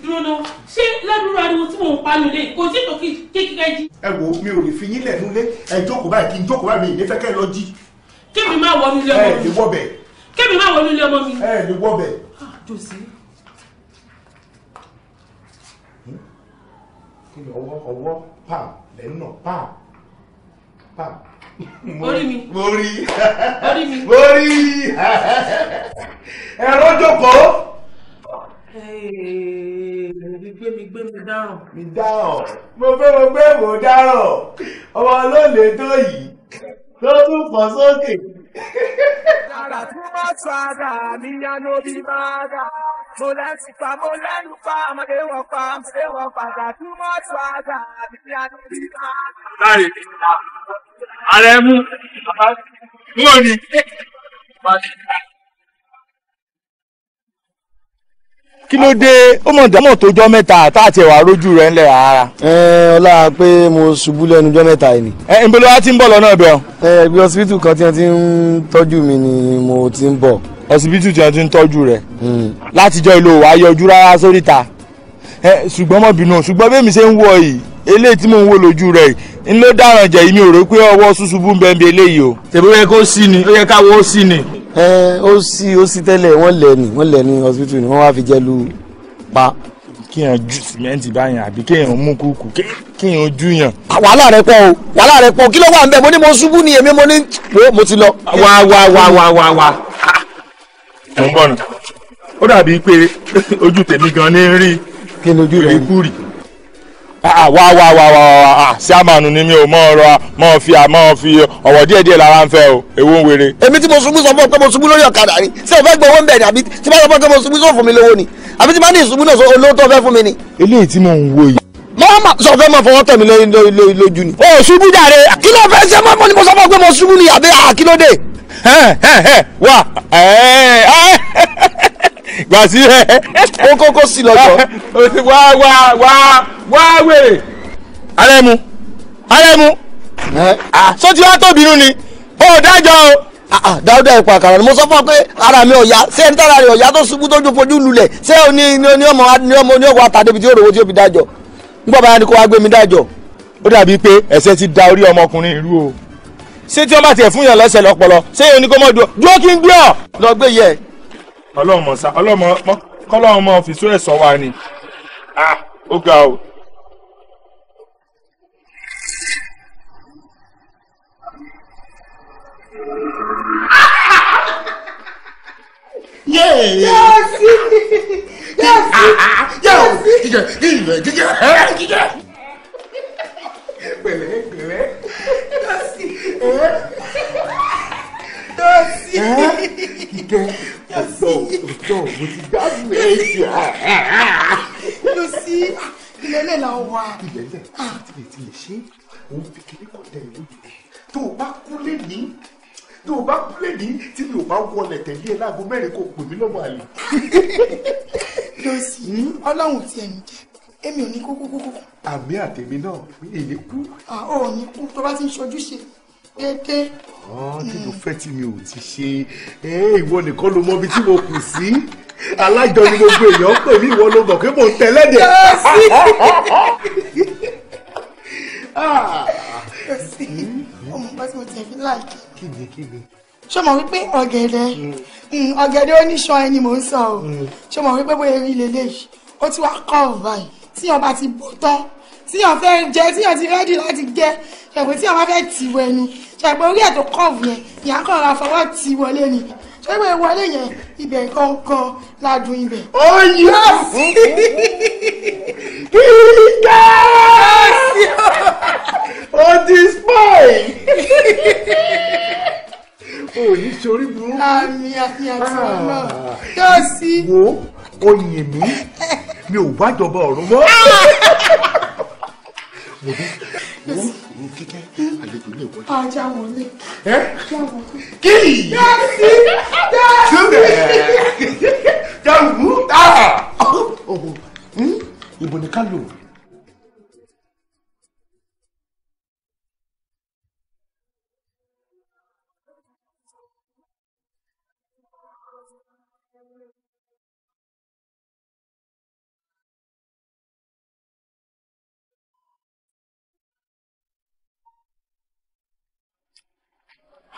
dúró náà ṣé lẹ́nu ariwo tí mò ń pa lulẹ̀ kò sí tó kékeré jí. ẹ wo mi ò lè fi yín lẹ́nu lé ẹ jókòó báyìí kí n jókòó báyìí mi ì ní fẹ́ kẹ́ lọ jí. kémi má wọnú ilé ọmọ mi. ẹ lè wọ bẹ. kémi ah, má wọnú ilé ọmọ mi. ẹ lè wọ bẹ. jòsí. kí ni ọwọ́ ọwọ́ pam lẹ́nu náà pam pam. orí mi. orí. orí mi. orí. ẹ̀rọ jókòó. gbé mi gbé mi dáràn. mi dáràn mo fẹ́ mo gbé mo dáràn ọmọ olóòlè tó yìí ló tún pọ̀ sókè. Àrà tó bá sọ àdá mi yá lórí máa dà. Mo lẹ́sìn pa, mo lẹ́nu pa, ọmọdé wọ̀ pa, ọmọdé wọ̀ padà, tún mọ́ tó àgbà, àbí bí a ló bí bá. Láyé, ààrẹ mú, mú òní. kí ló dé ó mọ̀ dámọ̀ tó jọ́ mẹ́ta tá àti ẹ̀wà rójú rẹ̀ ńlẹ̀ ẹ ọlá pé mo ṣubú lẹ́nu jọ́ mẹ́ta yìí ni. ẹ ǹbẹ̀ ló wá ti ń bọ̀ lọ́nà ọ̀bẹ o. ẹ ibi ọsibítù kan tí wọ́n ti ń tọ́jú mi ni mo ti ń bọ̀. ọsibítù tí wọ́n ti ń tọ́jú rẹ̀ hmm. látijọ́ ìlú wa yọjú rárá sóríta ṣùgbọ́n mọ̀ bínú ṣùgbọ́n bẹ́ẹ̀ mi ṣe ń wọ yìí eléyìí tí mò ń wò lójú rẹ̀ yìí ń ló dáràn jẹ̀ yìí mi ò rò pé ọwọ́ ṣùṣubú ń bẹ́ẹ̀ bí eléyìí o. tèbó yẹ kó sí ni ó yẹ káwọ́ sí ni ẹ ó sì ó sì tẹ́lẹ̀ wọ́n lẹ̀ ní wọ́n lẹ̀ ní hospital ni wọ́n wá fi jẹ́ lu pa. kéèyàn ju sìmẹ́ǹtì báyìí àbí kéèyàn mú kúkú kéèyàn ojú yàn. Ah, wàhálà rẹ pọ̀ o wàhálà rẹ pọ̀ kí ló wà ń bẹ mo ní mo ṣubú ni èmi mo ní mo ti lọ. wá wá wá wá wá wá. mo ń bọ̀ nù ó dàbí pé ojú tèmi gan ni ń rí kí ni Ah, ah, wá wá wá wá wá ah, sí àmànù ni mi ò mọ ọ̀rọ̀ mọ fi àmọ fi ọwọ́ díẹ̀ díẹ̀ lára ń fẹ́ o èwo ń wèrè. èmi tí mo ṣubú sọ fún ọ pé mo ṣubú lórí ọ̀kadà ni ṣé o fẹ́ gbowó ń bẹ̀ ni àbí tí bá sọ fún ọ pé mo ṣubú sọ fún mi lówó ni àbí tí bá ní ìṣubú náà olówó tó fẹ́ fún mi ni. eléyìí tí mò ń wo yìí. mo máa sọ fẹ́ máa fọwọ́ tẹ̀ mí lójú ni. o ṣubú jàre kí ló fẹ́ ṣe mọ́ ni mo sọ fún ọ pé mo ṣubú ni àbí àkílódé. gbà sílẹ̀. okoko si l'ọjọ lọ́jọ́. wá wa wá ni o o. dáúdà ipò àkàrà ni mo sọ fún ọ pé ara mi ọ̀yá ṣé ẹni tára rẹ̀ ọ̀yá tó ṣubú tó lulẹ̀ ṣé o ní ọmọ àtàdébi tí ó tí ó fi báyà ni kó wá gbé mi dájọ́. ó dàbí pé ti da orí ọmọkùnrin ìlú o ṣé tí bá fún yàn ṣé o ní kó dúró kí n ọlọ́mọ sa ọlọ́mọ kọ́lọ́mọ mọ fìṣó ẹ̀ sọ wa ni ah, ó ga o. Yes. Yes. Yes. Yes. Pẹ̀lẹ́ pẹ̀lẹ́. Yes. Tosi. Kíkẹ́ ọ̀dọ́ ọ̀dọ́ mo ti dáhùn ẹ̀ jù. Tosi ilẹ̀lẹ̀ la wà. Ilẹ̀lẹ̀ tí lè ti lè ṣe òun fi kiri kọ̀ tẹ̀ lójú. Tó o bá kú lè ní tó o bá kú lè ní tí mi ò bá wọlé tẹ̀lé ẹ láago mẹ́rin kò pè mí lọ́mọ àlè. Tosi ọlọ́run tiẹ̀ ń jẹ́ èmi ò ní kú kú kú. Àmì àtẹ̀mí náà mi ò ní kú. Àwọn ah, ò ní kú tó bá ti ń ṣojúṣe dédé. Ah, kí ló fẹ́ tí mi ò ti ṣe eh, ìwọ nìkan ló mọ ibi tí mo kù sí alájọ ni gbogbo èèyàn pè mí ìwọ ló mọ̀ pé mò ń tẹ́lẹ̀dẹ̀. Hmm? ọmọ bá tí mo tẹ̀ fi láìkí. kí ni kí ni ṣé mọ̀ wípé ọ̀gẹ̀dẹ̀ hmm. Hmm, ọ̀gẹ̀dẹ̀ oníṣan ẹni mò ń sọ o ṣé mọ̀ wípé bóyá eré lélẹ́yìí ó ti wá kọ́ ọ̀ báyìí tí ọba ti bọ́ tán tíyàn fẹ́ jẹ tíyàn ti rẹ́dì láti jẹ ṣẹ̀pẹ́ tíyàn bá fẹ́ tì wọ ẹnu ṣẹ̀pẹ́ orí ẹ̀ tó kọ̀ọ̀bù yẹn ìyá kan ra fọwọ́ tì wọlé ni ṣẹ́pẹ́ wọlé yẹn ibẹ̀ kankan ládùn ibẹ̀. ó yọ sí ìgbà ti spoil o ní sori burúkú. àmì àfihàn tí wọn yóò sí. wo oyin mi mi ò bá jọba ọ̀run mọ́. wo bí wo wo kíkẹ́ àlejò lè wọlé. ajá wọlé. ẹ kí yẹsi yẹsi yẹwu. ni ká lò wọ́n.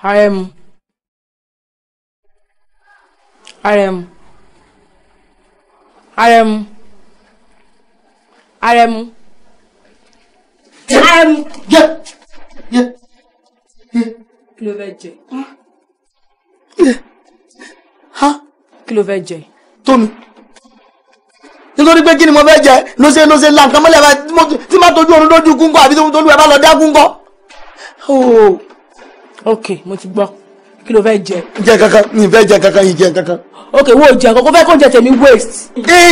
rm rm rm rm rm yẹ yẹ yẹ kí ló fẹ́ jẹ ha kí ló fẹ́ jẹ tómi nítorí pé kí ni mo fẹ́ jẹ ló ṣe ló ṣe la nǹkan mọ́lẹ̀ tí má tójú oorun lójú gúngọ́ àbí tó lù ẹ́ bá lọ dá gúngọ́. Oh ok mo ti gbọ́ kí ló fẹ́ jẹ. jẹ kankan mi fẹ́ jẹ kankan yìí jẹ kankan. ok wo jẹ kókó fẹ́ kó jẹ tèmi waste.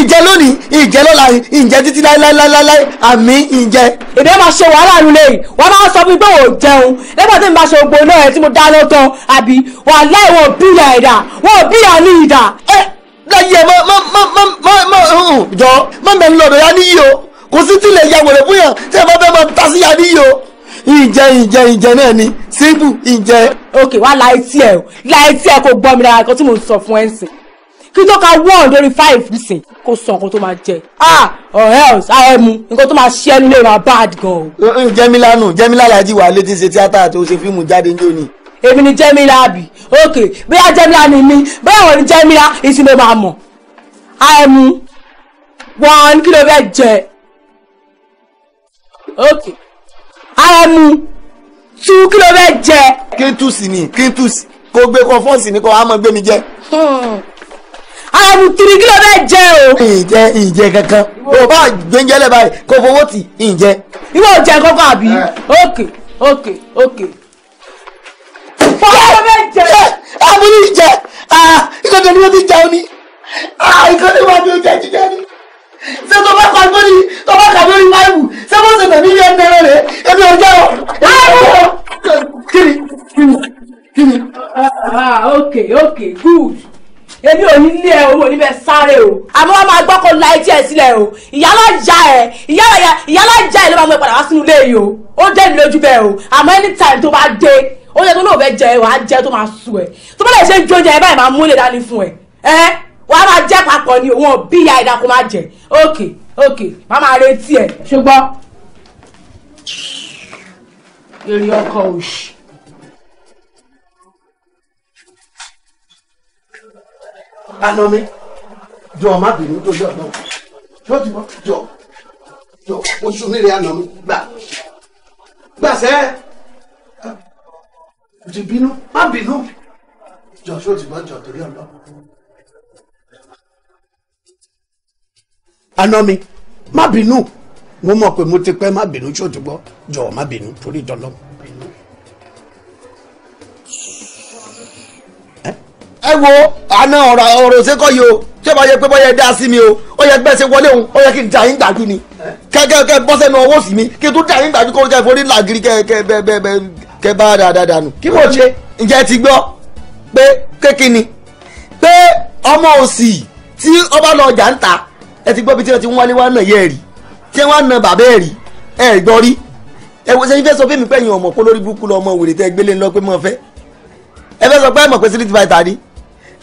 ìjẹ lónìí ìjẹ lọ́la ìjẹ títí láéláéláé àmì ìjẹ. èdè máa ṣe wàhálà nulẹ̀ yìí wọ́n máa sọ fún pé ò jẹun lẹ́gbàá tí mo bá ṣe ògbó náà ẹ̀ tí mo dáná tán àbí wà láì wọ́n bíyà ẹ̀dà wọ́n bíyà ní ìdà. ẹ láyé mọ mọ mọ mọ mọ mọ jọ mọ mẹ́rin lọ́dọ̀ yá níyì o kò sí tilẹ̀ yàwòrán fún yàn tí ẹ bá fẹ́ máa tasí yá níyì o ìjẹ ìjẹ ìjẹ náà ni simple ìjẹ. ok wá la etí ẹ o la etí ẹ kò gbọ́ mi lára kan tí mo sọ fún ẹ nsìn kí tó ka one lórí five nsìn kó sọ nǹkan tó máa jẹ ah or else ah ẹ mu nǹkan tó máa ṣe ẹnu lè máa bad gan o. jẹ́mílá nù jẹ́mílá làjí wà létí ṣe tíátà tó ṣe fíìmù jáde ní òní. èmi ni jẹ́mílá àbí ok bóyá jẹ́mílá ni mí bóyá wọ́n ni jẹ́mílá ìsinmi máa mọ̀ ah ẹ mu one kí ló fẹ́ jẹ ok ara mu tú kí ló fẹ́ jẹ. kí n tú sí ni kí n tú sí kó gbé kó fọ́ọ̀sì ni kó a máa gbé mi jẹ. Hmm. ara mu tiri kí ló fẹ́ jẹ o. ìjẹ ìjẹ kankan o bá gbẹ́njẹ́lẹ̀ báyìí kó fowó tì ìjẹ. ìwọ ò jẹ kankan àbí òkè òkè òkè. fọ́ọ̀sì ló fẹ́ jẹ. àbúrò eh, ìjẹ ah, ìkọ́ni ni wọ́n ti jẹun ni ah, ìkọ́ni wọ́n ti jẹ jíjẹ ni ṣé tó bá kọ lórí tó bá kà lórí báyìí ṣé bó ṣe tẹ̀mí yẹn nẹ́rẹ́ rẹ̀ ebi ọjọ́ ọ. kiri kiri kiri. ok ok good èmi ò ní lé ẹ owó níbẹ̀ sáré o àmọ́ wọn máa gbọ́ kó la etí ẹ sílẹ̀ o ìyálà já ẹ ìyálà já ẹ ló máa mú ẹ padà wá sínú ilé yìí o ó dé mi lójú bẹ́ẹ̀ o àmọ́ anytime tó bá dé ó yẹ tó lóò fẹ́ jẹ ẹ wàá jẹ tó máa sùn ẹ tó bá lè ṣe jóúnjẹ ẹ báyìí máa mú ilé dání fún ẹ ẹ wàá máa jẹ́ papọ̀ ni òun bí ìyá ẹ̀dá kó máa jẹ okay okay má máa retí ẹ̀ ṣùgbọ́n. èrè ọkọ òṣì. àná mi jọ ọmọ abìnrin tó jọ náà yóò ti bọ jọ jọ oṣù nílé àná mi gbà gbàsẹ́ ti bínú má bínú jọ ṣó ti bọ jọ torí ọlọ́run. àná mi má bínú mo mọ̀ pé mo ti pẹ́ má bínú tí o ti gbọ́ jọ̀ọ́ má bínú torí dandan. ẹ wo àná ọ̀rọ̀ ọ̀rọ̀ o o bá yẹ pé bọ́yẹ mi o ó yẹ gbẹ́sẹ̀ wọlé òun ó yẹ kí n yín gbàdú ni kẹ́kẹ́kẹ́ bọ́sẹ̀ náà owó sí mi kí n tún yín gbàdú kó kẹ́ forí ẹ ti gbọ́ bí tí wọ́n ti ń wálé wá nà yẹ́ rí tí wọ́n á na bàbá ẹ̀ rí ẹ̀ gbọ́ rí ẹ wo sẹ́yìn fẹ́ sọ fún mi pé ẹ̀yin ọmọ kó lórí burúkú lọ ọmọ wèrè tẹ́ gbélé ńlọ pé mọ̀ fẹ́ ẹ fẹ́ sọ pé ẹ̀mọ̀ pé street fighter ni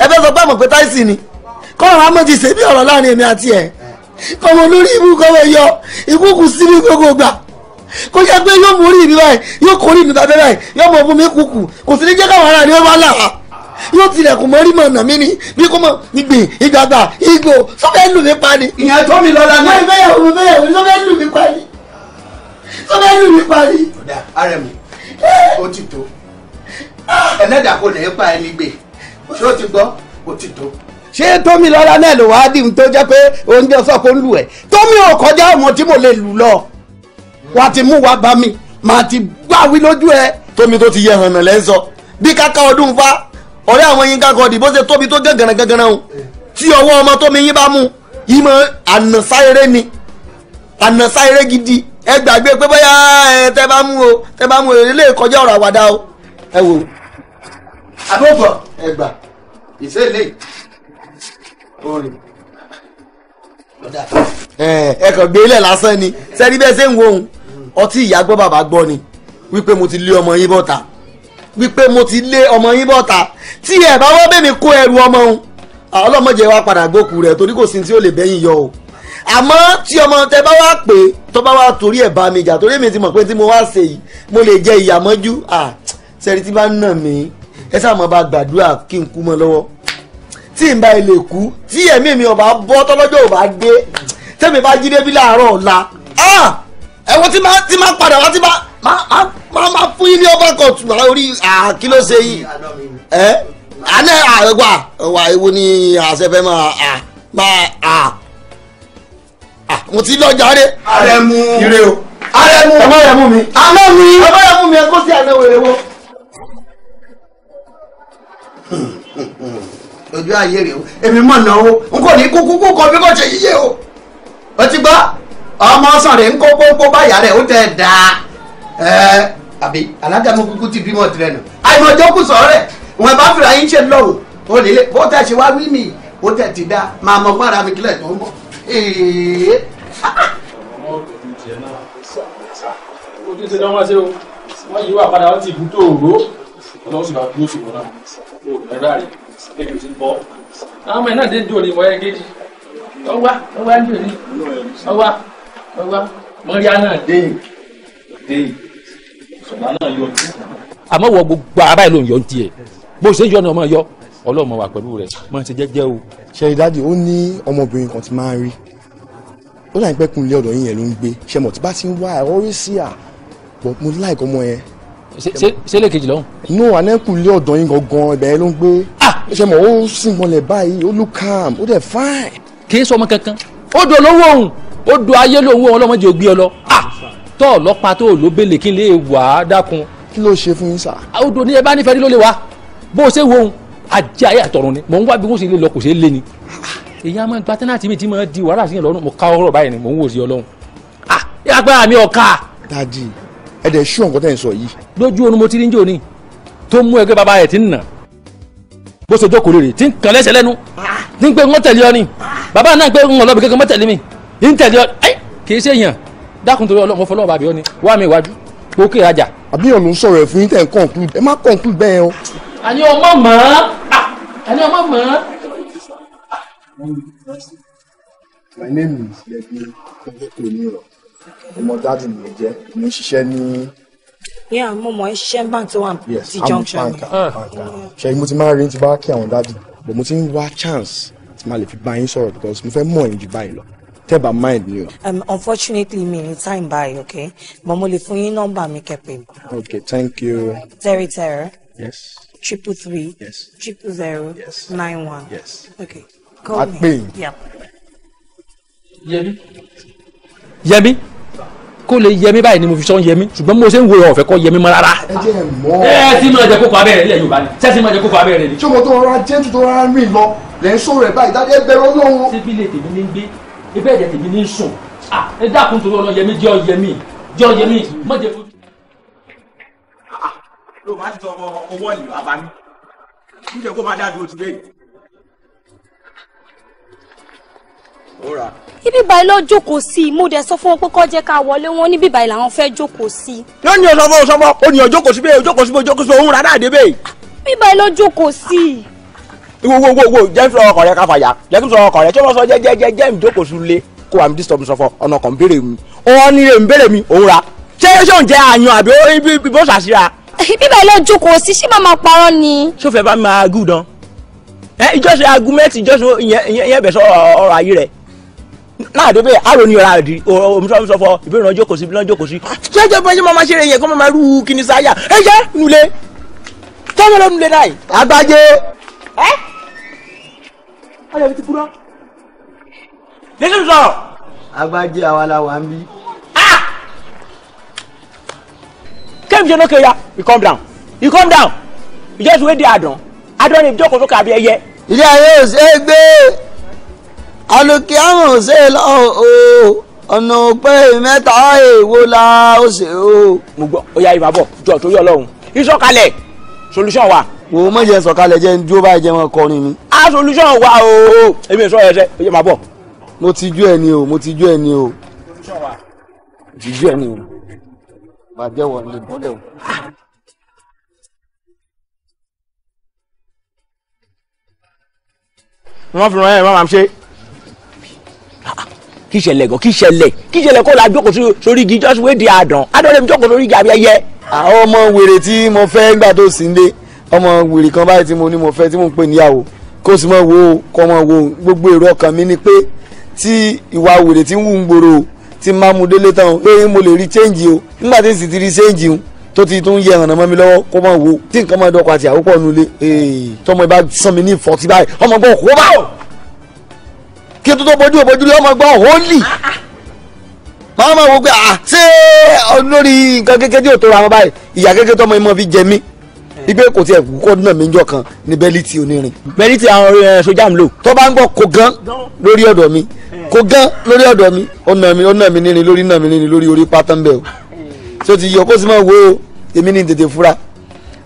ẹ fẹ́ sọ pé ẹ̀mọ̀ pé táìsì ni kọ́ra amọ̀ ti ṣe bí ọ̀rọ̀ láàrin èmi àti ẹ̀ kọ́mọ lórí ibú kọ́mọ yọ ikú kù sí ní gbogbo gbà kó jẹ́ pé yóò mú orí mi báyìí yóò kórìí mi bàbá báyìí yóò mọ̀ fún mi kúkú kò sí ní jẹ́ káwọn ará ni wá là yóò tilẹ̀kùn mọ́rí mọ̀ nà mí ni bí kò mọ̀ ìgbìn ìgbàgbà ìgbò sọ́fẹ́ lù mí pa ni. tó mi lọ́la náà. mo fẹ́yàwó mo fẹ́yàwó sọ́fẹ́ lù mí pa ni sọ́fẹ́ lù mí pa ni. ọ̀dà arẹ̀mú ó ti tó ah! ẹlẹ́dàá kò lè pa ẹni gbé ṣé ó ti gbọ́ ó ti tó ṣé tómi lọ́la náà ló wáá dìhun tó jẹ́ pé oúnjẹ sọ́kò ń lù ẹ̀ tómi ò kọjá ọmọ tí mo lè lù lọ wàá ti mú wa bá mi màá ti gbáwí lójú ẹ. tómi tó ti yẹ hànà lẹ́ ń sọ bí káká ọdún fa ọ̀rẹ́ àwọn yín kankan òdì bó ṣe tóbi tó gàngànà gàngànà o tí ọwọ́ ọmọ tó mi yín bá mú ìmọ̀ ànàsáyéré ni ànàsáyéré gidi ẹ gbàgbé pé bóyá ẹ tẹ bá mú o tẹ bá mú o èlé kọjá ọ̀rọ̀ àwàdà o ẹ wò. àbẹ̀bọ̀ ẹgbà ìṣẹ̀lẹ̀ orin ẹ kàn gbé ilẹ̀ lásán ni sẹ́ni bẹ́ẹ̀ ṣe ń wo òun ọtí ìyá gbọ́ bàbá gbọ́ ni wípé mo ti lé ọmọ yín bọ́ta wípé mo ti lé ọmọ yín bọ́ta tí ẹ bá wọ́n bẹ́ẹ̀ mi kó ẹrù ọmọ òun ọlọ́mọdé wa padà gbókù rẹ̀ torí kò sí tí ó lè bẹ́yìn yọ o àmọ́ tí ọmọ tẹ bá wá pé tó bá wá torí ẹ̀ bá mi jà torí èmi ti mọ̀ pé tí mo wá ṣe yìí mo lè jẹ ìyàmọ́jú sẹ́ni tí bá ń nà mí ẹ sáà bá gbàdúrà kí n kú mọ́ lọ́wọ́ tí n bá ilé kú tí ẹ̀mí mi ò bá bọ́ tọ́lọ́jọ́ ò bá dé tẹ́mi bá jí débi láàárọ̀ ọ̀la ẹ̀wọ̀n tí má padà wá tí má. máa fún yín ní overcoat máa orí ṣe yìí ẹ alẹ́ wà ewu àṣẹfẹ́ máa mo ti ire o mú mi. mi ẹ má mú mi ẹ sí àná wèrè ojú ayé rèé o èmi mọ̀ náà o n kò ní kúkú bí kò ṣe o. gbọ́ ọmọ ń kó ẹ eh, àbí alájà mo kúkú ti bímọ tirẹ nù. àìmọ̀jọ́ kù sọ̀rọ̀ rẹ̀ wọn bá fìlà yín ṣe lọ́wọ́ o lè lè bó tẹ̀ ṣe wá wí mi ó tẹ̀ ti dá máa mọ fún ara mi kílẹ̀ tó ń bọ̀. o wọ́n yí wà o ẹ̀rọ rẹ̀ kéde ti bọ́. àwọn ọmọ ẹ̀ náà dé dùn ní ìwọ́ ẹ̀gẹ́jì ọwá ọwá ń dùn ní ọwá ọwá mọ́ríà náà dé yìí dé yìí àmọ́ wọ gbogbo ara ẹ̀ yọ tiẹ̀ bó ṣe ń yọ ni ọmọ yọ ọlọ́mọ wà pẹ̀lú rẹ̀ mọ̀ ṣe jẹ́jẹ́ o. ṣẹ̀rí dájú ó ní ọmọbìnrin kan ti máa ń rí ó dà ní pẹ́ kunlé ọ̀dọ̀ yín yẹn ló ń gbé ṣe mọ̀ tí bá ti ń wá ẹ̀ ọ́rí sí à bọ̀ mo láìkọ́ ọmọ yẹn. ṣé lè kejì lọ́hùn. inú anẹ́kùnlé ọ̀dọ̀ yín gangan ibẹ̀ ló ń gbé ṣe mọ̀ ó sìn báyìí ó look calm ó dẹ̀ fine. kì í sọmọ kankan ó dò lówó òun ó dò ayé lóhun ọlọ́mọdé ògbé ọ lọ tọ́ ọlọ́pàá tó ló bèlè kí n lè wà á dákun. kí ló ṣe fún yín sà. odò ní ẹ bá nífẹ̀ẹ́ rí ló lè wá bó o ṣe wo ohun ajé ayé àtọ̀run ni mò ń wá bí wọ́n ṣe lè lọ kò ṣe é lé ni. èyí á máa gba tẹ́nàtì mi tí mo di wàhálà sí yẹn lọ́rùn mo ká ọ̀rọ̀ báyìí ni mò ń wò sí ọlọ́run. ah agbára mi ọ̀ka. dadi ẹ dẹ̀ ṣú ọ̀nkọ́ tẹ̀ ń sọ yìí. lójú oorun mo ti rí njó tó mú ẹgbẹ́ bàbá rẹ̀ ti ń nà bó ṣe jókòó rèé tí ń kàn lẹ́sẹ̀ lẹ́nu tí ń pé ń tẹ̀lé ọ ni bàbá náà pé ń dákun torí ọlọ́mọ fọlọ́ọ̀ bàbí ọ ni wá mi wájú gbókè rajà. àbí ọ̀nà ń sọ̀rọ̀ ẹ̀ yín tẹ̀ ń conclude ẹ má conclude bẹ́ẹ̀ o. àní ọmọ mọ̀ ọ́ àní ọmọ mọ̀ ọ́. my name is yẹbi kókókó nírọ ọmọ dáàdì mi jẹ mo ń ṣiṣẹ́ ní. yíyá ẹ ṣiṣẹ́ bank tó wà ní ti junction. Ah. ṣe mo ti máa rí ti bá kí àwọn dáàdì bò mo ti ń wá chance tí màá lè fi bá yín sọ̀rọ̀ because mo fẹ́ mọ̀ ẹ̀yìn jù báyìí lọ tẹ́bà mind ni o. Um, unfortunately me time by, okay but mo lè fún yín nọ́mbà mi kẹ́pẹ́. okay thank you. terry terry. yes. triple three. yes. triple zero. yes. nine one. yes. okay call At me. àpè. Yeah. yẹmi yẹmi kó lè yẹmi báyìí ni mo fi sọ yẹmi ṣùgbọ́n mo ṣe ń wo ọ̀fẹ́ kọ́ yẹmi mọ́ rárá. ẹ jẹ́ ẹ mọ́. ẹ ti máa jẹ kókó abẹ́rẹ́ nílẹ̀ Yorùbá ni ṣé ti máa jẹ kókó abẹ́rẹ́ ni. ṣé mo tó rọra jẹ́ tó rọra rìn lọ lẹ́ ń sọ̀rọ̀ ẹ̀ báyìí dájú ẹ bẹ̀rẹ̀ ṣé bí ilé tèmi ní gbé ìfẹ́ ẹ̀jẹ̀ tèmi ní sùn ah ẹ dákun torí ọ̀nà yẹmi jẹ́ ọ̀yẹmi jẹ́ ọ̀yẹmi má jẹ́ fojú. Ah, ló máa ń tọ ọwọ́ ìlú abami níjẹ́ kó máa dáadọ́ ojú bẹ́ẹ̀. ibi báyìí lọ jókòó sí i mo dẹ̀ sọ fún wọn pé kó jẹ́ ká wọlé wọn níbi báyìí làwọn fẹ́ jókòó sí. yóò ní ọsọ fún ọsọ fún ọ ní ọjókòó sí bẹ́ẹ̀ ọjókòó sí bẹ́ẹ̀ ọjókòó sí bẹ́ẹ̀ òun rárá àdébẹ́ẹ̀. bíbá ẹ lọ jókòó sí i wo wo wo wo jẹ́ nfúlọ́ ọkọ̀ rẹ ká fàyà jẹ́ kí n sọ ọkọ̀ rẹ tí wọ́n sọ jẹ́ jẹ́ jẹ́ ìjókòó sùn lé kó wa mi disturb mi sọ fọ ọ̀nà kan béèrè mi ó ní èmi béèrè mi òun ra ṣé ṣé òun jẹ́ àyàn àbí bó ṣàṣìra. bíbẹ̀ ló jókòó sí ṣé màmá parọ́ ni. ṣó fẹ́ bá máa gùn dán ẹ ìjọsìn agumẹ́tì ìjọsìn ìyẹn bẹ̀ sọ ọ̀rọ̀ ayé rẹ̀ láàdó bẹ́ẹ̀ àrò ní ọ̀rá àdì òmùsọ̀mùsọ̀ fọ ìbéèrè náà jókòó sí ibi náà jókòó sí. ṣẹ́jọ́ bá ṣe máa máa ṣe rẹ̀ yẹn kó máa máa rú kíní sáyà ẹ jẹ́ nulẹ̀ tọ́wọ́ ló nulẹ̀ náà. àgbájé. ẹ́ ayọ̀ mi ti kúrọ́. lẹ́sìn sọ̀rọ̀. agbájé àwa la wà ń bí. kéèmù ṣe lókè ya you calm down you calm down you just wait there àdán àdán ni ìjókòó sókè àbí ẹyẹ. ilé ayé ò ṣe é gbé alùkí àmọ̀ ò ṣe é lọ o ọ̀nà òpè mẹ́ta èèwo la ó ṣe o. mo gbọ́ ó yá ibà bọ̀ torí ọlọ́run ìsọ̀kalẹ̀ solution wa wò ó mọ̀jẹ̀ sọ̀kalẹ̀ jẹ́ ń dúró báyìí jẹ́ wọn kọrin mi. a solution wa o èmi ìṣọ́ ẹ̀ṣẹ̀ ìyá máa bọ̀. mo ti jú ẹ o mo ti jú ẹ o. solution wa. mo ti jú ẹ ni o. bàjẹ́ wọ̀ lè bọ́lẹ̀ o. wọ́n fi ràn ẹ́ wọ́n máa ṣe. kí ṣẹlẹ̀ gan kí ṣẹlẹ̀ kí ṣẹlẹ̀ kó la jókòó sórí igi just wey di àdán adọ́lẹ̀ mi jókòó sórí igi àbí ẹyẹ. àwọn ọmọ wèrè tí mo fẹ́ gbà tó sí ń dé ọmọ wèrè kan báyìí tí mo ní mo fẹ́ tí mo ń pè níyàwó kó sì mọ̀ wo kọ́ mọ̀ wo gbogbo èrò ọkàn mi ni pé tí ìwà wèrè tí ń wù ń gbòòrò tí ń máa mu délé tán pé mo lè rí change o nígbà tí n sì ti rí change o tó ti tún yẹ hànà mọ́ mi lọ́wọ́ kó mọ̀ wo tí nǹkan mọ̀ dọ́kọ àti àwọn pọ̀ nulẹ̀ tọmọ ìbá sàn mí ní ìfọ̀tí báyìí ọmọ gbọ́ kó bá o kí n tó tó bójú òbójú lé ọmọ gbọ́ holy màá máa wo pé à ah, ṣé lórí nǹkan kékeré tí ò tó ra wọn báyìí ìyá kékeré tọmọ ìmọ̀ fi jẹ mí ibẹ̀ kò tiẹ̀ kú kọ́dún náà mi ń jọ kan ní bẹ́lítì onírin. bẹ́lítì àwọn eh, sójà ń lò. tó bá ń gbọ́ kó gán lórí ọ̀dọ̀ mi kó gán lórí ọ̀dọ̀ mi ọ̀nà mi ọ̀nà mi nírin lórí náà mi nírin lórí orí pátá ń bẹ̀ o. tó ti yọ kó sì máa wo èmi ní tètè fura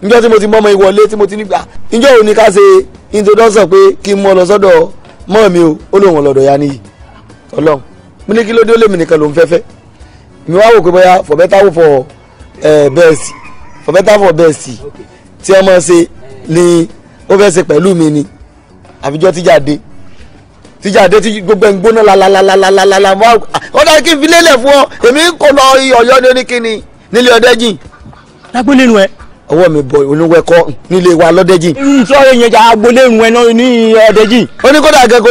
njọ́ tí mo ti mọ́mọ́ ìwọlé tí mo ti nígbà njọ́ òní ká ṣe introduction pé kí n mọ́ lọ sọ́dọ̀ mọ́ mi o ó lóun ọ̀lọ́dọ̀ ya níyì ọlọ́run mo ní kí ló dé ó lé mi nìkan ló ń mi wá wò pé bóyá for better for eh, best for better for best tí wọ́n máa ṣe ni ó fẹ́ ṣe pẹ̀lú mi ni àfijọ́ tíjáde tíjáde tí gbogbo ẹ̀ ń gbóná lalalalalalalala wọ́n dá kí n fi lélẹ̀ fún ọ èmi ń kọ́ lọ ọ̀yọ́ ní oníkíni nílé ọ̀dẹ́jìn. lágbólé nu ẹ. ọwọ́ mi bọ̀ oníwẹ̀kọ́ nílé wa lọ́dẹ́jìn. sọ́ọ́ yẹn jà agbolé nu ẹ ní ọ̀dẹ́jìn. ó ní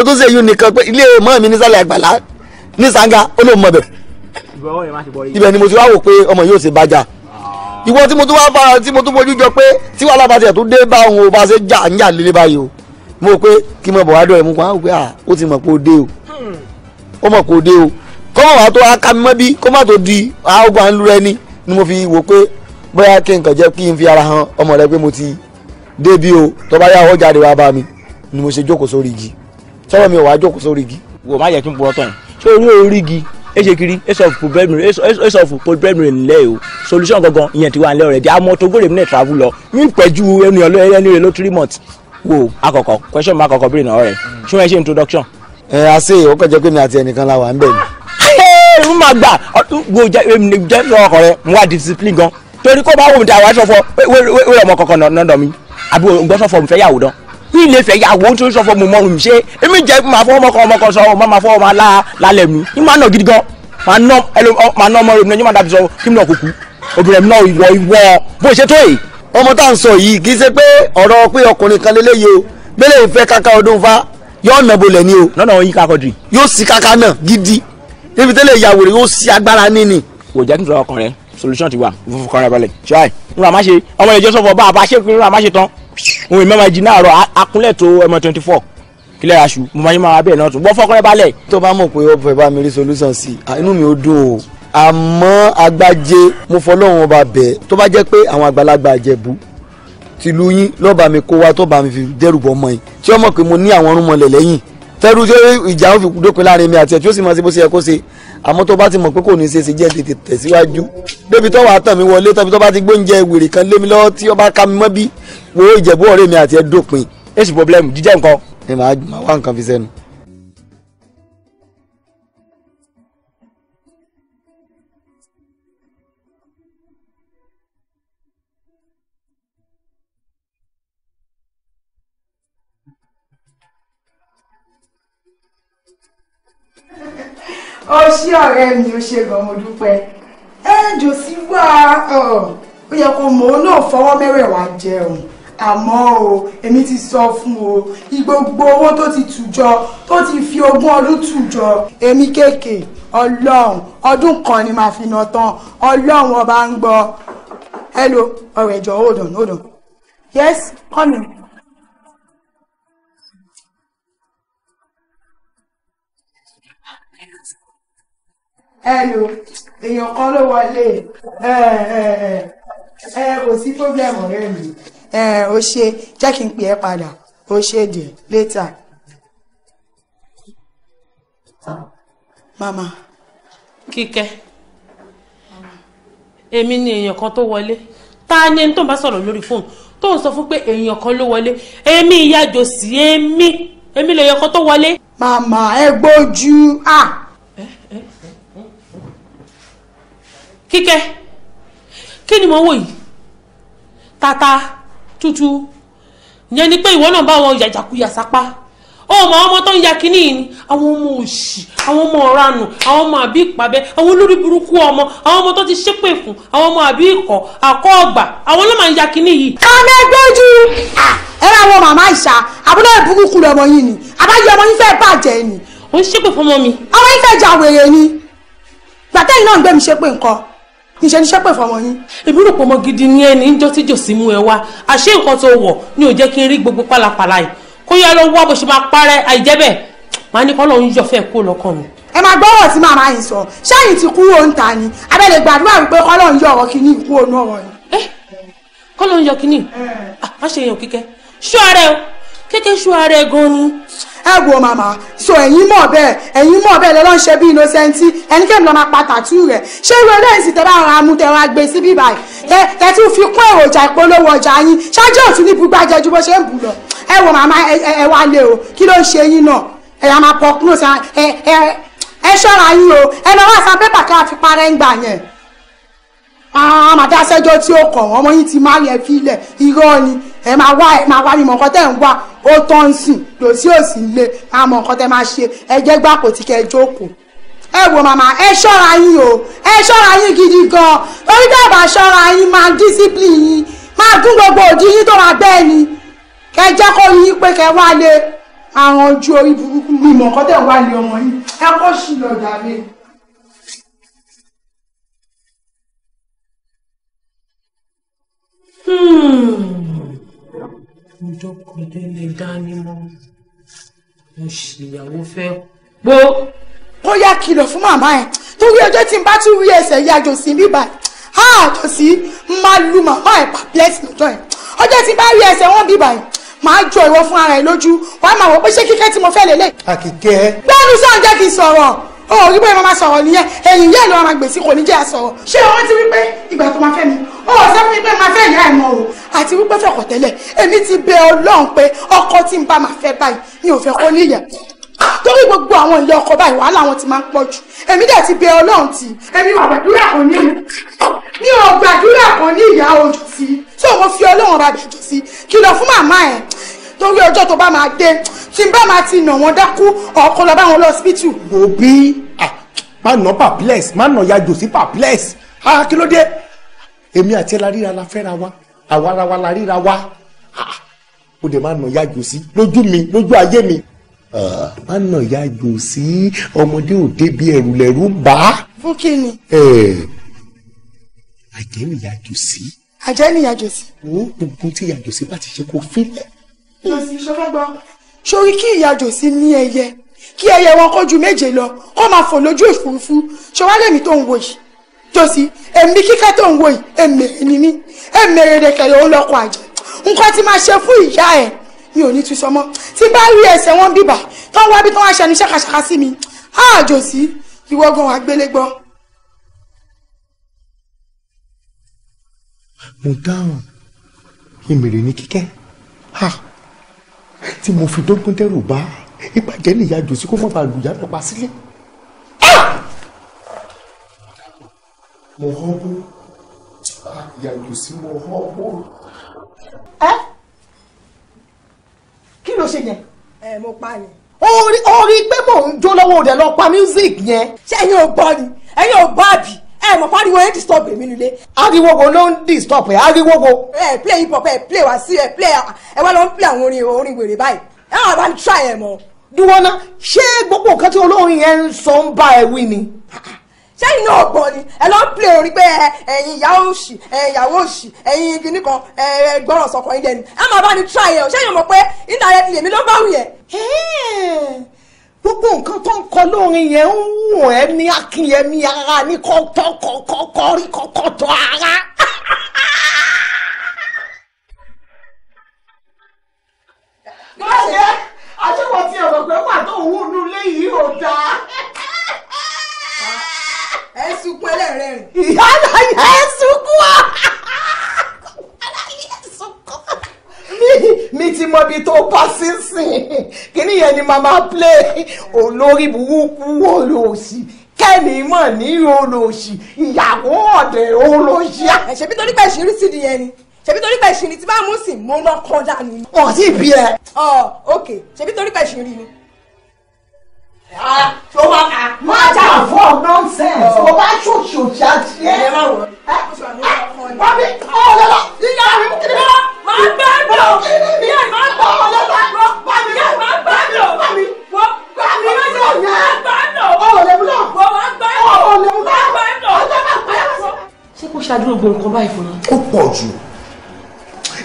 tó ṣe yún nìkan pé ilé mọ́ mi nísàlẹ̀ àgbàlá ní sanga ó lóun mọ̀ bẹ̀. ibẹ̀ ni mo ti wá wò pé ọmọ yóò ṣe bájà ìwọ tí mo tún wá bá tí mo tún fojú jọ pé tí wàhálà bá tiẹ̀ tó dé bá òun o bá ṣe jà ń jà lélẹ̀ báyìí o mo pé kí mo bọ̀ wá dọ̀ ẹ̀ mo pa ó pé à ah, ó ti mọ̀ pé ó dé o ó mọ̀ pé ó dé o kọ́ mọ̀ wá tó aká mi mọ́ bí kó má tó di àágùn ah, à ń lu ẹni ni mo fi wò pé bóyá kí n kàn jẹ́ kí n fi ara hàn ọmọ rẹ pé mo ti dé bí o tó bá yá ọ jáde wá bá mi ni mo ṣe jókòó sórí igi sọ́wọ́ mi ò wá jókòó sórí igi. wò má yẹ kí n ẹ ṣe kiri ẹ sọ fún primary ẹ sọ fún primary nílẹ̀ o solution gangan ìyẹn ti wà nílẹ̀ ọ̀rẹ́dì àmọ́ tó gbọ́dọ̀ mílẹ̀ travel lọ mí pẹ̀jú ẹnu ọ̀lọ́ ẹni rẹ ló three months wo àkọ́kọ́ question mark àkọ́kọ́ bìrì náà rẹ̀ ṣé wọ́n ṣe introduction. ẹ a ṣe ó kọjá pé mi àti ẹnìkan la wà ń bẹ̀ ni. ẹ ah, ẹ eh, máa gbà wo jẹ́ ọkọ rẹ mo wá discipline gan torí kó bá wò mí ta àwọn aṣọ fọ wẹ́rẹ́ ọmọ kọ̀ọ̀kan nọ́dọ̀ mi àbí gbọ́sọ̀fọ̀ mi fẹ́ yàwó dán mi lè fẹ́ yàwó tó ń sọ fún mi mọ́ òun ṣe èmi jẹ́ máa fọwọ́ mọ́kàn ọmọkàn sọ ọmọ máa fọwọ́ máa la lálẹ́ mi ní máa nà gidi gan máa nà ọmọ rẹ̀ mi náà yóò máa dàbí sọ kí mi náà kúkú obìnrin mi náà ìwọ ìwọ bó ṣe tó yìí. ọmọ tá à ń sọ yìí kì í ṣe pé ọ̀rọ̀ pé ọkùnrin kan lélẹ́yìí o gbélé ìfẹ́ kaka ọdún fa yóò nà bolẹ̀ ni o. nọ́nà yín kakọ solution ti wà fún fún kọ́ra balẹ̀ ṣáì nra má ṣe ọmọ ìjọ sọ̀fọ̀ bá àbá ṣé nra má ṣe tán òun ìmọ̀ máa jí náà rọ akúnlẹ̀ tó ẹmọ twenty four kílẹ̀ aṣù mo máa ń máa bẹ́ẹ̀ náà tún bọ́ fọ́kọ́rẹ́ balẹ̀. tó bá mọ̀ pé ó fẹ́ bá mi rí solution sí i inú mi ò dùn o àmọ́ agbájé mo fọlọ́run ọba bẹ́ẹ̀ tó bá jẹ́ pé àwọn àgbàlagbà àjẹ̀bú tìlú yín lọ́ba mi kó wa tó bá mi fi dẹ́rù bọ́ ọmọ yìí tí ọmọ pé mo ní àwọn ọrùn mọ̀lẹ̀ lẹ́yìn tẹ́rù tí ìjà ń fi dópin láàrin mi àti ẹ̀ tí ó sì máa ṣe bó ṣe yẹ kó ṣe àmọ́ tó bá ti mọ̀ pé kò ní í ṣe ṣe jẹ́ tètè tẹ̀síwájú débi tó wàá tàn mí wọlé tàbí tó bá ti gbóúnjẹ wèrè kan lé mi lọ́wọ́ tí ọba ká mi mọ́ bí wo ìjẹ̀bú ọ̀rẹ́ mi àti ẹ̀ dópin. èsì pọ́blẹ́mù jíjẹ́ nǹkan. ẹ máa wá nǹkan fi sẹ́nu. ó ṣí ọ̀rẹ́ mi ó ṣe gan mo dúpẹ́ ẹ jò sí wá ó yẹ kó mò ń náà fọwọ́ mẹ́wẹ̀ẹ̀wá jẹun àmọ́ o èmi ti sọ fún o gbogbo owó tó ti tùjọ tó ti fi ogún ọdún tùjọ èmi kéèké ọlọ́run ọdún kan ni màá fi nà tán ọlọ́run ọba ń gbọ́ hello ọ̀rẹ́jọ hold on hold on yes come in. ẹnu èèyàn kan ló wọlé ẹ kò sí pọ́blẹ́mù rẹ̀ mi. ẹ o ṣe jẹ́ kí n pè ẹ́ padà o ṣe dè létà. mama. kíkẹ́ èmi ni èèyàn kan tó wọlé ta ni ẹni tó ń bá sọ̀rọ̀ lórí fóònù tó ń sọ fún pé èèyàn kan ló wọlé èmi ìyá jòsí èmi èmi lèèyàn kan tó wọlé. màmá ẹ gbójú ah kíkẹ́ kí ni mo wò yìí tata tútù ìyẹn ni pé ìwọ náà bá wọn yàjàkuyà sápá ó mọ ọmọ tó ń ya kínní yìí ni àwọn ọmọ òṣì àwọn ọmọ ọ̀ranù àwọn ọmọ àbí ìpàbẹ àwọn olórí burúkú ọmọ àwọn ọmọ tó ti ṣépè fún àwọn ọmọ àbí ìkọ àkọ ọgbà àwọn ló ń ya kínní yìí. ọmọ ẹgbẹ́ ojú ẹ bá wọ màmá ìṣá àbúrò ìbúkúkú rẹ̀ ọmọ yìí ni àbájọ ọmọ yín fẹ́ bàjẹ́ ni. ó ń ṣépè fún ọmọ mi. ọmọ yín fẹ́ jà wèrè ni gbàtẹ́yìn náà ń gbé ṣépè nǹkan níṣẹ́ níṣẹ́ pẹ̀ fọmọ yín. èmi rò pé ọmọ gidi ni ẹni ń jọ́ tí jòsí mú ẹ wá àṣé nǹkan tó wọ̀ ni ò jẹ́ kí n rí gbogbo pálapàla yìí kó yá lọ wá bó ṣe máa parẹ́ àìjẹ́bẹ̀ màá ní kọ́ lọ́ọ́ ń yọ̀fẹ́ kó lọ́kàn mi. ẹ máa gbọ́rọ̀ sí màmá yìí sọ ṣáàyìn ti kú òun ta ni abẹ́lẹ̀ gbàdúrà wípé kọ́ lọ́ọ́ ń yọ ọ̀rọ̀ kìíní ìkú òun ọ̀rọ̀ yìí. ẹ kọ́ ń yọ kìíní eh. ah, kékeré ṣu ara ẹ ni. ẹ wo màmá so ẹ̀yin mọ̀ bẹ́ẹ̀ ẹ̀yin mọ̀ bẹ́ẹ̀ lọ́lọ́ ń ṣe bí inocenti ẹnikẹ́ni lọ́ọ́ máa pa tàtú rẹ̀ ṣé irú ẹlẹ́sìn tẹ́ bá ra mu tẹ́ wá gbé síbí báyìí tẹ́ tẹ́ tún fi kún èròjà ìpolówó ọjà yín ṣáájú òtún ní bùgbàjẹ́ ju bó ṣe ń bù lọ. ẹ wo màmá ẹ wá lé o kí ló ń ṣe yín náà ẹ yà máa pọ kúrò sí ẹ ẹ ẹ ṣọ́ra yín o ẹ lọ wá san pépà ká fi parẹ́ ń gbà yẹn. àmàdásẹ́jọ́ tí ó kọ̀ ọmọ yín ti má yẹ fílẹ̀ irọ́ ni ẹ máa wá ẹ máa wá mi mọ nǹkan tẹ́ ń wá ó tọ́ ń sìn lò sí òsì ń lé máa mọ tẹ́ máa ṣe ẹ jẹ́ gbà kò tí kẹ́ ẹ jókòó. ẹ wo màmá ẹ ṣọ́ra yín o ẹ ṣọ́ra yín gidi gan-an torí ṣọ́ra yín máa discipline yín máa gún gbogbo òdì yín tó máa bẹ́ẹ̀ ni kẹ jẹ́ kó yín pé kẹ wá lé àwọn ojú orí burúkú mi mọ̀ tẹ́ wá lé ọmọ yín ẹ kó sì lọ dàbí. Hmm mo jókòó délé dání mọ́ mo ṣèyàwó fẹ́ pọ́. ó yá kìlọ̀ fún màmá ẹ̀ torí ọjọ́ tí n bá tún rí ẹsẹ̀ ìyá àjòsí bíbá ẹ̀ á àjòsí máa lu màmá ẹ̀ pa bless lọ́jọ́ ẹ̀ ọjọ́ tí n bá rí ẹsẹ̀ wọn bíbá ẹ̀ máa jọ ìwọ fún ara ẹ̀ lójú wàá máa wọ pé ṣé kíkẹ́ tí mo fẹ́ lélẹ̀. àkìkẹ́. gbẹ́nu sọ̀njẹ́ kì í sọ̀rọ̀ o rí bóyá máa sọ̀rọ̀ nìyẹn ẹ̀yìn yẹn ló máa gbèsè kò ní jẹ́ àsọ̀rọ̀ ṣé o rántí wípé ìgbà tó máa fẹ́ mi o ò sọ fún mi pé máa fẹ́ ìyá ẹ̀ mọ́ o àti wípé fẹ̀kọ̀ tẹ́lẹ̀ èmi ti bẹ ọlọ́run pé ọkọ tí n bá máa fẹ́ báyìí mi ò fẹ́ kó níyà torí gbogbo àwọn ìyá ọkọ báyìí wàhálà wọn ti máa ń pọ̀ jù èmi dẹ̀ ti bẹ ọlọ́run tì èmi wà gbàdúrà kan ní mi ò gbàdúrà kan ní ìyá òjò sí so mo fi ọlọ́run ra bẹ̀jọ sí kìlọ̀ fún màmá ẹ̀ torí ọjọ́ tó bá máa dé tí n bá máa ti nà wọ́n dákú ọkọ lọ bá wọn lọ hospital. wo bí má nà papiles má nà ya jòsí papiles kí ló dé èmi àti ẹ la ríra la fẹ́ra wa àwa ara wa la ríra wa ó dẹ̀ má nà ya jòsí lójú mi lójú ayé mi má nà ya jòsí ọmọdé ò débi ẹ̀rù lẹ̀rù ń bá. fún kí ni. àjẹ́ nìyà jòsí. àjẹ́ nìyà jòsí. wo gbogbo tí ìyà jòsí bá ti ṣe kó fílẹ̀ sórí kí ìyá jòsí ní ẹyẹ kí ẹyẹ wọn kó ju méje lọ kó máa fò lójú òfurufú ṣọwálẹ̀mí tó ń wò yìí jòsí èmi kíkẹ́ tó ń wò yìí èmèrè ni mí èmèrè rẹ̀ kẹ̀lẹ́ òun lọ́kọ̀ àjẹ́ nǹkan tí máa ṣe fún ìyá ẹ̀ mi ò ní tu sọmọ́ tí bá rí ẹsẹ̀ wọn bíbà tó ń wá bí tó wá ṣẹnu ṣàkàṣàkà sí mi á jòsí ìwọ gan wà gbélégbọ. mo dáhùn èmèrè ni kíkẹ́ ah tí mo fi dọ́gbọ́n dẹ́rù bá ìbàjẹ́ nìyá jòsí kó má bàa lùyà lọ pa sílé. Ah! mo họ́ bó ah, ìyá jòsí mo họ́ bó. ẹ kí ló ṣe yẹn. ẹ mo pa ni. orí orí pé mò ń jó lọ́wọ́ òde lọ pa music yẹn. ṣé ẹ̀yin ò gbọ́ ni ẹ̀yin ò gbọ́ àbí ẹ mọ̀ pariwo ẹ disturb èmi nílé. ariwo wo ló ń disturb ẹ ariwo wo. ẹ play hip hop ẹ play wá sí ẹ play ẹ wá lọ ń play àwọn orin orin wèrè báyìí ẹ wà bá ń try ẹ mọ. dúró ná ṣé gbogbo nǹkan tí olórin yẹn ń sọ ń bá ẹ wí ni sẹ́yìn náà gbọ́ ni ẹ lọ́ọ́ pè orí pé ẹ̀yin ìyá òṣì ẹ̀yàwó òṣì ẹ̀yin kìnnì kan gbọ́rọ̀ sọ̀kan ilẹ̀ ni ẹ máa bá ní try ẹ̀ o sẹ́yìn mọ̀ pé indirectly èmi ló bá wù yẹn gbogbo nǹkan tó ń kọ lórin yẹn ń wù ẹ́ ní akínyẹmí ara ní kọ́tọ́ kọ́kọ́ ara. báyẹn aṣọ́wọ́ ti ọ̀rọ̀ pé wà tó wù nú ilé ò dáa. ẹ sunkún ẹlẹ́rẹ̀ẹ́rìn. ìyá náà yẹ ẹ sunkún ọ. mi ti mọ ibi tó bá sí sìn kíní yẹn ni màmá play olórí burúkú olóòsì kẹ́mi mọ̀ ní olóòsì ìyàwó ọ̀dẹ̀ olóòsì. ṣèbí torí pé ìṣírí sí ni yẹn ni ṣèbí torí pé ìṣírí tí bá mú sí mo lọ kọjá ni. ọ̀ sí ibi ẹ. ọ̀ ok ṣèbí torí pé ìṣírí ni tó wá ká. má jà fọ́ nọ́nsẹ̀nsì o oh. bá ṣòṣì òṣì àti ẹ. ẹ má wọ ẹ wá mi ọ̀rẹ́ lọ ìyá mi kiri lọ. máa gbá mi o kiri mi máa gbá ọ̀rẹ́ lọ bá mi yẹ máa gbá mi o bá mi wọ bá mi yẹ lọ yẹ gbá mi o. ọ̀rẹ́ mi lọ wọ wá gbá mi o ọ̀rẹ́ mi lọ gbá mi o ọjọ́ bá pẹ́ lọ. ṣé kó ṣàdúró gbogbo nǹkan báyìí fún yín. ó pọ̀ jù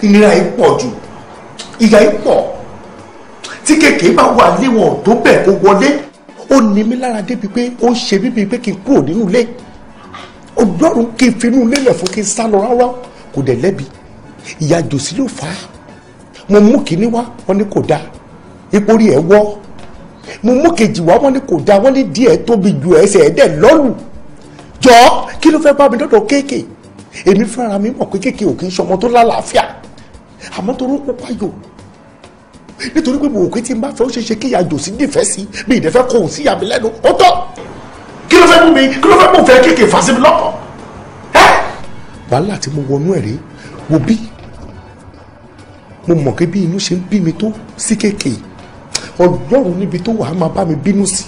ìnira yìí pọ̀ jù ìyà yìí pọ̀ tí kékeré bá wà léwọ̀n tó bẹ̀ kó wọlé ó ní mí lára débi pé ó ń ṣe bíbi pé kí n kúrò nínú ilé ọlọ́run kí n finú ilé lẹ̀ fún kí n sá lọ rárá kò dẹ̀ lẹ́bi ìyá jòsí ló fà á mo mú kínní wá wọ́n ní kò dáa ipò rí ẹ wọ́ mo mú kejì wá wọ́n ní kò dáa wọ́n ní díẹ̀ tóbi ju ẹsẹ̀ ẹ̀dẹ̀ lọ́lù jọ kí ló fẹ́ bá mi dọ́dọ̀ kéèké èmi fúnra mi mọ̀ pé kéèké ò kì í ṣọmọ tó lálàáfíà àmọ́ torí ó nítorí pé mo kí tí n bá fẹ́ ó ṣe ṣe kí ìyá jòsí nífẹ̀ẹ́ sí mi ìdẹ́fẹ́ kò sí ìyá mi lẹ́nu ó tọ́ kí ló fẹ́ mú mi kí ló fẹ́ mú fẹ́ kéèké fà sí mi lọ́kàn ẹ́. wàhálà tí mo wọnú ẹ̀ rí wo bí mo mọ̀ pé bí inú ṣe ń bí mi tó sí kéèké ọlọ́run níbi tó wà á máa bá mi bínú sí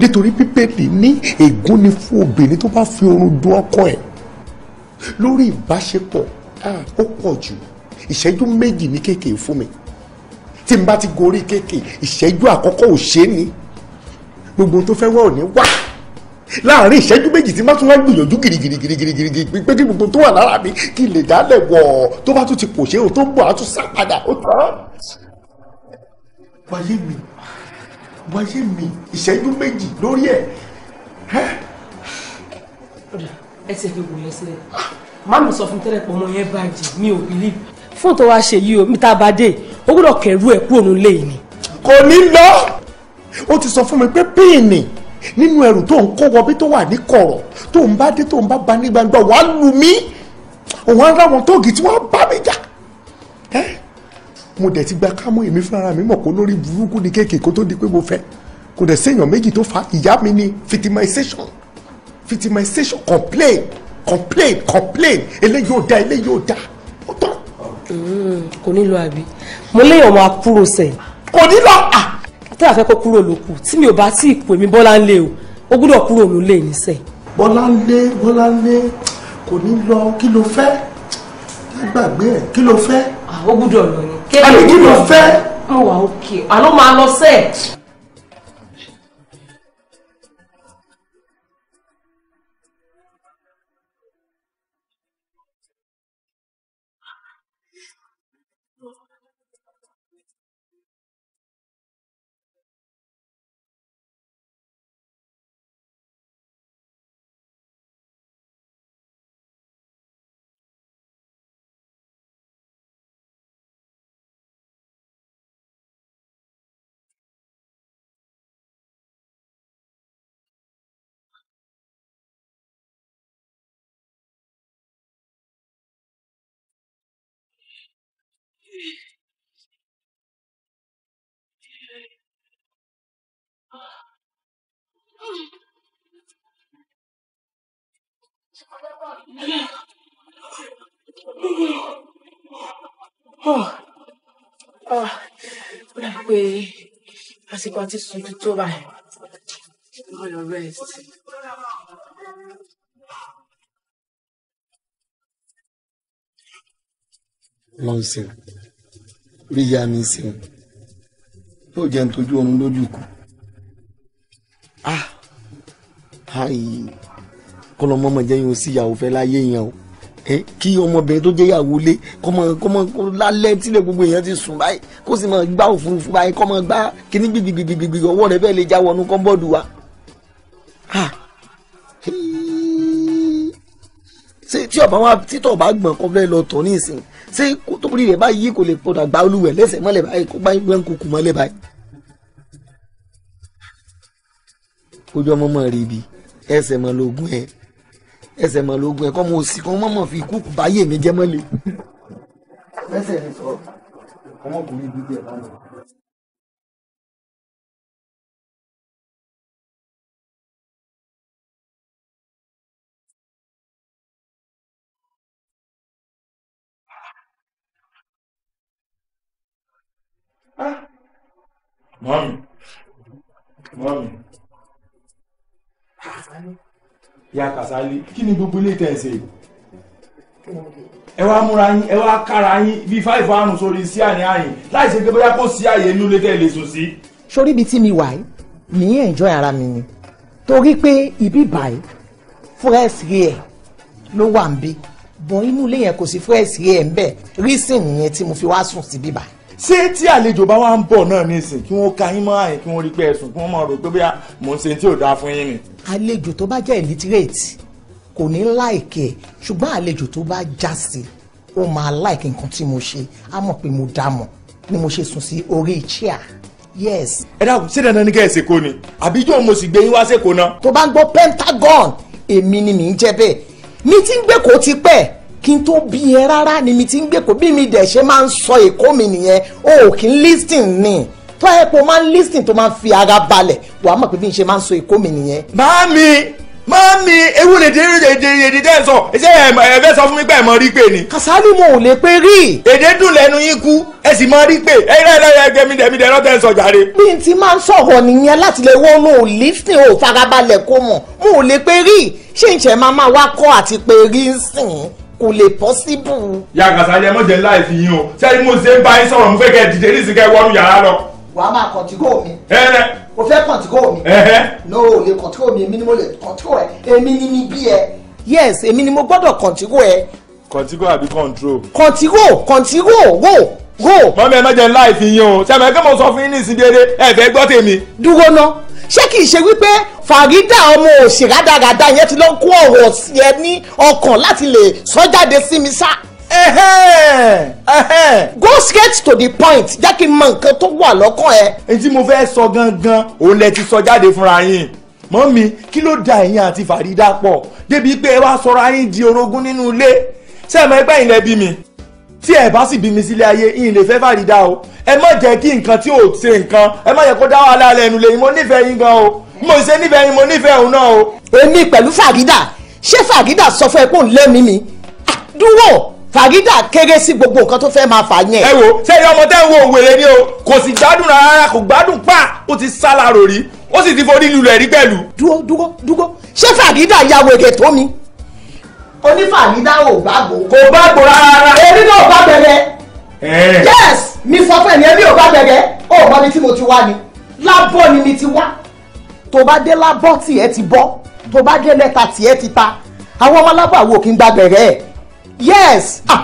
nítorí bíbélì ní ègún ni fún obìnrin tó bá fi oorun dun ọkọ ẹ̀ lórí ìbáṣepọ̀ ó pọ̀ jù ìṣẹ́jú méjì ní kéèké fún mi tí n bá ti gorí kéèkì ìṣẹ́jú àkọ́kọ́ ò ṣe é ní gbogbo tó fẹ́ wá ò ní wá láàrin ìṣẹ́jú méjì tí n bá tún wá gbìyànjú gìrìgìrìgìrìgìrì pé kí gbogbo tó wà lára mi kí n lè dálẹ̀ wọ̀ tó bá tún ti kò ṣe o tó ń bọ̀ á tún sá padà ó tán. wáyé mi wáyé mi ìṣẹ́jú méjì lórí ẹ̀. ẹ ti fi wò yẹn sílẹ̀ má mi sọ fún tẹ́lẹ̀ pé ọmọ yẹn bàjẹ́ mi ò bìlí. fún tó wá ṣe yìí o mi tá a bá dé ó gbọ́dọ̀ kẹ̀rú ẹ̀ kúrò nílé yìí ni. kò ní lọ ó ti sọ fún mi pé píìnì nínú ẹrù tó ń kó wọbí tó wà ní kọ̀rọ̀ tó ń bá dé tó ń bá ba ní gbangba wàá lù mí òun á ráwọn tóògì tí wọ́n bá mi jà mo dẹ̀ ti gba kámú èmi fúnra mi mọ̀ kó lórí burúkú ni kéèké kó tó di pé mo fẹ́ kò dẹ̀ séèyàn méjì tó fa ìyá mi ni victimization victimization complain complain complain eléyìí ò da eléyìí ò da kò ní lọ àbí mo léèyàn máa kúrò sẹ̀ kò ní lọ à àtàwọn afẹ́ kó kúrò lókù tí mi ò bá tí ì pè mí bọ́lá ń lé o ó gbúdọ̀ kúrò ló lè ní sẹ̀. bọ́lá ń lé bọ́lá ń lé kò ní lọ kí ló fẹ́ gbàgbé ẹ̀ kí ló fẹ́. àwọn gbúdọ̀ lọ ni. àbí kí ló fẹ́. mo wà òkè àló máa lọ sẹ́ẹ̀. ó dà pé àsìkò àti sùn tó báyìí mo lọ rest. Nonsense rí ya mi ṣeun yóò jẹ́ nítorí oorun lójú kù ah kọlọmọ mọ jẹ́ yín o sí ìyàwó fẹ́ láyé yẹn o kí ọmọbìnrin tó jẹ́ ìyàwó lé kọ́mọ kọ́mọ lálẹ́ tílẹ̀ gbogbo èèyàn ti sùn báyìí kó sì máa gbá òfurufú báyìí kọ́mọ gbá kíní gbìgbìgbìgbì ọwọ́ rẹ̀ bẹ́ẹ̀ lè já wọnú kọ́ńbọ́ọ̀dù wa. Ah! ṣé tí ọba wa títọ̀ bá gbọ̀n kọ́ fẹ́ lọ tọ̀ ní ìsìn ṣé tóbi rẹ̀ báyìí kò lè padà gba olúwẹ̀ lẹ́sẹ̀ mọ́lẹ̀ báyìí kó báyìí gbẹ́ ń kúkú mọ́lẹ̀ báyìí. ojú ọmọ mọ̀ rí ibi ẹsẹ̀ mọ̀ lógún ẹ ẹsẹ̀ mọ̀ lógún ẹ kọ́ mo sì kọ́ mọ̀ fi kúkú báyé mi jẹ́ mọ́lẹ̀. ẹsẹ̀ mi sọ̀rọ̀ ọmọkùnrin bíbí ẹ̀ bá mi. Ah, mọ́mì ìyá Kàsálí kí Kini bubu ilé tẹ̀ ń ṣe ẹ wá múra yín ẹ wá kára yín bíi fáìfù àrùn sórí sí àní àyìn láì ṣe pé bóyá kò sí àyè inú ilé tẹ̀ lè sùn sí. sórí ibi tí mi wà enjoy ara mi ni torí pé ibi báyìí fresh air ló wà ń bí bọ̀ inú ilé yẹn kò sí fresh air ń bẹ̀ reason nìyẹn tí mo fi wá sùn sí bíbáyìí ṣé tí àlejò bá wá ń bọ̀ náà nísìn kí wọ́n ka yín mọ́ àyìn kí wọ́n rí pé ẹ̀sùn kí wọ́n máa rò pé bóyá mò ń ṣe tí ò dáa fún yín ni. àlejò tó bá jẹ́ illiterate kò ní láìkẹ́ ṣùgbọ́n àlejò tó bá já sí ó máa láìkẹ́ nǹkan tí mo ṣe á mọ̀ pé mo dá mọ̀ ni mo ṣe sùn sí orí chair yes. ẹ dákun ṣé dandan ní kẹ́ ẹ̀ ṣèkó ni àbíjọ́ mo sì gbé yín wá ṣèkó náà. tó bá ń gbọ́ pentagon èmi ni mi ń jẹ́ bẹ́ẹ̀ mi ti ń gbé kó ti pẹ́ kí n tó bí ẹ rárá ni mi ti ń gbèkó bí mi dẹ̀ ṣe máa ń sọ èkó mi nìyẹn o ò kí ń listing ni tó ẹ kó máa ń listing tó máa ń fi ara balẹ̀ wàá mọ̀ pé bí n ṣe máa ń sọ èkó mi nìyẹn. màámi màámi ewu lè dé èdè èdè tẹ́ ẹ sọ ṣé ẹ fẹ́ sọ fún mi pé ẹ mọ rí pé ni. Kàsálí mo ò lè pé rí. èdè dùn lẹ́nu yín kú ẹ sì mọ rí pé ẹ rẹ rẹ ẹgbẹ mi dẹmi dẹrọ tẹ́ ẹ sọ jàre. bí n ti máa ń sọ̀rọ̀ nìyẹn láti lè wọ́n mo ò listing o farabalẹ̀ kó mọ̀ mo ò lè pé rí ṣé ìṣẹ̀ máa máa wá kọ́ àti pé rí sìn kò lè possible. yàgàsà yẹ mọ̀jẹ̀ ńlá ìfihàn o sẹ́yìn mo ṣe ń bá yín sọ̀rọ̀ mo fẹ́ kẹ́ ẹ dìde nísìnyí kẹ́ ẹ wọnú yàrá lọ. wàá máa kọ̀ǹtìgò mi. ẹ̀rẹ̀. o fẹ́ kọ̀ǹtìgò mi. ẹ̀hẹ́. no o lè kọ̀ǹtìgò mi èmi ni mo lè kọ̀ǹtìgò ẹ èmi ni mi bí ẹ. yes èmi ni mo gbọ́dọ̀ kọ̀ǹtìgò ẹ. kọ̀ǹtìgò àbí control. kọ̀ǹtìgò kọ̀ǹtìgò wò ho. mọ́mí ẹ má jẹ́ láì fi yín o sẹ́mi ẹ kí mo sọ fún yín ní ìsìn déédé ẹ fẹ́ gbọ́ tèmi. dúró ná ṣé kì í ṣe wípé fàrídà ọmọ òsì rádaràda yẹn ti lọ kó ọ̀rọ̀ sí ẹ ní ọkàn láti lè sọ jáde sí mi sá. go straight to the point jẹ́ kí n mọ nǹkan tó wà lọ́kàn ẹ. èyí tí mo fẹ́ sọ gangan òun lẹ ti sọ jáde fúnra yín mọ́mí kí ló da ẹ̀yin àti fàrídà pọ̀ débi pé ẹ wá sọra yín di orogún nínú ilé sẹ́mi ẹgbẹ́ yìí mi tí ẹ bá sì bí mi sílé ayé yín lè fẹ́ fàrídà o ẹ má jẹ́ kí nǹkan tí ò ṣe nǹkan ẹ má yẹ kó dá wàhálà lẹ́nu lẹ́yìn mo nífẹ̀ẹ́ yín gan o mo ṣe nífẹ̀ẹ́ yín mo nífẹ̀ẹ́ òun náà o. èmi pẹ̀lú fàrídà ṣé fàrídà sọ fún ẹ pé òun lẹ́mìí mi ah, dúró fàrídà kéré sí gbogbo nǹkan tó fẹ́ máa fà yẹn. ẹ wo sẹ́yìn ọmọ tẹ́ ń wo òwèrè ni o kò sì gbádùn rárá kò gbádùn pa ó ti sálárò rí ó sì ti forí lulẹ̀ rí pẹ̀lú. dúró dúró dúró ṣé fàrídà ya wèrè tó mi onífàlídà ò gbàgbó. kò gbàgbó rárá. èmi náà ò bá gbẹ̀gẹ̀. yes mi sọ fún ẹni èmi ò bá gbẹ̀gẹ̀ ó mọ ibi tí mo ti wá ni lábọ́ ni mi ti wá tó bá dé lábọ́ tì ti bọ́ tó bá dé lẹ́ta tì ẹ́ ti ta àwọn ọmọ lábọ́ àwọn òkè ń gba gbẹ̀rẹ́ ẹ̀ yes ah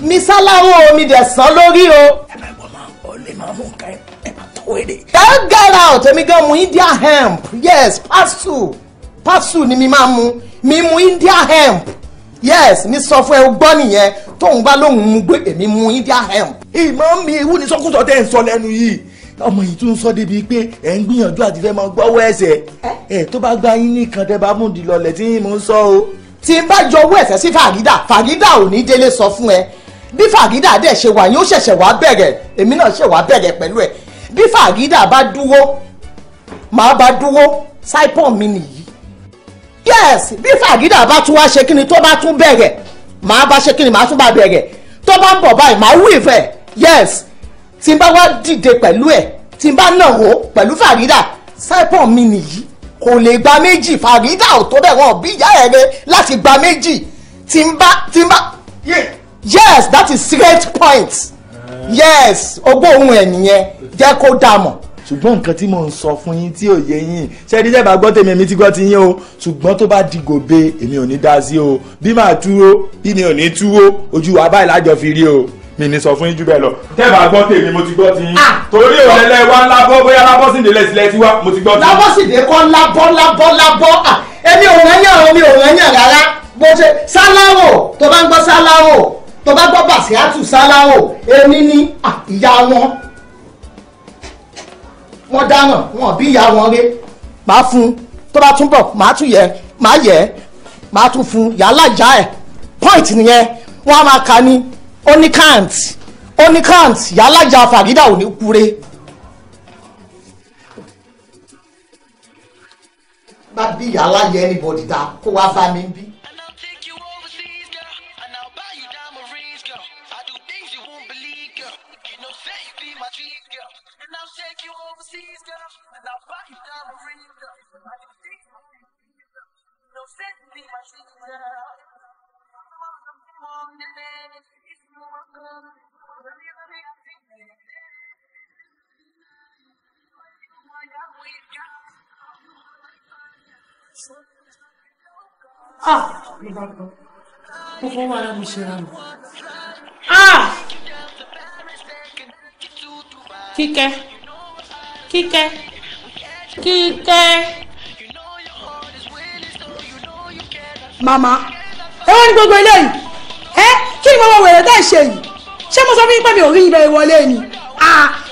mi sáláwó mi dẹ̀ sán lórí o. ẹ bá gbọ́ máa ń bọ̀ lè máa mú nǹkan ẹ bá tó wéré. ẹ get out èmi gan mu india hemp yes pass through pass through ni mi máa mu mi mu india hemp yes mi sọ fún ẹ o gbọ́ nìyẹn tóun bá lóun mú gbé èmi mú india hemp. ìmọ̀ mi ewu ni sọ́kùsọ tẹ́ ń sọ lẹ́nu yìí ọmọ yìí tún sọ débi pé ẹ ń gbìyànjú àti fẹ́ máa gbọ́wọ́ ẹsẹ̀ ẹ tó bá gba yín nìkan tẹ́ bá mú di lọlẹ̀ tí mò ń sọ o. tí n bá jọ owó ẹ̀sẹ̀ sí fàgídà fàgídà ò ní délé sọ fún ẹ bí fàgídà dẹ̀ ṣe wà yín ó ṣẹ̀ṣẹ̀ wá bẹ̀rẹ̀ èmi náà ṣẹ̀ wá bẹ̀rẹ̀ pẹ̀lú ẹ bí fàgídà bá dúró màá bá dúró saipon mi nìyí yes bí fàgídà bá tún wá ṣe kíni tó bá tún bẹ̀rẹ̀ màá bá ṣe kíni màá tún bá bẹ̀rẹ̀ tó bá ń bọ̀ báyìí màá wú ìfẹ́ yes tí n bá wá dìde pẹ̀lú ẹ̀ tí n bá nà ó pẹ̀lú fàgídà sáìpọ̀n mi nìyí kò lè gba méjì fàgídà ò tó bẹ̀ wọ́n bí ìyá ẹ̀rẹ́ láti gba méjì tí n bá tí n bá yes that is straight point uh. yes ogbó ohun ẹ̀ nìyẹn jẹ́ kó dà mọ̀ ṣùgbọ́n nǹkan tí mò ń sọ fún yín tí ò yé yín ṣé ẹni tẹ́ẹ̀ bá gbọ́ tèmi èmi ti gbọ́ ti yín o ṣùgbọ́n tó bá di gòbe èmi ò ní dá sí o bí màá túwó bí mi ò ní túwó ojú wa báyìí lájọ fi rí o mi ní sọ fún yín jù bẹ́ẹ̀ lọ tẹ́ẹ̀ bá gbọ́ tèmi mo ti gbọ́ ti yín ah! torí òlẹ́lẹ́ wa ńlá bọ́ bóyá lábọ́sìndé lẹ́sílẹ̀ tiwa mo ti gbọ́ ti yín. lábọ́sìndé kọ́ lábọ́ lábọ́ lábọ́ ah! èmi ò rán yàn èmi ò rán yàn rárá bó ṣe sáláwò tó bá ń gbọ́ sáláwò tó bá ni ah, ìyá wọn wọ́n dáná wọn bí ìyá wọn ré màá fún un tó bá tún bọ̀ màá tún yẹ màá yẹ màá tún fún un yàrá ìjà ẹ̀ point nìyẹn wọ́n á máa kà ní oníkant oníkant yàrá ìjà fàrídà ò ní kúre. bá bí yàrá yẹ anybody dá kó wá bá mi bí. ah ló bá lọ mo ah kíkẹ́ kíkẹ́ kíkẹ́. màmá ẹ wá ní gbogbo eléyìí ẹ kí ni mo wẹ̀rẹ̀ tá ì yìí ṣé mo sọ fún yín pé mi ò rí ibẹ̀ wọlé ni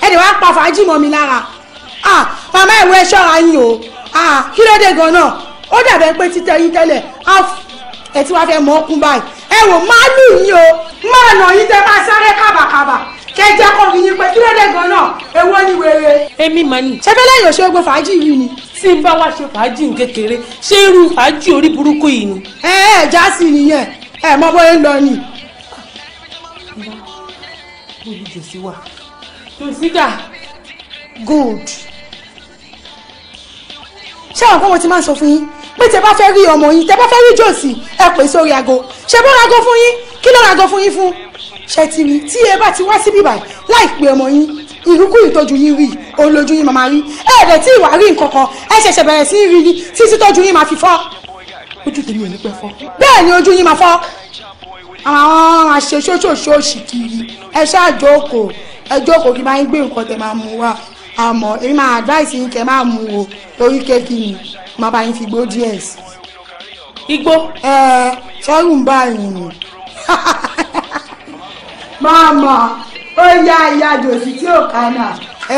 ẹ lè wá pa fàájì mọ́ mi lára màmá ìwé ẹ ṣọ́ra yín o kí ló dé gan náà ó dàbẹ̀ pé títẹ yín tẹ́lẹ̀ ẹ ti wá fẹ́ mọ́ ọkùn báyìí ẹ wò máa lù yín o máa nà yín tẹ máa sáré kábàkábà kẹjẹ kọ fi yín pé kí ló gan náà èwo ni wèrè. èmi mà ní. ṣé yóò ṣe ogun fàájì yìí ni. tí n bá wá ṣe fàájì kékeré ṣé irú fàájì orí burúkú yìí ni. ẹ ẹ já sí nìyẹn ẹ mọ bóyá ń lọ ni. tòsídà gold ṣé àwọn kọ́mọ ti máa sọ fún yín pé tẹ bá fẹ́ rí ọmọ yín tẹ bá fẹ́ rí jòsì ẹ pè sórí aago ṣe bó rago fún yín kí ló rago fún yín fún ṣe ti rí tí ẹ bá ti wá síbí báyìí láì pé ọmọ yín ìrúkú ìtọ́jú yín rí olójú yín màmá rí ẹ ẹ̀rẹ̀ tí ìwà rí nǹkan kan ẹ ṣẹ̀ṣẹ̀ bẹ̀rẹ̀ sí rí ni títí tọ́jú yín máa fi fọ́. ojú tèmi ò ní pẹ́ fọ́. bẹ́ẹ̀ ni ojú yín máa fọ́ àwọn àṣeṣoṣoṣo ṣìkìrì ẹ ṣáà jókòó ẹ jókòó kí n máa ń gbé nǹkan tẹ máa mú wá àmọ́ èmi máa advice yín kẹ́ máa mú o torí kéèkì ni má bá yín fi gbó díẹ̀ sí. igbó. ẹ ṣẹ́rù ń bá yín ni. màmá ó yá ìyàjò sí tí ò kánà.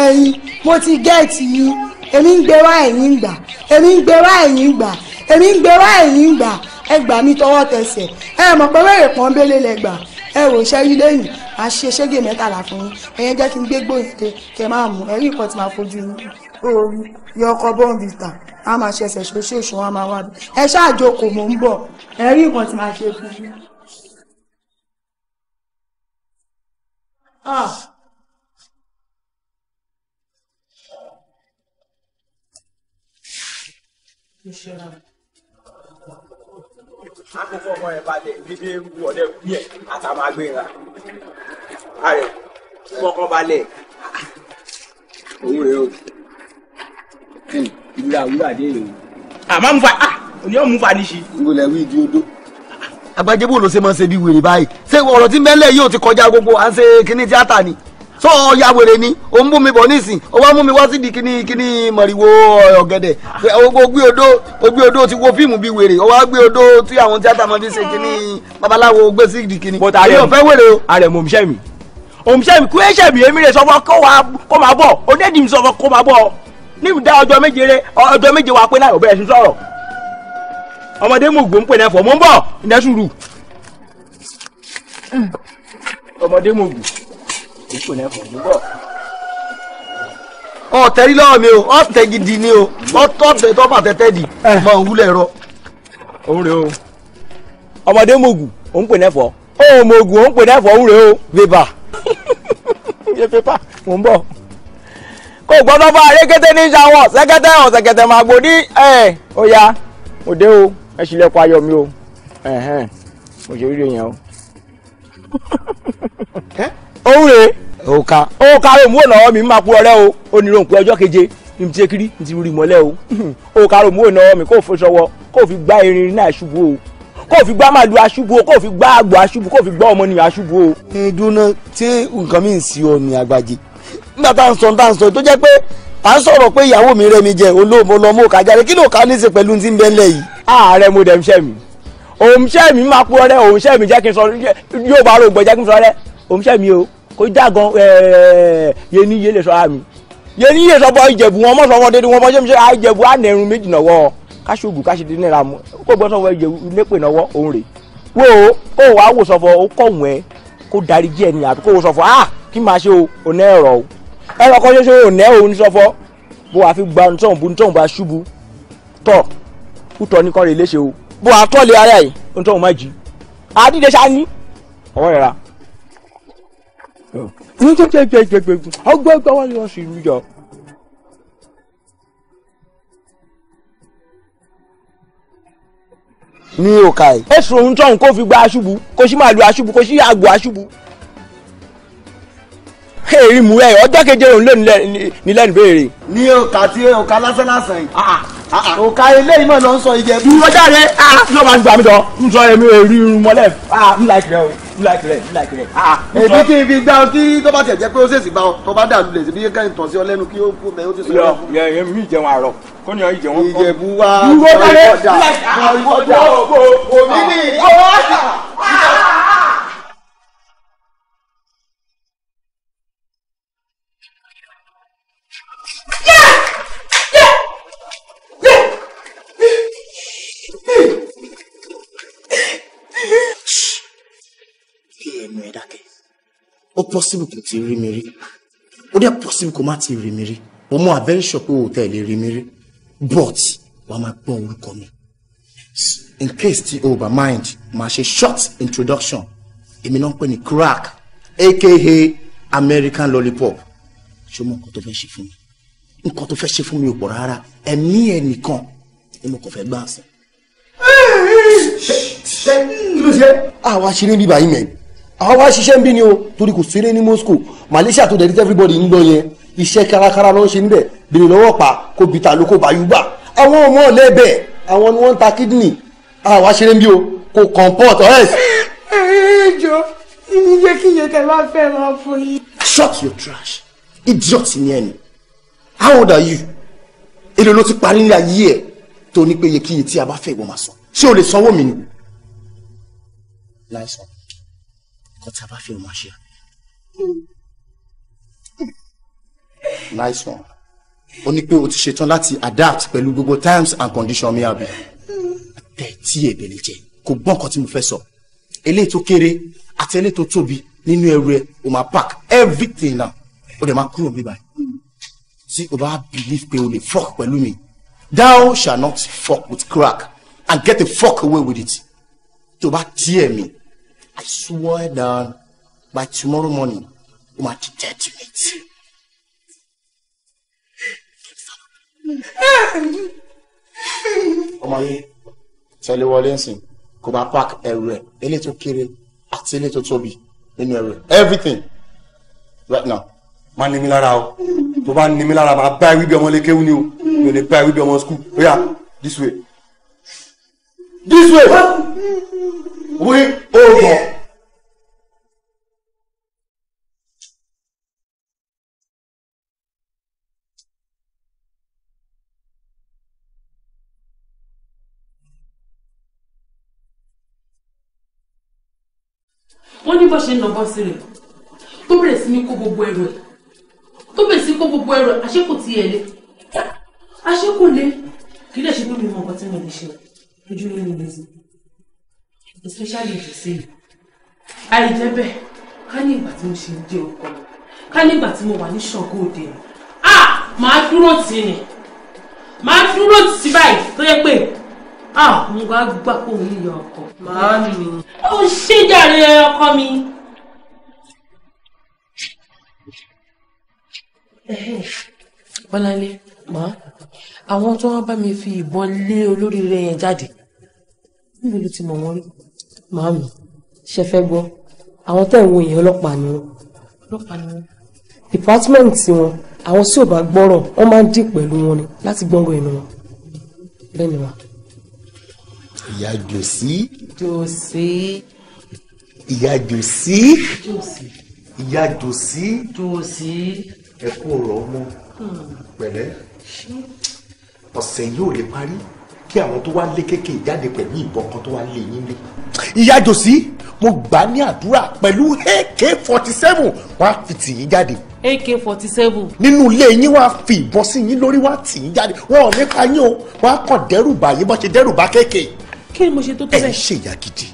ẹyin mo ti gẹ́ẹ̀tì yín èmi ń gbé wá ẹ̀yìn gbà èmi ń gbé wá ẹ̀yìn gbà èmi ń gbé wá ẹ̀yìn gbà ẹ gbà mí tọwọ́ tẹsẹ̀ ẹ mọ̀ pé wẹ́rẹ̀ pọ́nbélé lẹ gbà ẹ ò ń ṣẹ́rí lẹ́yìn a ṣe ṣẹ́gẹ̀ mẹ́tàlá fún yín ẹ̀yẹn jẹ́ kí n gbé gbóyìn dé kẹ́ máa mú ẹ̀rí nǹkan tí máa fojú yín orí yọ ọkọ bọ́ǹbì tà á máa ṣe ẹsẹ̀ ṣoṣo ṣùn á máa wá bí ẹ ṣáàjò kò mò ń bọ̀ ẹ̀rí nǹkan tí máa ṣe fún yín. Ah. Michelle akókò ọmọ yẹn balẹ̀ bíbí ewu ọ̀dẹ bí ẹ̀ àtàwọn agbèrà ààrẹ kọ́kọ́ balẹ̀ òun rẹ̀ o hmm, ìwúra wúrà dé èrè o. àmọ́ ń fa ah, òní ọ̀mú fa níṣi. n kò lè wí di odó. àgbàjẹ́ bò ló ṣe máa ń ṣe bí wèrè báyìí ṣé ọ̀rọ̀ tí mẹ́lẹ̀ yóò ti kọjá gbogbo à ń ṣe kíní tíátà ni tó ọ̀ya wèrè ni ó ń bú mi bọ̀ nísìn ó wá mú mi wá sídìí kíní kíní mọ̀rìwò eh, ọ̀gẹ̀dẹ̀ ó gbé odó ó gbé odó ti wo fíìmù bíi wèrè ó wá gbé odó tí àwọn tíátà máa fi ṣe kíní babaláwo gbé sídìí kíní. bọ́tà àrẹ mi fẹ́ wèrè o. àrẹ mo ṣẹ́ mi òmùsẹ́ mi kú ẹ̀ṣẹ̀ mi èmi rẹ̀ sọ fún ọ kó máa bọ̀ onídìí mi sọ fún ọ kó máa bọ̀ níbi dá ọjọ́ méje rẹ ọjọ́ méje wa pé láyọ̀ bẹ̀rẹ̀ ọmọdé mú dípò náà kò dúbọ̀. ọ̀tẹ̀ rí lọ́wọ́ mi o ọ̀tẹ̀ gidi ni o ọ̀tẹ̀ tó bàtẹ́ tẹ́ di eh. mọ̀ ń wúlẹ̀ rọ. òun rè o. ọmọdé mògù òun pè nẹ́fọ̀ ó mògù òun pè nẹ́fọ̀ òun rè o bébà yẹ pépà mò ń bọ̀. kò gbọ́dọ̀ bá arékété ní sàwọ̀ sẹ́kẹ́tẹ́ ọ̀sẹ̀kẹ́tẹ̀ màgbò ní ẹ̀ ó yá òde o ẹ ṣílẹ̀kùn ayọ̀ mi o ẹ̀hẹ́n òṣèré yẹn o òun rè òka òka ròmù ò náwó mi ń máa kú ọrẹ́ o ó ní ròmù pé keje ní ti kiri ní ti rí mọ́lẹ́ o òka ròmù ò náwó mi kó fi sọwọ́ kó fi gbá irin náà ṣubú o kó fi gbá màlúù aṣubú o kó fi gbá àgbò aṣubú kó fi gbá ọmọnìyàn aṣubú o. ìdúná tí nǹkan mi ń sí ọ ní àgbàjì nígbà tá à ń sọ tá à ń sọ tó jẹ́ pé à ń sọ̀rọ̀ pé ìyàwó mi rẹ̀ mi jẹ́ olóòmọ lọ́mọ òkàjáde kí ló ká ní í ṣe pẹ̀lú ti ń bẹ́ ńlẹ̀ yìí. ààrẹ mo dẹ̀ ń ṣẹ́ mi òun ṣẹ́ mi máa purọ́ rẹ̀ òun ṣẹ́ mi jẹ́ kí n sọ yóò bá rògbò jẹ́ kí n sọ rẹ̀ òmùsẹ̀ mi o kò dá gan yẹni yẹ lè sọ ara mi yẹni yẹ sọ bọ ìjẹ̀bù wọn mọ̀ sọ wọn dédé wọn bọ́ sẹ́mi sẹ́ ara ah, ìjẹ̀bù àná ẹ̀rùn méjì nọ̀wọ́ káṣíògùn káṣíòdì náírà mu kó gbọ́ sọ́wọ́ ìjẹ̀bù nípè nọ̀wọ́ òun rè wo kó wàá wò sọ̀fọ̀ ó kọ̀wé kó darí díẹ̀ ni àbí wò sọ̀fọ̀ ah kí máa ṣe òná ẹ̀rọ o ẹ̀rọ kan ṣoṣo òná òun sọ̀fọ̀ bó wàá fi gba ntọ́nbu ntọ́nbu aṣubu tọ̀ kútọ́ nìkan ní jẹjẹjẹjẹgbẹgun ọgbẹgbẹ wọn yọ sí ìlú yọ. ní òkà yìí. ó sọ ohun tóun kó fi gba aṣubú kó sì máa lu aṣubú kó sì àgbò aṣubú. èrì mú ẹ ọjọ́ keje òun lé nílẹ̀ níbèrè. ní òkà tí òkà lásán lásán yìí òkà eléyìí mọ̀ ló ń sọ ìjẹ̀bú. ọjà rẹ̀ ló máa ń gbà mí lọ ń sọ èmi èrì irun mọ́lẹ̀ ńlá ìpínlẹ̀ o like rẹ like rẹ. èmi kí n fi gbá ọ kí tó bá tẹ̀ jẹ́ pé ó ṣèṣì bá ọ tó bá dàlú lè ṣe bí ká ìtàn sí ọ lẹ́nu kí ó kú bẹ́ẹ̀ ó ti sọ yọ. yẹ yẹ mi ìjẹun àárọ̀ kọ́ni ọ ìjẹun. ìjẹ̀bú wa dúró kárẹ́ ọjà ọjà òmìnir ó possible kò ti rí mi rí ó dẹ̀ possible kò má ti rí mi rí mo mọ adventure pé o tẹ̀lé rí mi rí but wàá máa gbọ́ orúkọ mi in case tí o bá mind máa ṣe short introduction èmi náà ń pè ní crack aka American lollipop ṣé o mọ nǹkan tó fẹ́ ṣe fún mi nǹkan tó fẹ́ ṣe fún mi ò pọ̀ rárá ẹ̀mí ẹ̀ nìkan ni mo kàn fẹ́ gbà sìn. kí ló ṣe àwa ṣe ní bíbá yìí mẹ́rin àwọn wá ṣiṣẹ́ ń bí ni o torí kò séré ní Moscow Malaysia tó dẹ̀rí everybody ń lọ yẹn iṣẹ́ kárakára ló ń ṣe níbẹ̀ bèrè lọ́wọ́ pa kó bìtà ló kó bayúbà àwọn ọmọ ọ̀lẹ́bẹ̀ àwọn ni wọ́n ń ta kidney àwa ṣeré ń bí o kò comport ọ̀hẹ́s. ẹjọ iye kíye tẹ bá fẹ́ lọ fún yín. shut your trash idiot ni ẹni how old are you èlò ló ti parí ní ayé ẹ tó ní pé iye kíye tí a bá fẹ́ ìwọ máa sọ ṣé o lè sanwó mi ni. láìsàn nǹkan tí a bá fi ọmọ nice one ó ní pé o ti ṣetán láti adapt pẹ̀lú gbogbo times and conditions mi àbí tẹ̀tí èbèlè jẹ kò gbọ́n kan tí mo fẹ́ sọ eléyìí tó kéré àti eléyìí tó tóbi nínú ẹrù ẹ o máa pack everything na o dẹ̀ máa kúrò bí báyìí tí o bá believe pé o lè fuck pẹ̀lú mi thou shall not fuck with crack and get the fuck away with it tí o bá me. I swear that by tomorrow morning, you might detonate. ọmọ yìí tẹ̀lé wọlé ǹsìn kó bá park ẹrù ẹ̀ ilé tó kéré àti ilé tó tóbi nínú ẹrù ẹ̀ everything right now máa ní mi lára o tó bá ní mi lára buy bá ewì bí ọmọ lè kéwú ni o mi ò school Yeah, this way this way win over. wọ́n ní bó ṣe ń lọ bọ́ sí rẹ̀ tó bẹ̀rẹ̀ sí ní kó gbogbo ẹrù ẹ̀ tó bẹ̀rẹ̀ sí kó gbogbo ẹrù ẹ̀ àṣé kò tiẹ̀ lé àṣé kò lé kí lè ṣe pé mi mọ nǹkan tí mo lè ṣe ojú ló ń lè especially if you say àìjẹ́ bẹ́ẹ̀ ká ní ìgbà tí mo ṣe ń jẹ́ ọkọ mi ká ní ìgbà tí mo wà ní ṣọ̀gọ́ òde mi ah màá dúró tì ní màá dúró tì báyìí tó yẹ pé ah mo wá gbà pé òun yọ ọkọ màá mi ó ṣe jàre ọkọ mi. bọ́láńlé màá àwọn tó wá bá mi fi ìbọn lé olórí rẹ̀ yẹn jáde níbo ló ti mọ̀ wọ́n rí màámi ṣe fẹ́ gbọ́ àwọn tẹ̀ ń wo èèyàn ọlọ́pàá ni wọn. ọlọ́pàá ni wọn. department wọn àwọn tí ò bá gbọ́rọ̀ wọ́n máa ń dì pẹ̀lú wọn ni láti gbọ́rọ̀ ẹnu wọn. bẹ́ẹ̀ ni wa. ìyá jòsí. jòsí. ìyá jòsí. jòsí. ìyá jòsí. jòsí. ẹ kú ọ̀rọ̀ ọmọ hmm. pẹ̀lẹ́ ọ̀sẹ̀ yóò lè parí kí àwọn tó wá lé kéèké jáde pẹ̀lú ìbọn kan tó wá lé yín lé. ìyá jòsí mo gbà ní àdúrà pẹ̀lú ak forty seven wọ́n á fi tì yín jáde. ak forty seven. nínú ilé yín wọ́n á fi ìbọn sí yín lórí wọ́n á tì yín jáde wọ́n ò ní pa yín o wọ́n á kàn dẹ́rù bà yín bọ́n ṣe dẹ́rù bà kéèké. kí ni mo ṣe tó tó bẹ́ẹ̀. ẹ ṣe ìyá gidi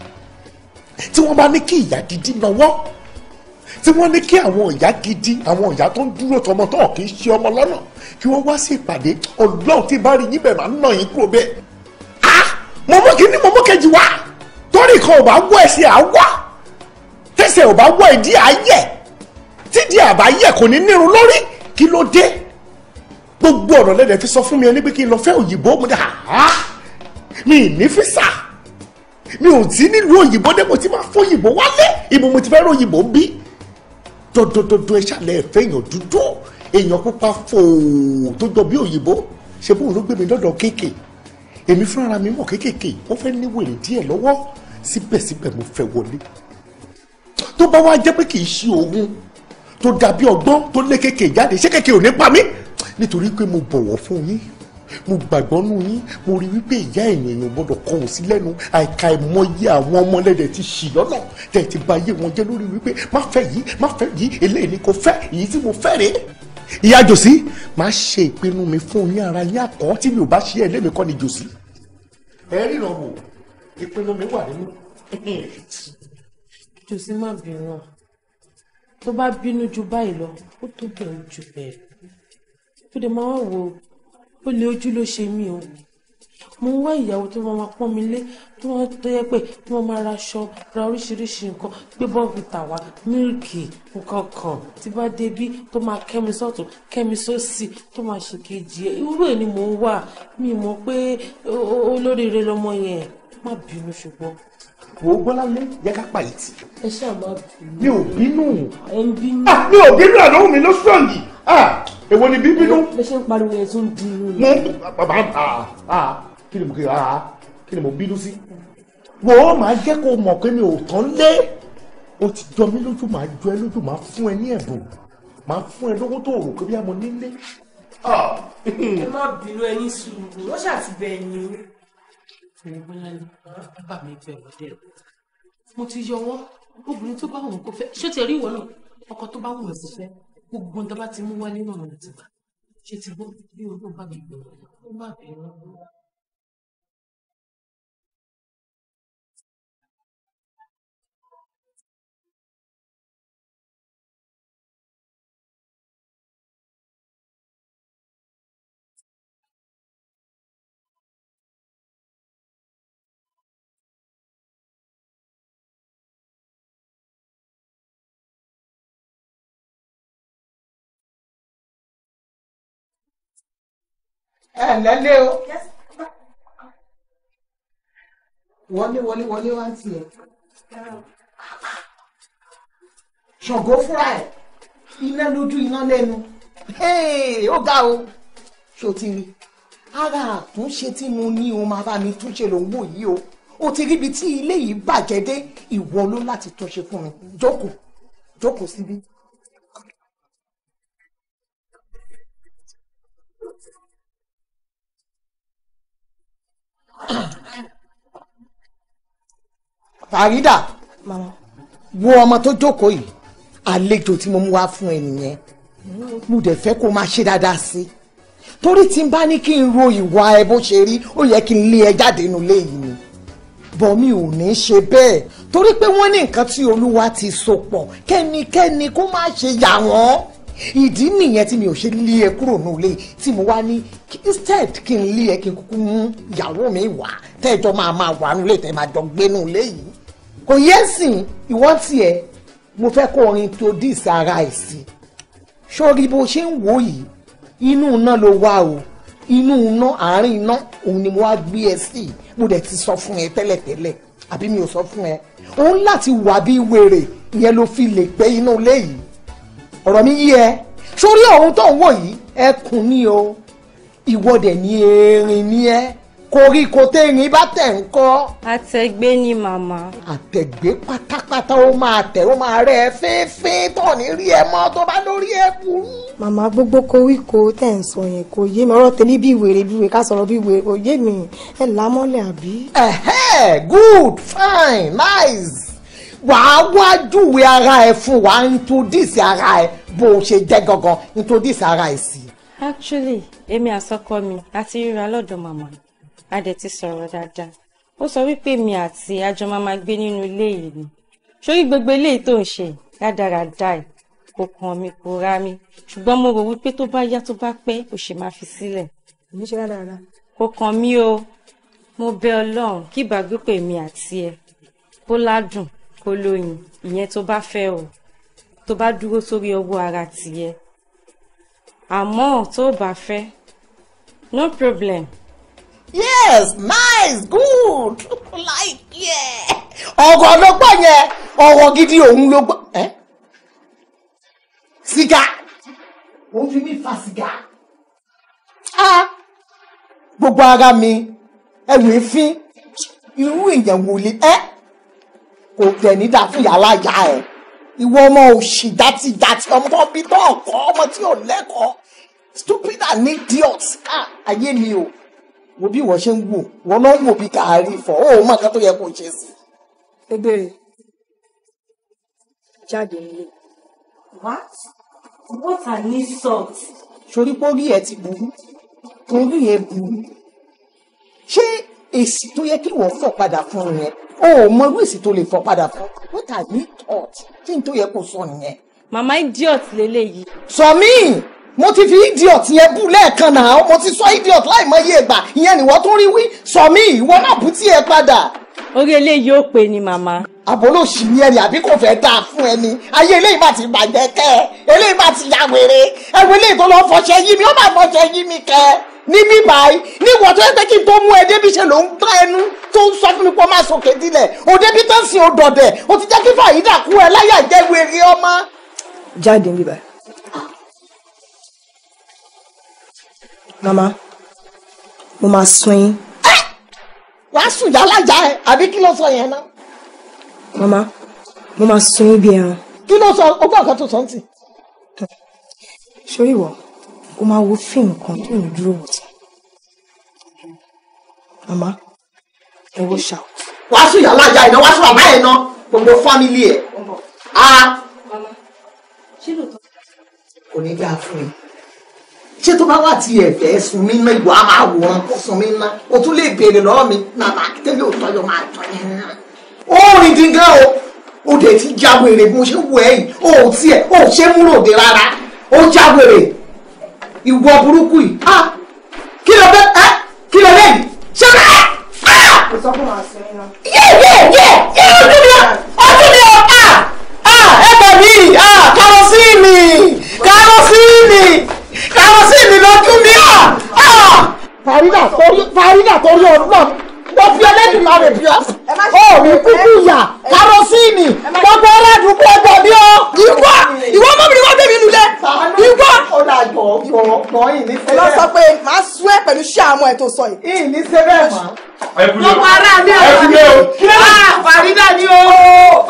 tí wọ́n bá ní kí ìyá gidi náwọ́ tí wọ́n ní kí àwọn ìyá gidi àwọn ìyá tó ń dúró tọmọ tó kì í ṣe ọmọ lọ́nà kí wọ́n wá sí ìpàdé ọlọ́run tí bá rí yín bẹ̀ máa ń nà yín kúrò bẹ́ẹ̀ mo mú kíní mo mú kejì wá torí kan ò bá wọ ẹsẹ̀ àwa tẹsẹ̀ ò bá wọ ìdí àyẹ̀ tídì àbáyẹ̀ kò ní nírun lórí kí ló dé gbogbo ọ̀rọ̀ lẹ́dẹ̀ fi sọ fún mi ẹni pé kí n lọ fẹ́ òyìnbó mo dà á mi ì ní físà mi ò tí nílùú òyìnbó dé mo ti máa fóyìnbó wálé ìbò mo ti fẹ́ róyìnbó bí dọdọdọdọ ẹ ṣàlẹ̀ ẹ̀fẹ́ èèyàn dúdú èèyàn pupa fòó tó jọ bí òyìnbó ṣe bóun ló gbé mi lọ́dọ̀ kéèké èmi fúnra mi mọ̀ kéékèèké ó fẹ́ ní wèrè díẹ̀ lọ́wọ́ síbẹ̀síbẹ̀ mo fẹ́ wọlé tó bá wá jẹ́ pé kì í ṣe òun tó dàbí ọgbọ́n tó lé kéèké jáde ṣé kéèké ò ní pa mí nítorí pé mo bọ̀wọ̀ fún yín mo gbàgbọ́ nù yín mo rí wípé ìyá èèyàn èèyàn gbọ́dọ̀ kọ òun sí lẹ́nu àìka ìmọ̀ye àwọn ọmọlẹ́dẹ̀ ti ṣì lọ́nà tẹ̀ ti ba ayé wọn jẹ́ lórí wípé má fẹ́ yìí má fẹ́ yìí eléyìí ni kò fẹ́ èyí tí mo fẹ́ rèé ìyá jòsí máa ṣe ìpinnu mi fún yín ara yín àkọ́ tí mi ò bá ṣe ẹ̀ lémi kọ́ ni jòsí ẹ wò ìpinnu mi wà nínú. jòsí má bínú tó bá bínú ju báyìí lọ ó tó bẹ̀rù jù bẹ́ẹ̀ ó dẹ̀ máa wá ó lé ojú ló ṣe mí o mo ń wá ìyàwó tí wọ́n máa pọ́n mi lé tí wọ́n tó yẹ pé tí wọ́n máa raṣọ ra oríṣiríṣi nǹkan gbé bọ́ọ̀bù tàwa mílìkì nǹkan kan tí bá débí tó máa kẹ́mi sọ́tún kẹ́mi sósì tó máa ṣe kejì ẹ̀ irú ẹ̀ ni mò ń wà mi mọ̀ pé olóríire lọmọ yẹn má bínú ṣùgbọ́n wo gbọ́láńlé yẹ ká pa ìtì. ẹ ṣáà máa mi ò bínú. ẹ ń bínú. Ah, mi ò bínú àlóhùn mi ló sàn yìí ah, èwo ni bíbínú. bẹ́ẹ̀ ṣe ń pariwo ẹ̀ tún bínú kí ni mo kí ah kí ni mo bínú sí wò ó máa jẹ́ kó mọ̀ pé mi ò tán lé ó ti jọ mí lójú máa jọ ẹ lójú máa fún ẹ ní ẹ̀bùn máa fún ẹ lówó tó rò pé bí a mọ nílé. ẹ má bínú ẹyin sùúrù ó ṣàtìbẹ ẹyin mo ti yọ wọn obìnrin tó bá wọn kò fẹ́ ṣé ti rí ìwọ náà ọkọ tó bá wọn sí fẹ́ gbogbo nǹkan bá ti mú wá nínú ọ̀rọ̀ ìtìgbà ṣé ti gbọ́ bí olóògbé mi gbọ́ ó má bẹ̀rẹ̀ ẹ lé o wọlé wọlé wọlé wá ń tiẹ̀ ṣògo fúnra ẹ̀ iná lójú iná lẹ́nu ó ga o ṣó ti rí ara àtúnṣe tí mo ní o máa bá mi túnṣe ló ń wò yìí o o ti ríbi tí ilé yìí bàjẹ́ dé ìwọ ló láti túnṣe fún mi jókòó jókòó síbí. Si Farida wo ọmọ tó jókòó yìí àlejò tí mo mú wá fún ẹ nìyẹn mo dẹ̀ fẹ́ kó máa ṣe dáadáa sí torí tí n bá ní kí n ro ìwà ẹ bó ṣe rí ó yẹ kí n lé ẹ jáde nínú ilé ni bọ̀mí ò ní ṣe bẹ́ẹ̀ torí pé wọ́n ní nǹkan tí olúwa ti so pọ̀ kẹ́nikẹ́ni kó má ṣe yà wọ́n ìdí nìyẹn tí mi ò ṣe lé ẹ kúrò ní ilé tí mo wá ní instead kí n lé ẹ kí n kúkú mú ìyàwó mi wá tẹ́jọ́ máa máa wà nílé tẹ́ máa jọ gbé nù ilé yìí kò yẹ sìn ìwọ́n tiẹ̀ mo fẹ́ kó orin tó dìs ara ẹ̀ sí sórí bó ṣe ń wò yìí inú iná ló wà o inú iná àárín iná òun ni mo wá gbé ẹ sí mo dẹ̀ ti sọ fún ẹ tẹ́lẹ̀tẹ́lẹ̀ àbí mi ò sọ fún ẹ òun láti wà bí wèrè ìyẹn ló fi lè pẹ́ inú ilé yìí ọ̀rọ̀ mi yí ẹ sórí ọ̀hún tó ń wò yìí ẹkùn ni o ìwọ́dẹ̀ ni erin ni ẹ koríko téèyàn bá tẹ̀ ń kọ́. àtẹ̀gbé ni màmá. àtẹ̀gbé pátápátá ó máa tẹ̀ ó máa rẹ̀ fínfín tó ní rí ẹ mọ́ tó bá lórí ẹ burú. màmá gbogbo koríko tẹ̀ ń sọ yẹn kò yé mi ọ̀rọ̀ tèmi bí wèrè bí wèrè ká sọ̀rọ̀ bí wèrè kò yé mi ẹ̀ lámọ́lẹ̀ àbí. ẹ̀hẹ́ good fine nice wàá wá júwe ara ẹ fún wa introduce ara ẹ bó o ṣe jẹ́ gangan introduce ara ẹ sí. actually èmi àsọkọ mi àti ríra lọ́dọ̀ màmá a dẹ̀ ti sọ̀rọ̀ dáadáa ó sọ wípé mi àti àjọ máa ma gbé nínú ilé yìí ni sórí gbogbo eléyìí tó ń ṣe rádaràda ẹ kò kàn mí kò rá mi ṣùgbọ́n mo rò wípé tó bá yá tó bá pẹ́ ò ṣe máa fi sílẹ̀. èmi ṣe rádaràda. kò kàn mí o mo bẹ Ọlọ́run kí ìbágbépọ̀ èmi àti ẹ kó ládùn kó lóyìn ìyẹn tó bá fẹ́ o tó bá dúró sórí owó ara tìyẹ àmọ́ tó bá fẹ́ no problem. yes nice good like yeah. ọ̀rọ̀ ló gbọ́ yẹn ọ̀rọ̀ gidi òun ló gbọ́. sìgá òun fi mí fa sìgá. gbogbo ara mi ẹrù èéfín irú èèyàn wò lè Eh? kò tẹ̀ ní dà fún yàrá ìyá ẹ̀ ìwọ ọmọ òṣì dátì dátì ọmọ tó bí tó ọkọ ọmọ tí ò lẹ́kọ̀ọ́ stupid and idiot ká ayé mi o wo bí wọ́n ṣe ń wò wọ́n náà wò bí kàárí fọ́ ó mọ̀ kan tó yẹ kó ṣe sí. ebèrè jáde nílé. what what an insult. sori pórí ẹ ti burú orí ẹ burú ṣé èsì tó yẹ kí wọ́n fọ̀ padà fún un yẹn o ò mọ irú èsì tó lè fọ̀ padà fún what are you taught kí n tó yẹ kó sọ nìyẹn. màmá idiot lélẹ́yìí. sọ mí mo ti fi idiot yẹn bú lẹ́ẹ̀kan náà mo ti sọ idiot láì mọ iye ìgbà ìyẹn nìwọ tó rí wí sọ mí ìwọ náà bú tí ẹ padà. orí eléyìí ó pè ní màmá. àbólò sì ni ẹni àbí kò fẹ́ dáa fún ẹni ayé eléyìí bá ti bàjẹ́ kẹ́ ẹ eléyìí bá ti yà wèrè eléyìí tó lọ́ọ́ fọṣẹ́ yí mi ó máa fọṣẹ́ yí mi kẹ́ ẹ níbí báyìí níwọ̀n tó yẹ pé kí n tó mú ẹ débi ṣe ló ń bá ẹnu tó ń sọ fún mi pé ó máa sòkè dilẹ̀ òdebí tó ń sin òdọ̀dẹ̀ ó ti jẹ́ kí fàyídà kú ẹ láyà jẹ́ wèrè ọmọ. jáde níbí báyìí. mama mo máa sun yín. wàá sùn yálàjà ẹ àbí kí ló sọ yẹn náà. mama mo máa sun yín bí ẹran. kí ló sọ ọgbọ́n kan tó sọ ń sìn. sórí ìwọ o máa wo fíìmù kan tó ní dúró wò tán màmá ẹ wo ṣá. wàá sùn ìyá alájà iná wàá sùn bàbá ẹ̀ ná gbogbo fámìlì ẹ̀. kò ní dáa fún mi ṣé tó bá wà tí ẹ fẹ́ sun mí ná ìwà máa wò wọn kó sun mí ná o tún lè béèrè lọ́wọ́ mi nàbà tẹ́lẹ̀ ò tọ́jọ́ máa tọ́ yẹn náà. ó rìn díngán o ó dẹ̀ ti jáwèrè bí mo ṣe wù ẹ́ yìí ó tiẹ̀ ó ṣe múròdé rárá ó jáwèrè ìwọ burúkú yìí ah kí ló bẹ ẹ eh? kí ló bẹ ṣe bẹ ẹ. sọ fún wa sẹ́yìn náà. pọ̀pọ̀ yìí ní sẹ́bẹ̀. lọ sọ pé màá sú ẹ pẹ̀lú ṣé àmọ́ ẹ̀ tó sọ yìí. yìí ní sẹ́bẹ̀ mọ́. gbogbo ara ní ọ̀rọ̀ mi o ah, fàrídà ni o.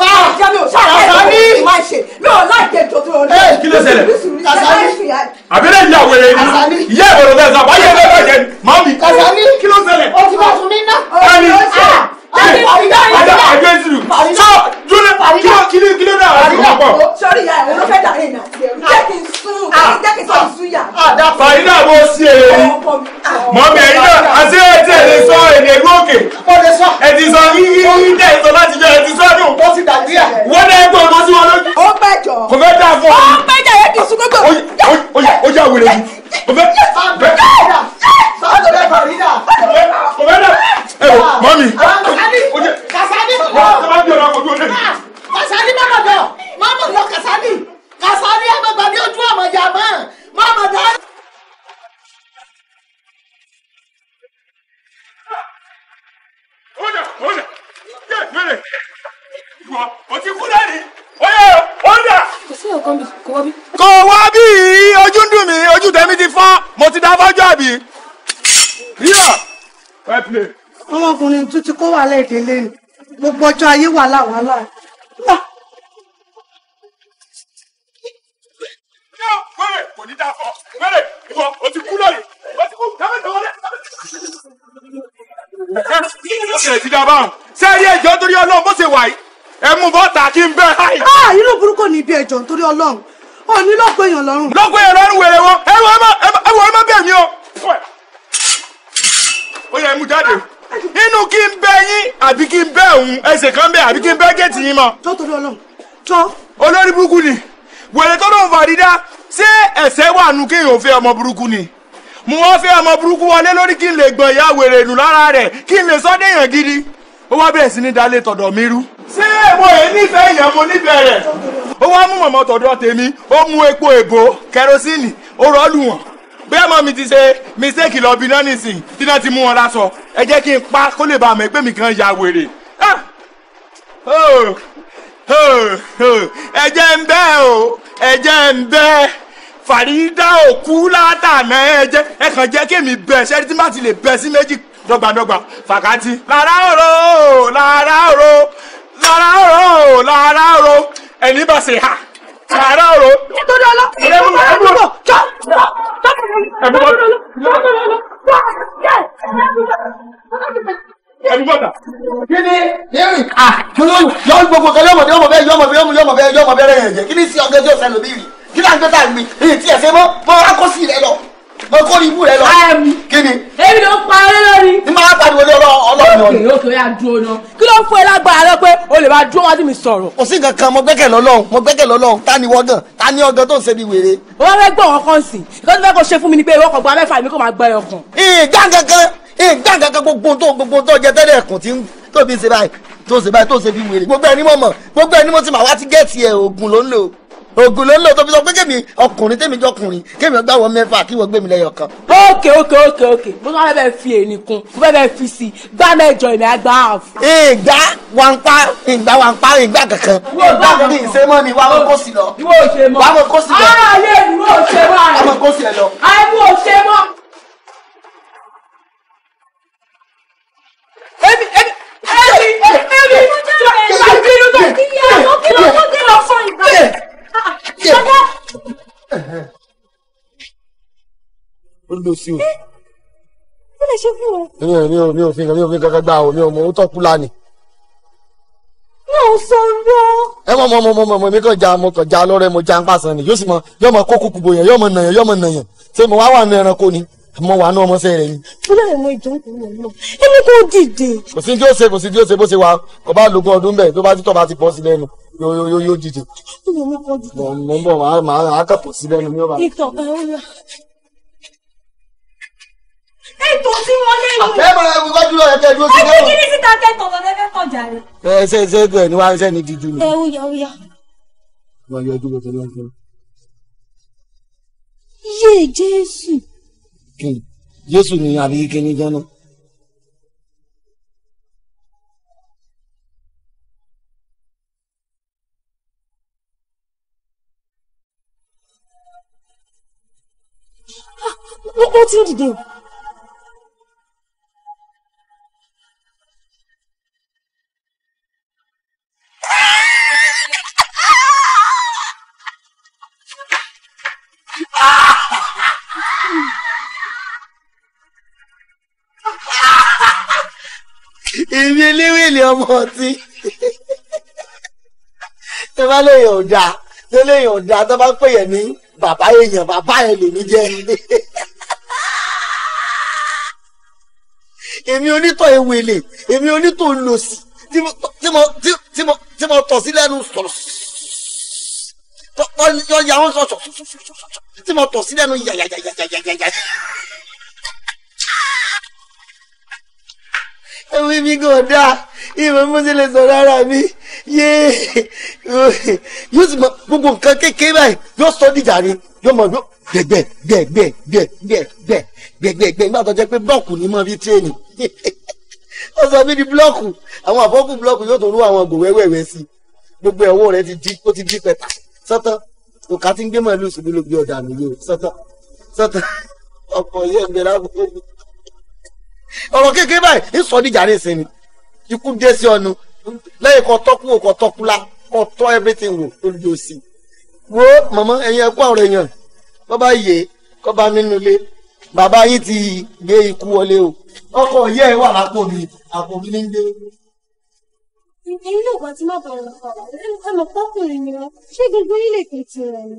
báwo oh, ah, oh. ṣe mi ò ṣàkóso mi máa ṣe mi ò láìpẹ́ jòjú orí. ẹ kí ló ṣẹlẹ̀ Kasali àbílẹ̀ ìyá wẹ̀rẹ̀ ni ìyá ìwòrán bẹ́ẹ̀ sọ wáyé ẹgbẹ́ bàjẹ́ ni màmí. Kasali kí ló ṣẹlẹ̀. o ti bá fún mi ná. ẹni ẹ ẹ àjẹsù parí náà. kí ló kí ló dára sí ọmọ pọ. sọrí ìyá ẹ̀rọ ló fẹ́ dàrí ìnà àti ẹ̀rú. jẹ́ kí n sún ah. jẹ́ kí n sọ sún yà. fàyín náà bó sí èrè ni mọ́mí ẹ̀yin náà àti ẹ̀ tí ẹ̀ lè sọ èdè gòkè. ẹ ti sọ yíyí dẹ̀ sọ láti jẹ ẹ ti sọ nù. ó sì dàgbé ẹ̀. wọ́n dẹ́ gbọ́ ọmọ sí wọn lójú. ó gbẹ́jọ. kò fẹ́ dà fún ọ. ó gbẹ́jọ yẹ kí n sún gbogbo. ó yà wèrè yìí. kò fẹ́ mọ́mí. kasani. kasani. Kasali mama bàbà mama bàbà Kasali Kasali agbègbè ní ojú ọmọdé àmọ́ má bàbà. Ọ̀nà ọ̀nà yẹ mẹ́rẹ̀ wọ ọtí kú lẹ́ni ọ̀yẹ́ ọ̀nà. Kò sí ọ̀kan bí kò wá bí. Kò wá bí ojú ń dùn mí ojú tèmi ti fọ́ mo ti dá fọ́jọ́ àbí. Yíyọ̀ ẹ pilẹ̀. Ọmọkùnrin tuntun kó wà lẹ́ẹ̀dẹ̀ lẹ́nu gbogbo ọjọ́ ayé wà láwàá wẹ́rẹ̀ kò ní dáa fọ́ wẹ́rẹ̀ ìwọ o ti kú lónìí o ti kú dáwọ́ dáwọ́ dẹ́. ó ṣe ti dá báwọn ṣé ẹ rí ẹjọ́ torí ọlọ́run bó ṣe wà yìí ẹ mú bọ́ọ̀tà kí n bẹ́ háì. a ìlú burúkú ni ibi ẹjọ́ nítorí ọlọ́run ò ní lọ́gbọ́ èèyàn lọ́rùn. lọ́gbọ́ èèyàn lọ́rùn wèrè wọn ẹ wọ ẹ má bẹ̀ mí o. ó yẹ ẹ mú jáde inú kí n bẹ yín àbí kí n bẹ òun ẹsẹ̀ kan bẹ àbí kí n bẹ géètì yín mọ́. tó torí Ọlọ́run tó. olórí burúkú ni wèrè tó lóun fà dídá ṣé ẹsẹ̀ wà nù kéèyàn ò fẹ́ ọmọ burúkú ni mo wá fẹ́ ọmọ burúkú wọlé lórí kí n lè gbọ̀n ìyá wèrè nù lára rẹ̀ kí n lè sọ déèyàn gidi ó wá bẹ̀rẹ̀ sí ní dalé tọ̀dọ̀ mi rú. ṣé èmo yẹn nífẹ̀ẹ́ èèyàn mo nífẹ̀ẹ́ rẹ̀. ó wá mú mọ̀mọ́ tọ̀dọ̀ tèmi ó mú epo èbó kẹrosíìnì ó rọ́ọ̀lù wọn. bẹ́ẹ̀ mọ́ mi ti ṣe mistake lọ bí náà nìsín tí náà ti mú wọn lásọ ẹ jẹ́ kí n pa kó lè bá àmọ́ ẹgbẹ́ mi gan ya wèrè ah! oh! oh! oh! ẹ̀jẹ̀ ń bẹ́ o ẹ̀jẹ̀ ń bẹ́ Fàrídà òkú látàná ẹ̀jẹ̀ ẹ kàn jẹ́ kémi bẹ́ ṣẹ́ni tí má ti lè bẹ́ sí méjì dọ́gbadọ́gba fàkàtì. lára òró lára òró lára òró lára òró ẹni bá ṣe hà sàárà ọ̀rọ̀. nítorí ọlọ nítorí ọlọ jọ jọ nítorí ọlọ nítorí ọlọ wá jẹ ẹnubọta. kíni yẹri ah yóò rí kí náà ń gbé èyí tí ẹ ṣe mọ bọ akọsí rẹ lọ mo kó ibú rẹ lọ. ara mi kí ni. èmi ló pa ẹ lórí. ní máa pariwo lé ọlọ́run ọ̀nà. òkè òkè ó yà dúró náà kí ló ń fún ẹ lágbára rẹ pé o lè máa dúró wájú mi sọ̀rọ̀. kò sí nǹkan kan mo gbẹ́kẹ̀ lọ́lọ́run mo gbẹ́kẹ̀ lọ́lọ́run ta ni wọ́gàn ta ni ọgàn tó ń ṣe bí wèrè. o wá fẹ́ gbọ́ wọn kan sí i kí ló fẹ́ kó ṣe fún mi ni pé ìwọ́kọ̀ gba mẹ́fà mi kò máa gbẹ ọkàn. ìgbà kankan ìgbà kankan gbogbo tó gbogbo tó jẹ tẹ́lẹ̀ ẹ̀kùn tí tó fi ṣe báyìí tó ṣe báyìí tó ṣe fi wèrè gbogbo ẹni mọ̀ mọ̀ gbogbo ẹni mọ̀ ti mà wá ti gẹ̀ẹ́tì ẹ̀ òògùn ló ń lò ògùn ló ń lò tó fi sọ pé kémi ọkùnrin tèmi jọ ọkùnrin kémi ọgbà wọ mẹ́fà kí wọ́n gbé mi lẹ́yọ kan. ókè ókè ókè ókè mo máa bẹ fi èyí kun mo bẹ bẹ fi si gbá mẹ́jọ ìmọ̀ àgbà àfọ. ìgbà wà ń pa ìgbà wà ń pa ìgbà kankan. ìgbà mi ìṣe mọ́ mi wà á mọ kó sí lọ. ìwọ òṣè mọ́ wà á mọ kó sí lọ. ààyè ìwọ òṣè mọ́ àyè. àmọ́ kó sí lọ. àyè ìwọ òṣè mọ́. èmi èmi èmi èmi ìgbà kí ló tó kí ló tó kí ló fún ìgbà ṣọdá. ó lọ sí o. ó eh, lè ṣe fún o. mi ò mi ò fi mi ò fi kankan gbà o mi ò mọ ohun tó kú lánìí. mi ò sọ̀rọ̀. ẹ mọ̀ mọ̀ mọ̀ mọ̀ mọ̀ mi kàn já mo kàn já lọ́rẹ́ mo já ń pàṣẹ ni yóò sì mọ yóò mọ kó kúkú bòyàn yóò mọ nàyàn yóò mọ nàyàn ṣé mo wá wà nù ẹranko ni mo wàá ná ọmọọṣẹ́ rẹ ni. fúlàní mo ìjókòó wọn náà ẹni kò dìde. kò sí tí ó ṣe kò sí tí ó ṣe bó ṣe wà kò bá lógún ọdún bẹ́ẹ̀ tó bá títọ́ bá ti pọ̀ sí lẹ́nu yóò yóò yóò dìde. mo ń bọ̀ màá màá kà pọ̀ sí lẹ́nu ní ọ̀bà. ìtọ̀ ọ̀la. ètò tí wọ́n lé mi. ẹ bọ̀dọ̀ ẹ̀kú kọ́jú lọ ẹ̀kẹ́ dúró sí lẹ́wọ̀n. ẹ ti kí ni síta tẹ́tọ̀ lọ́dẹ́fẹ́ kọjá rẹ̀. ẹ ṣe ṣe ẹ ní wàá ṣe kìnnì jésù ni àbí kìnnì jọ́nà. ó ti dìde. èmi eléwèlé ọmọ ọtí tó bá lóyún ọ̀dà lóyún ọ̀dà tó bá pèyàn ní bàbá èèyàn bàbá ẹ̀ lèmi jẹ́ èmi onítọ̀ ewèlè èmi onítọ̀ olòṣì tí mo tọ̀ sí lẹ́nu sọ̀rọ̀ tí mo tọ̀ sí lẹ́nu yàyàyàyàyàyà. ewé mi gan da ìmọ̀ mo ṣe lè sọ̀rọ̀ ara mi yéé yóò sì mọ gbogbo nǹkan kékeré báyìí yóò sọ dìjà ni yóò mọ yóò gbẹgbẹ gbẹgbẹ gbẹgbẹ gbẹgbẹ gbẹgbẹ nígbà tó jẹ pé blọọkù ni mọ bí tírénì ó sọ mí di blọọkù àwọn àfọkù blọọkù yóò tó rú àwọn ògò wẹ́wẹ́wẹ́ sí gbogbo ẹ̀wọ́ rẹ ti di ó ti di pẹ̀tà sọ́tọ́ òkà ti ń gbé mọ́ ìlú ìṣubú ló gbé ọ̀dà mi yóò sọ́tọ́ sọ́tọ́ ọkọ̀ yẹn gbẹ̀rẹ̀ àbúrò mi ọ̀rọ̀ kékeré báyìí ń sọ níjà ní ìsinmi ikú dé sí ọnu lẹ́yìn kan tọ́kú wò kan tọ́kú la kan tọ́ everything wò tó lójú sí i. wo màmá ẹ̀yin ẹ̀kú àwọn èèyàn tó bá yè é kó bá mi nulẹ̀ bàbá yìí ti gbé ikú wọlé o ọkọ̀ yẹ́ ẹ wà lápò mi àpò mi ní gbé ẹ̀yin náà gbà tí má bàa lọ fọwọ́ lẹ́nu ẹ mọ̀ pọ́kùnrin ni wọ́n ṣé gbogbo yín lè pè ni.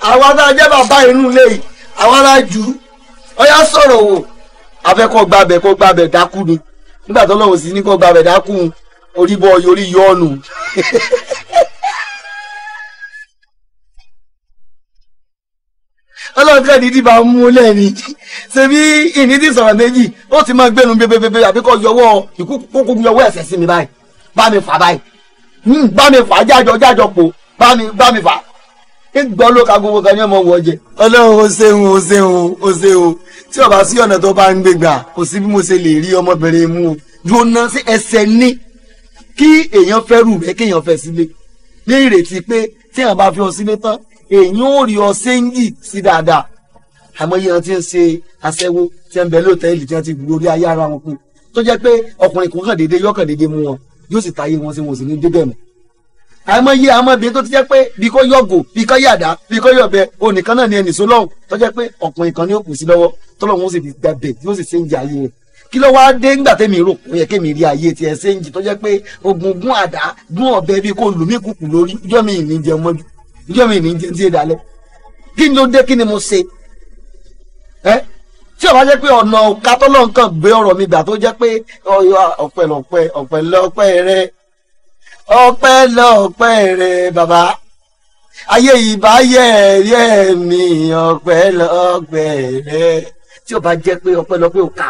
àwa tá a jẹ́ bàbá inú ilé yìí àwa la jù ú ọyá sọ̀rọ̀ wò afẹ́kọ́ gbàbẹ̀ kọ́ gbàbẹ̀ dákú ni nígbà tó lọ́wọ́ sí ní kọ́ gbàbẹ̀ dákú orí bọ́ yorí yọ ọ̀nù. ọlọ́run kẹ́ni tí bá mú lẹ́ni ṣebí ìní tí sọ̀rọ̀ méjì ó ti máa gbẹ́nu bébébébé àbíkọ́ yọwọ́ ìkúkú yọwọ́ ẹ̀sẹ̀ sí mi báyìí bá mi fà báyìí bá mi fà á jájọ jájọ pò bá mi bá mi fà á gbọ́ ló ka gbogbo kan ní ọmọ wọ jẹ. ọlọ́run ó ṣeun ó ṣeun ó ṣeun tí ọba sí ọ̀nà tó bá ń gbé gbà kò sí bí mo ṣe lè rí ọmọbìnrin mú o dúró ná sí ẹsẹ̀ ní kí èèyàn fẹ́ rù rẹ́ kéèyàn fẹ́ sílé ní ìrètí pé tí èèyàn bá fi ọ sílé tán èèyàn ò rí ọ séńjì sí dáadáa àmọ́ yẹn ti ń ṣe aṣẹ́wó tí ń bẹ lóòtẹ́ẹ̀lì tí wọ́n ti gbòórí ayé ara wọn kú tó jẹ́ pé ọkùnrin kò kàn déédéé yọkàn déédéé mú wọn yóò sì tayé wọn sí wọn sì ní débẹ̀ mọ́. àmọ́ iye àwọn obìnrin tó ti jẹ́ pé bí kò yọ̀gò bí kò yàdá bí kò yọ̀bẹ onìkan náà ni ẹnì sọ lọ́hùn tó jẹ́ pé ọkùnrin kan ni ó kù sí lọ́wọ́ tọ́lọ́hún ó sì fi gbàgbẹ́ tí ó sì ṣe ń jẹ ayé rẹ̀ kí ló wá dé ńgbà tẹ́mi rò ó yẹ kémi rí ayé tiẹ̀ séǹjì tó jẹ́ pé ogun gún àdá gún ọ̀bẹ bíi kó lù mí kùkù lórí ìjọ́ mi ìní jẹun mọ́jú ìjọ́ mi ìní jẹun tí ì dalẹ̀ kí ló dé kí ni mo ṣe ẹ́ tí ó bá jẹ́ pé ọ̀nà ọ̀ka tọ́lọ́ nǹkan gbé ọ̀rọ̀ mi gbà tó jẹ́ pé ọ̀pẹ lọ̀pẹ ọ̀pẹ lọ̀pẹ rẹ ọ̀pẹ lọ̀pẹ rẹ bàbá ayé ìbá yẹ ẹ̀yẹ mi ọ̀pẹ lọ̀pẹ rẹ tí ó bá jẹ́ pé ọ̀pẹ lọ̀pẹ ọ̀ka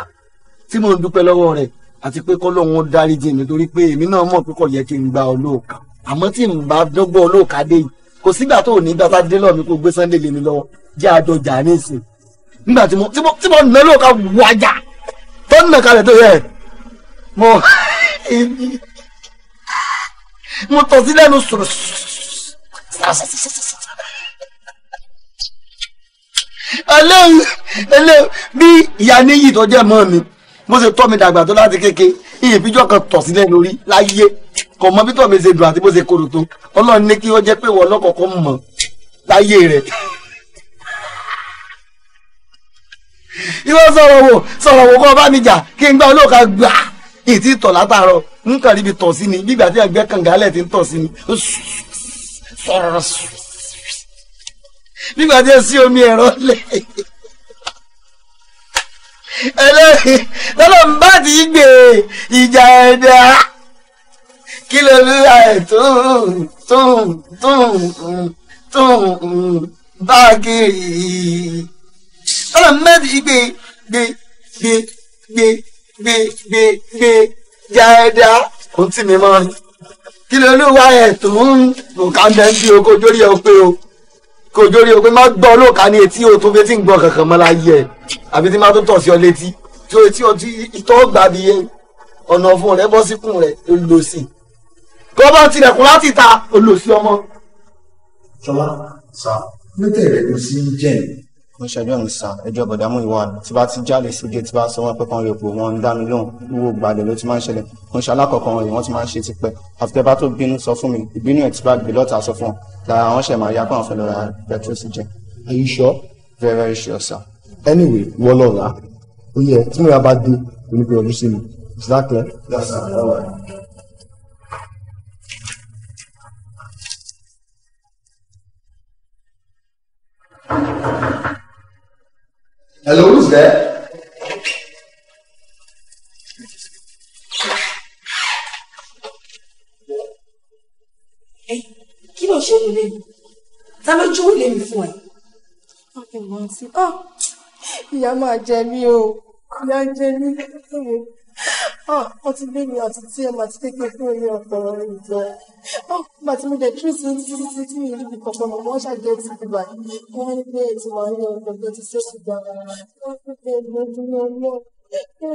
tí mò ń dúpẹ́ lọ́wọ́ rẹ̀ àti pé kọ́lọ́hún dárí jì mí torí pé èmi náà mọ̀ pé kò yẹ kí n gba olóòka àmọ́ tí n bá dọ́gbọ́ olóòka dé yìí kò sígbà tó ní gbàtà dé kó gbé Sunday lé mi lọ́wọ́ jẹ́ àjọjà nísìnyí nígbà tí mo tí mo tí mo nà lóka wájà tó nà kalẹ̀ tó yẹ mo mo tọ̀ sí lẹ́nu sọ̀rọ̀ ọlọ́run ọlọ́run bí ìyá níyì tó jẹ́ mọ́ mi mo ṣe tọ́ mi dàgbà tó láti kéke ìyèpíjọ́ kan tọ̀ sílẹ̀ lórí láyé kò mọ bí tọ́ mi ṣe dùn àti bó ṣe korò tó ọlọ́run ní kí ó jẹ́ pé wọ́n lọ́kọ̀ọ́kọ́ mọ̀ láyé rẹ̀. ìwọ sọ̀rọ̀ wò sọ̀rọ̀ wò kọ́ bá mi jà kí n gbá olóòka gbà ètí tọ̀ látàárọ̀ n kàn ríbi tọ̀ sí ni bígbà tí àgbẹ̀ kàngálẹ̀ ti ń tọ̀ sí ni bígbà tí èsì omi ẹ̀rọ lẹ̀ ẹlẹ́rìí lọ́dọ̀ ń bá ti gbé ìjà ẹ̀dá kí ló ń ra ẹ̀ tóun tóun tóun bá kiri kọ́lọ̀ mẹ́tì sí gbé gbé gbé gbé gbé gbé gbé ya ẹ̀dá kò tí mi mọ́ ni kí ló ló wá ẹ̀ tó ń lòkà ń dẹ́ntì o kò dórí ẹ pé o kò dórí o pé má gbọ́ lòkà ní etí o tó fi ti ń gbọ́ kankan mọ́ láyé ẹ̀ àbí tí má tó tọ̀ sí ọ létí tí o tí ìtọ́ gbà ọ̀nà fún rẹ bọ́ síkùn rẹ lò sí kó bá tilẹ̀kùn láti ta olùsí ọmọ. sọlá sá nítorí rẹ kò sí jẹ́ ẹ̀ ń ṣẹjọ́ mi ẹjọ́ bọ̀dámù ìwà tí bá ti jálè sí gé tí bá sọ wọn pé kan rèpo wọn ń dá lóhùn wúwo gbalẹ̀ ló ti máa ń ṣẹlẹ̀ ń ṣe alákọ̀ọ́kọ́ wọn wọ́n ti máa ń ṣe tipẹ́ àfitẹ́ bá tó bínú sọ fún mi ìbínú ẹ̀ tí bá gbé lọ́ta sọ fún wọn lára ṣẹ̀ máa Are you sure? Very very sure sir. Anyway wọ́n lọ rà ó yẹ tí mo yà bá dé oníbi ọdún sí mi Is that clear? Yes sir. Thank you. Hello, who's there? Kí ló ṣe lè mi? Ta ló jówó lè mi fún ẹ? Oh, ìyá máa jẹ mí o, ìyá jẹ mí ọtí gbé mi ọtí tí ẹ máa ti tẹ́gbẹ́ fún orí ọ̀pọ̀lọ́ ìjọ ẹ̀ bá ti mú dẹ̀ tí sí sí sí sí ìlú ìkọ̀kọ̀ mọ̀ wọ́n ṣàgbé ti fi bàyí wọ́n ní pé ètò wà ní ọ̀pọ̀ tó ti ṣe ìgbà wọ́n fi pé ìlú ní ọlọ́ ní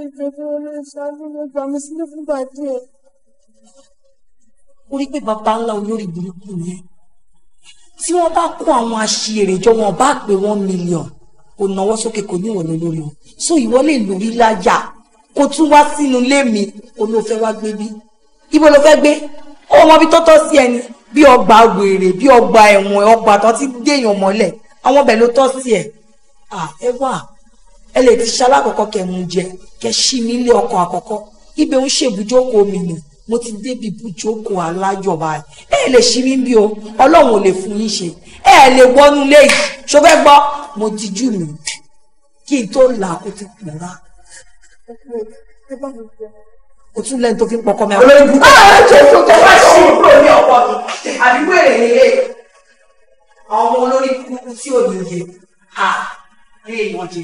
ìjọ tí wọ́n lè ṣáájú ló gbà mí sílé fúngbà díẹ̀. orí pé bàbá ńlá olórí burúkú yẹn tí wọ́n bá kó àwọn aṣèrè jọ wọn bá pé one million kò náwó sókè kò ní ìwọ̀n lórí wọn so ìwọ lórí láyà kò tún wá sínú ilé mi kò ló fẹ́ wá gbé bí ibo ló fẹ́ gbé ó mọ bí tọ́tọ́ sí ẹni bí ọgbà wèrè bí ọgbà ẹ̀wọ̀n ọgbà tó ti déèyàn mọ́lẹ̀ àwọn ọbẹ̀ ló tọ́ sí ẹ̀ ẹ wà ẹ lè ti ṣalákọ̀ọ́kọ́ kẹ̀mú jẹ kẹ ṣí mi ilé ọkọ̀ àkọ́kọ́ ibẹ̀ ń ṣèbùjókòó mi nù mo ti débi ibùjókòó alájọba ẹ lè ṣí mi bí o ọlọ́run ò lè fún yín ṣe ẹ lè wọnú léyìí ṣó fẹ́ gbọ́ mo ti jù mí kí n tó là kó ti pòórá o tún lẹ́nu tó fi ń pọkọ mi. olórí bùkún. Ah, àwọn ẹ̀jẹ̀ tó tó bá ṣe é kúrò ní ọ̀pọ̀ mi àdúgbò èrè nílé ọmọ olórí kúkú tí ò ní yé à lè jẹ.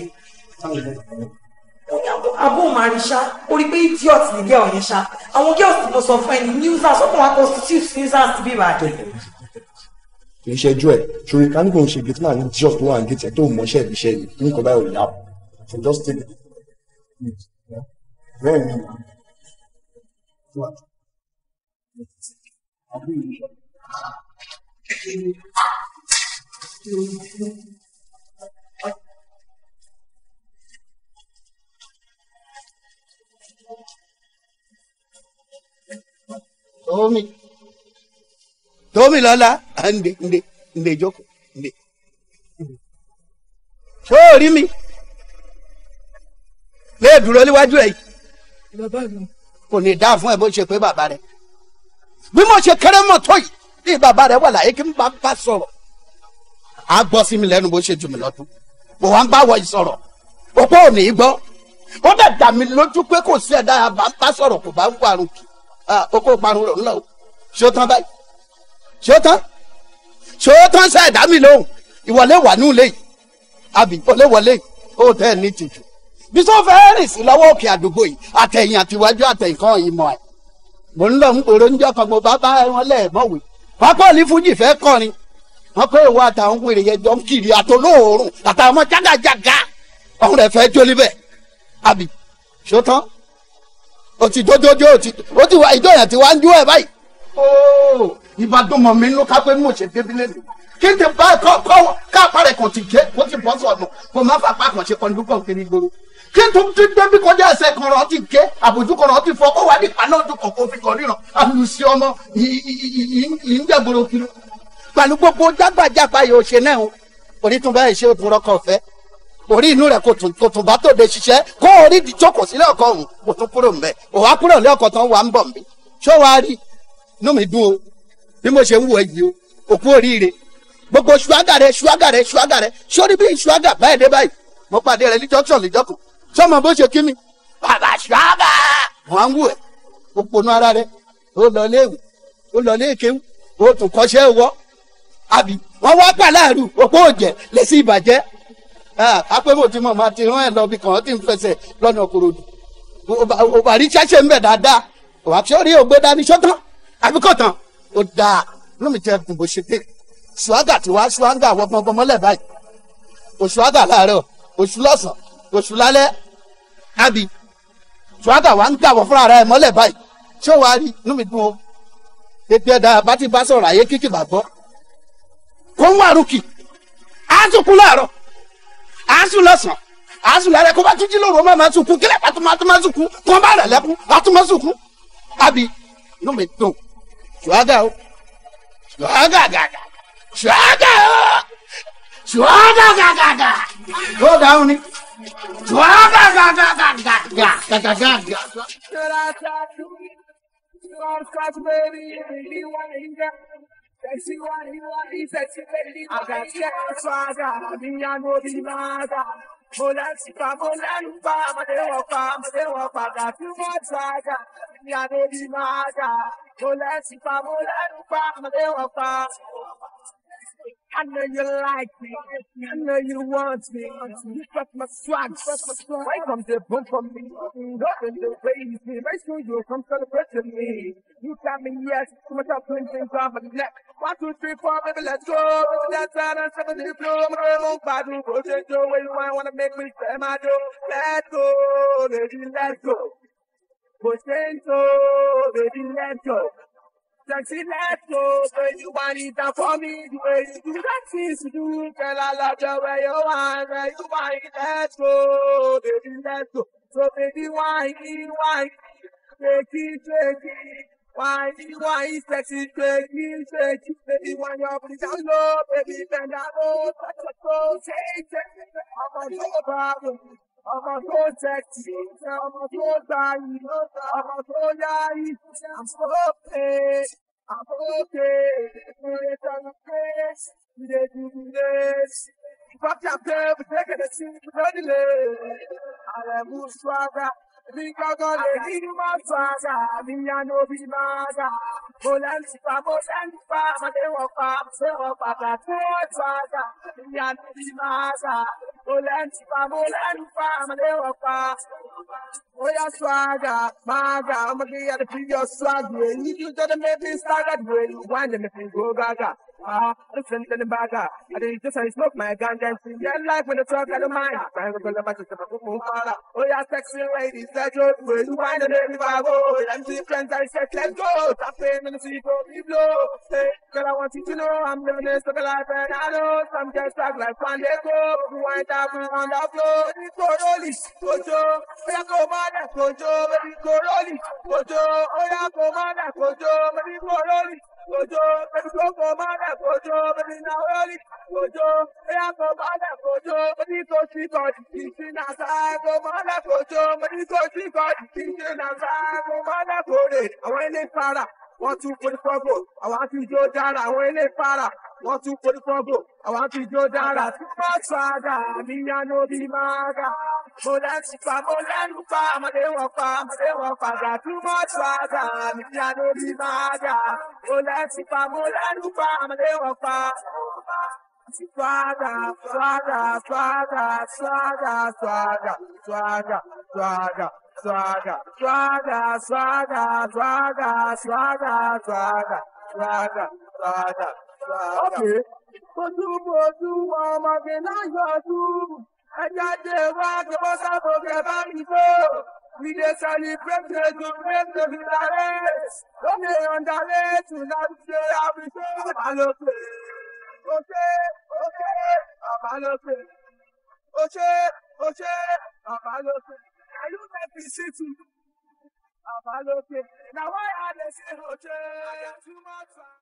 abó máa rí ṣá o rí pé idiot ni gẹ́ ọ̀yẹ́ ṣá àwọn gẹ́ ọ̀sìn mo sọ fún ẹ ní newsers ó kàn wá constitute newsers bí ìbàdàn kì í ṣẹjú ẹ ṣòro ìkànnì kò ń ṣe gẹtìmá ní jesus tó wà ní gẹtì ẹ tó mọṣẹ ìbíṣẹ yìí nǹkan báyìí ò yá so just take it bẹ́ẹ̀ ni mà wà àbí ìṣọ. Tómi Tómi lọ́la ǹde ah, ǹde ǹde jókòó ǹde. Ṣé mi? lè dúró níwájú rẹ yìí kò ní dáa fún ẹ bó ṣe pé bàbá rẹ bí mo ṣe kéré mọ tó yìí bí bàbá rẹ wà láyé kí n bá bá sọ̀rọ̀ á gbọ́ sí mi lẹ́nu bó ṣe jù mí lọ́dún mo wá ń bá wọ ìsọ̀rọ̀ òpó ò ní í gbọ́ ó dẹ̀ dà mí lójú pé kò sí ẹ̀dá àbá bá sọ̀rọ̀ kò bá wà rùn kí okó parun rẹ̀ ńlọ ṣé ó tán báyìí ṣé ó tán ṣé ó tán sẹ́ẹ̀dá mi lóhùn ìwọlé wà ní ilé yìí àbí ìwọlé wọlé ó tẹ̀ ní tìjú bí tó fẹ́ rìn sí lọ́wọ́ òkè àdúgbò yìí àtẹ̀yìn àtiwájú àtẹ̀yìnkàn yìí mọ̀ ẹ́ mò ń lọ ń pòrò ń jọkàn mo bá bá wọn lẹ́ẹ̀mọ́wé pápọ́ọ̀lì fújì fẹ́ kọrin wọn pé ìwọ àtàwọn wèrè yẹn jọ ń kiri àtolóòórùn àtàwọn ọmọ jágàjágà ọ̀hún rẹ̀ fẹ́ jólí bẹ́ẹ̀ àbí ṣótán o ti dójójó o ti o ti wá ìjọ ti wá ń jó ẹ báyìí. ó mi ń ká pé mo ṣe débílẹ̀ nìyí kéde báyìí kọ́ kọ́ káàpá rẹ̀ kò ti jẹ́ kò ti bọ́ sọ̀nù kò má fapá kàn ṣe kọ́ni púpọ̀ kiri gbòòrò kéde tó débi kọjá ẹsẹ̀ kan rọ̀ ti gé àbójú kan rọ̀ ti fọ́ kó wà ní ìpàdé ọdún kan kó fi kàn ríran àlùsí ọmọ yìí ń jẹ́gbòrò kiri. pẹ̀lú gbogbo jágbàjágbà yìí ò ṣe náà o orí tún bá ìṣe òtún rọ́kàn fẹ́ orí inú rẹ̀ kò tún bá tòde ṣiṣẹ́ kó orí ìdíjókòó sílẹ̀ ọkọ òun kò tún kúrò ńbẹ̀ òwá kúrò ńlẹ́ ọkọ̀ tán wà ń bọ̀ ńbí ṣó wàá rí inú mi dùn o bí mo ṣe ń wò ẹ gbogbo ṣuaga rẹ ṣuaga rẹ ṣuaga rẹ sórí bí ṣuaga báyìí dé báyìí mo pàdé rẹ níjọ tọ̀ níjọ kan sọmọ bó ṣe kí mi Baba ṣuaga wọn ń wù ẹ o ponú ara rẹ o lọ léwu o lọ léèkéwu o tún kọṣẹ́ wọ àbí wọn wá pà láàrú òpó òjẹ lẹsí ìbàjẹ́ apẹ́bò tí mo máa ti rán ẹ lọ bí kàn án ti ń fẹsẹ̀ lọ́nà korodu òbàrí ṣẹ́ṣẹ́ ń bẹ̀ dáadáa òwà tí ó rí ògbé dání ṣọ́tàn àbíkọ̀tàn ó dáa lómi jẹ́ gbogbo ṣe pé ṣùágà tí wàá ṣùágà wọ gbọngbọn mọ́lẹ̀ báyìí òṣùágà láàárọ̀ òṣù lọ́sàn òṣù lálẹ́ ábí ṣùágà wàá ń gà wọ fúnra rẹ̀ mọ́lẹ̀ báyìí tí ó wàá rí inú mi dùn o ètò ẹ̀dá bá ti bá sọ̀rọ̀ ayé kíkì bá gbọ́ kó ń wà rúkì á tún kú láàárọ̀ á tún lọ́sàn á tún lálẹ́ kó bá tún jí lóru ó má má tún kú kílẹ̀ bá tún má tún má tún kú kó bá rẹ̀ lẹ́kún á tún má tún kú ábí inú mi dùn ṣùágà o ṣùágà gàgà ṣùwádà ṣùwádà gàgàgà ó dáhùn ni ṣùwádà gàgàgàgàgà gàgàgàgà. Molanpa molanpa madewopa madewopa gatumazaga nyadedimaga Molanpa molanpa madewopa madewopa I know you like me. I know you want me. You fuck my swag. Why come to boom for me? Nothing to raise me. Make sure you come celebrating me. You tell me yes. So much I'm putting things off my neck. One, two, three, four, baby, let's go. That's how I'm stepping to the floor. My girl move, not buy you. Rotate your way. You might want to make me slam my door. Let go, baby, let go. Push Potential, baby, let go. Sexy lefto, but you want it up for me. The way you do that is you. Girl, I love the way you want, where you want it lefto, baby lefto. So baby, why me, why me? Take it, Why me, why it sexy, tricky, tricky. Baby, why your body down low, baby, bend down low, touch your toes, take it. I'm on a problem ọmọ tó sẹ́kì, ọmọ tó gbayì, ọmọ tó yáyì, àmọ́ tó pè é. I'm okay. It's on the face. We did do this. Fuck your pep, take it a seat, ready. I am who's swagger. Ricagole di masasa, minya no bi masa. Bolan sipa, bolan sipa, mate wopa, mate wopa, mate wopa, minya no bi masa. Bolan sipa, bolan sipa, mate wopa. Oya swaga, maga, I'm gonna get a piece of swag. You do that, maybe start that way. You want to make me go gaga. Ah, I'm to the bagger. I didn't just say smoke my gun then. see your life when the talk out of mine. Trying to go to my sister, my father. Oh, yeah, sexy ladies, that the way you find the baby bago? I'm see friends, I said, let's go. Stop paying in the sea for me blow. Hey, girl, I want you to know I'm living this of a life and I know some girls talk like one day go. You wind up on the floor. Oh yeah, Coroli, Kojo, Oya Komada, Kojo, Coroli, Kojo, Oya Komada, Kojo, Coroli kojo ẹnudọ́ kọ mọ́lẹ̀ kojo ẹni náírà kojo ẹyà kọ mọ́lẹ̀ kojo ẹni tó ti kọ ìṣí nàṣà kọ mọ́lẹ̀ kojo ẹni tó ti kọ ìṣí nàṣà kọ mọ́lẹ̀ kórè àwọn ilé para wọ́n tún polifọ́bò àwọn á tún jó dára àwọn ilé para wọ́n tún polifọ́bò àwọn á tún jó dára. má sọ́dà mi yánú bí máa ga mo lẹ́nu pa mo lẹ́nu pa ọmọdé wọ̀ pa ọmọdé wọ̀ padà tún mọ́ sọ́dà mi yánú bí máa ga mo lẹ́nu pa mo lẹ́nu pa ọmọdé wọ̀ pa. Swaga, swaga, swaga, swaga, swaga, swaga, swaga swagger, swagger, swagger, swagger, swagger, swagger, swagger, swagger, swagger. Okay. Bójúbójú ọmọge náà yọjú. Ẹ jáde wá kí wọ́n sábò kẹ bá mi tó. We dey celebrate the great of the race. Don't dey underrate to not say how we go. Abalope, oche, oche, abalope, oche, oche, Are you like to see to you. Abaloke. Now why are they saying Oche? I got too much fun.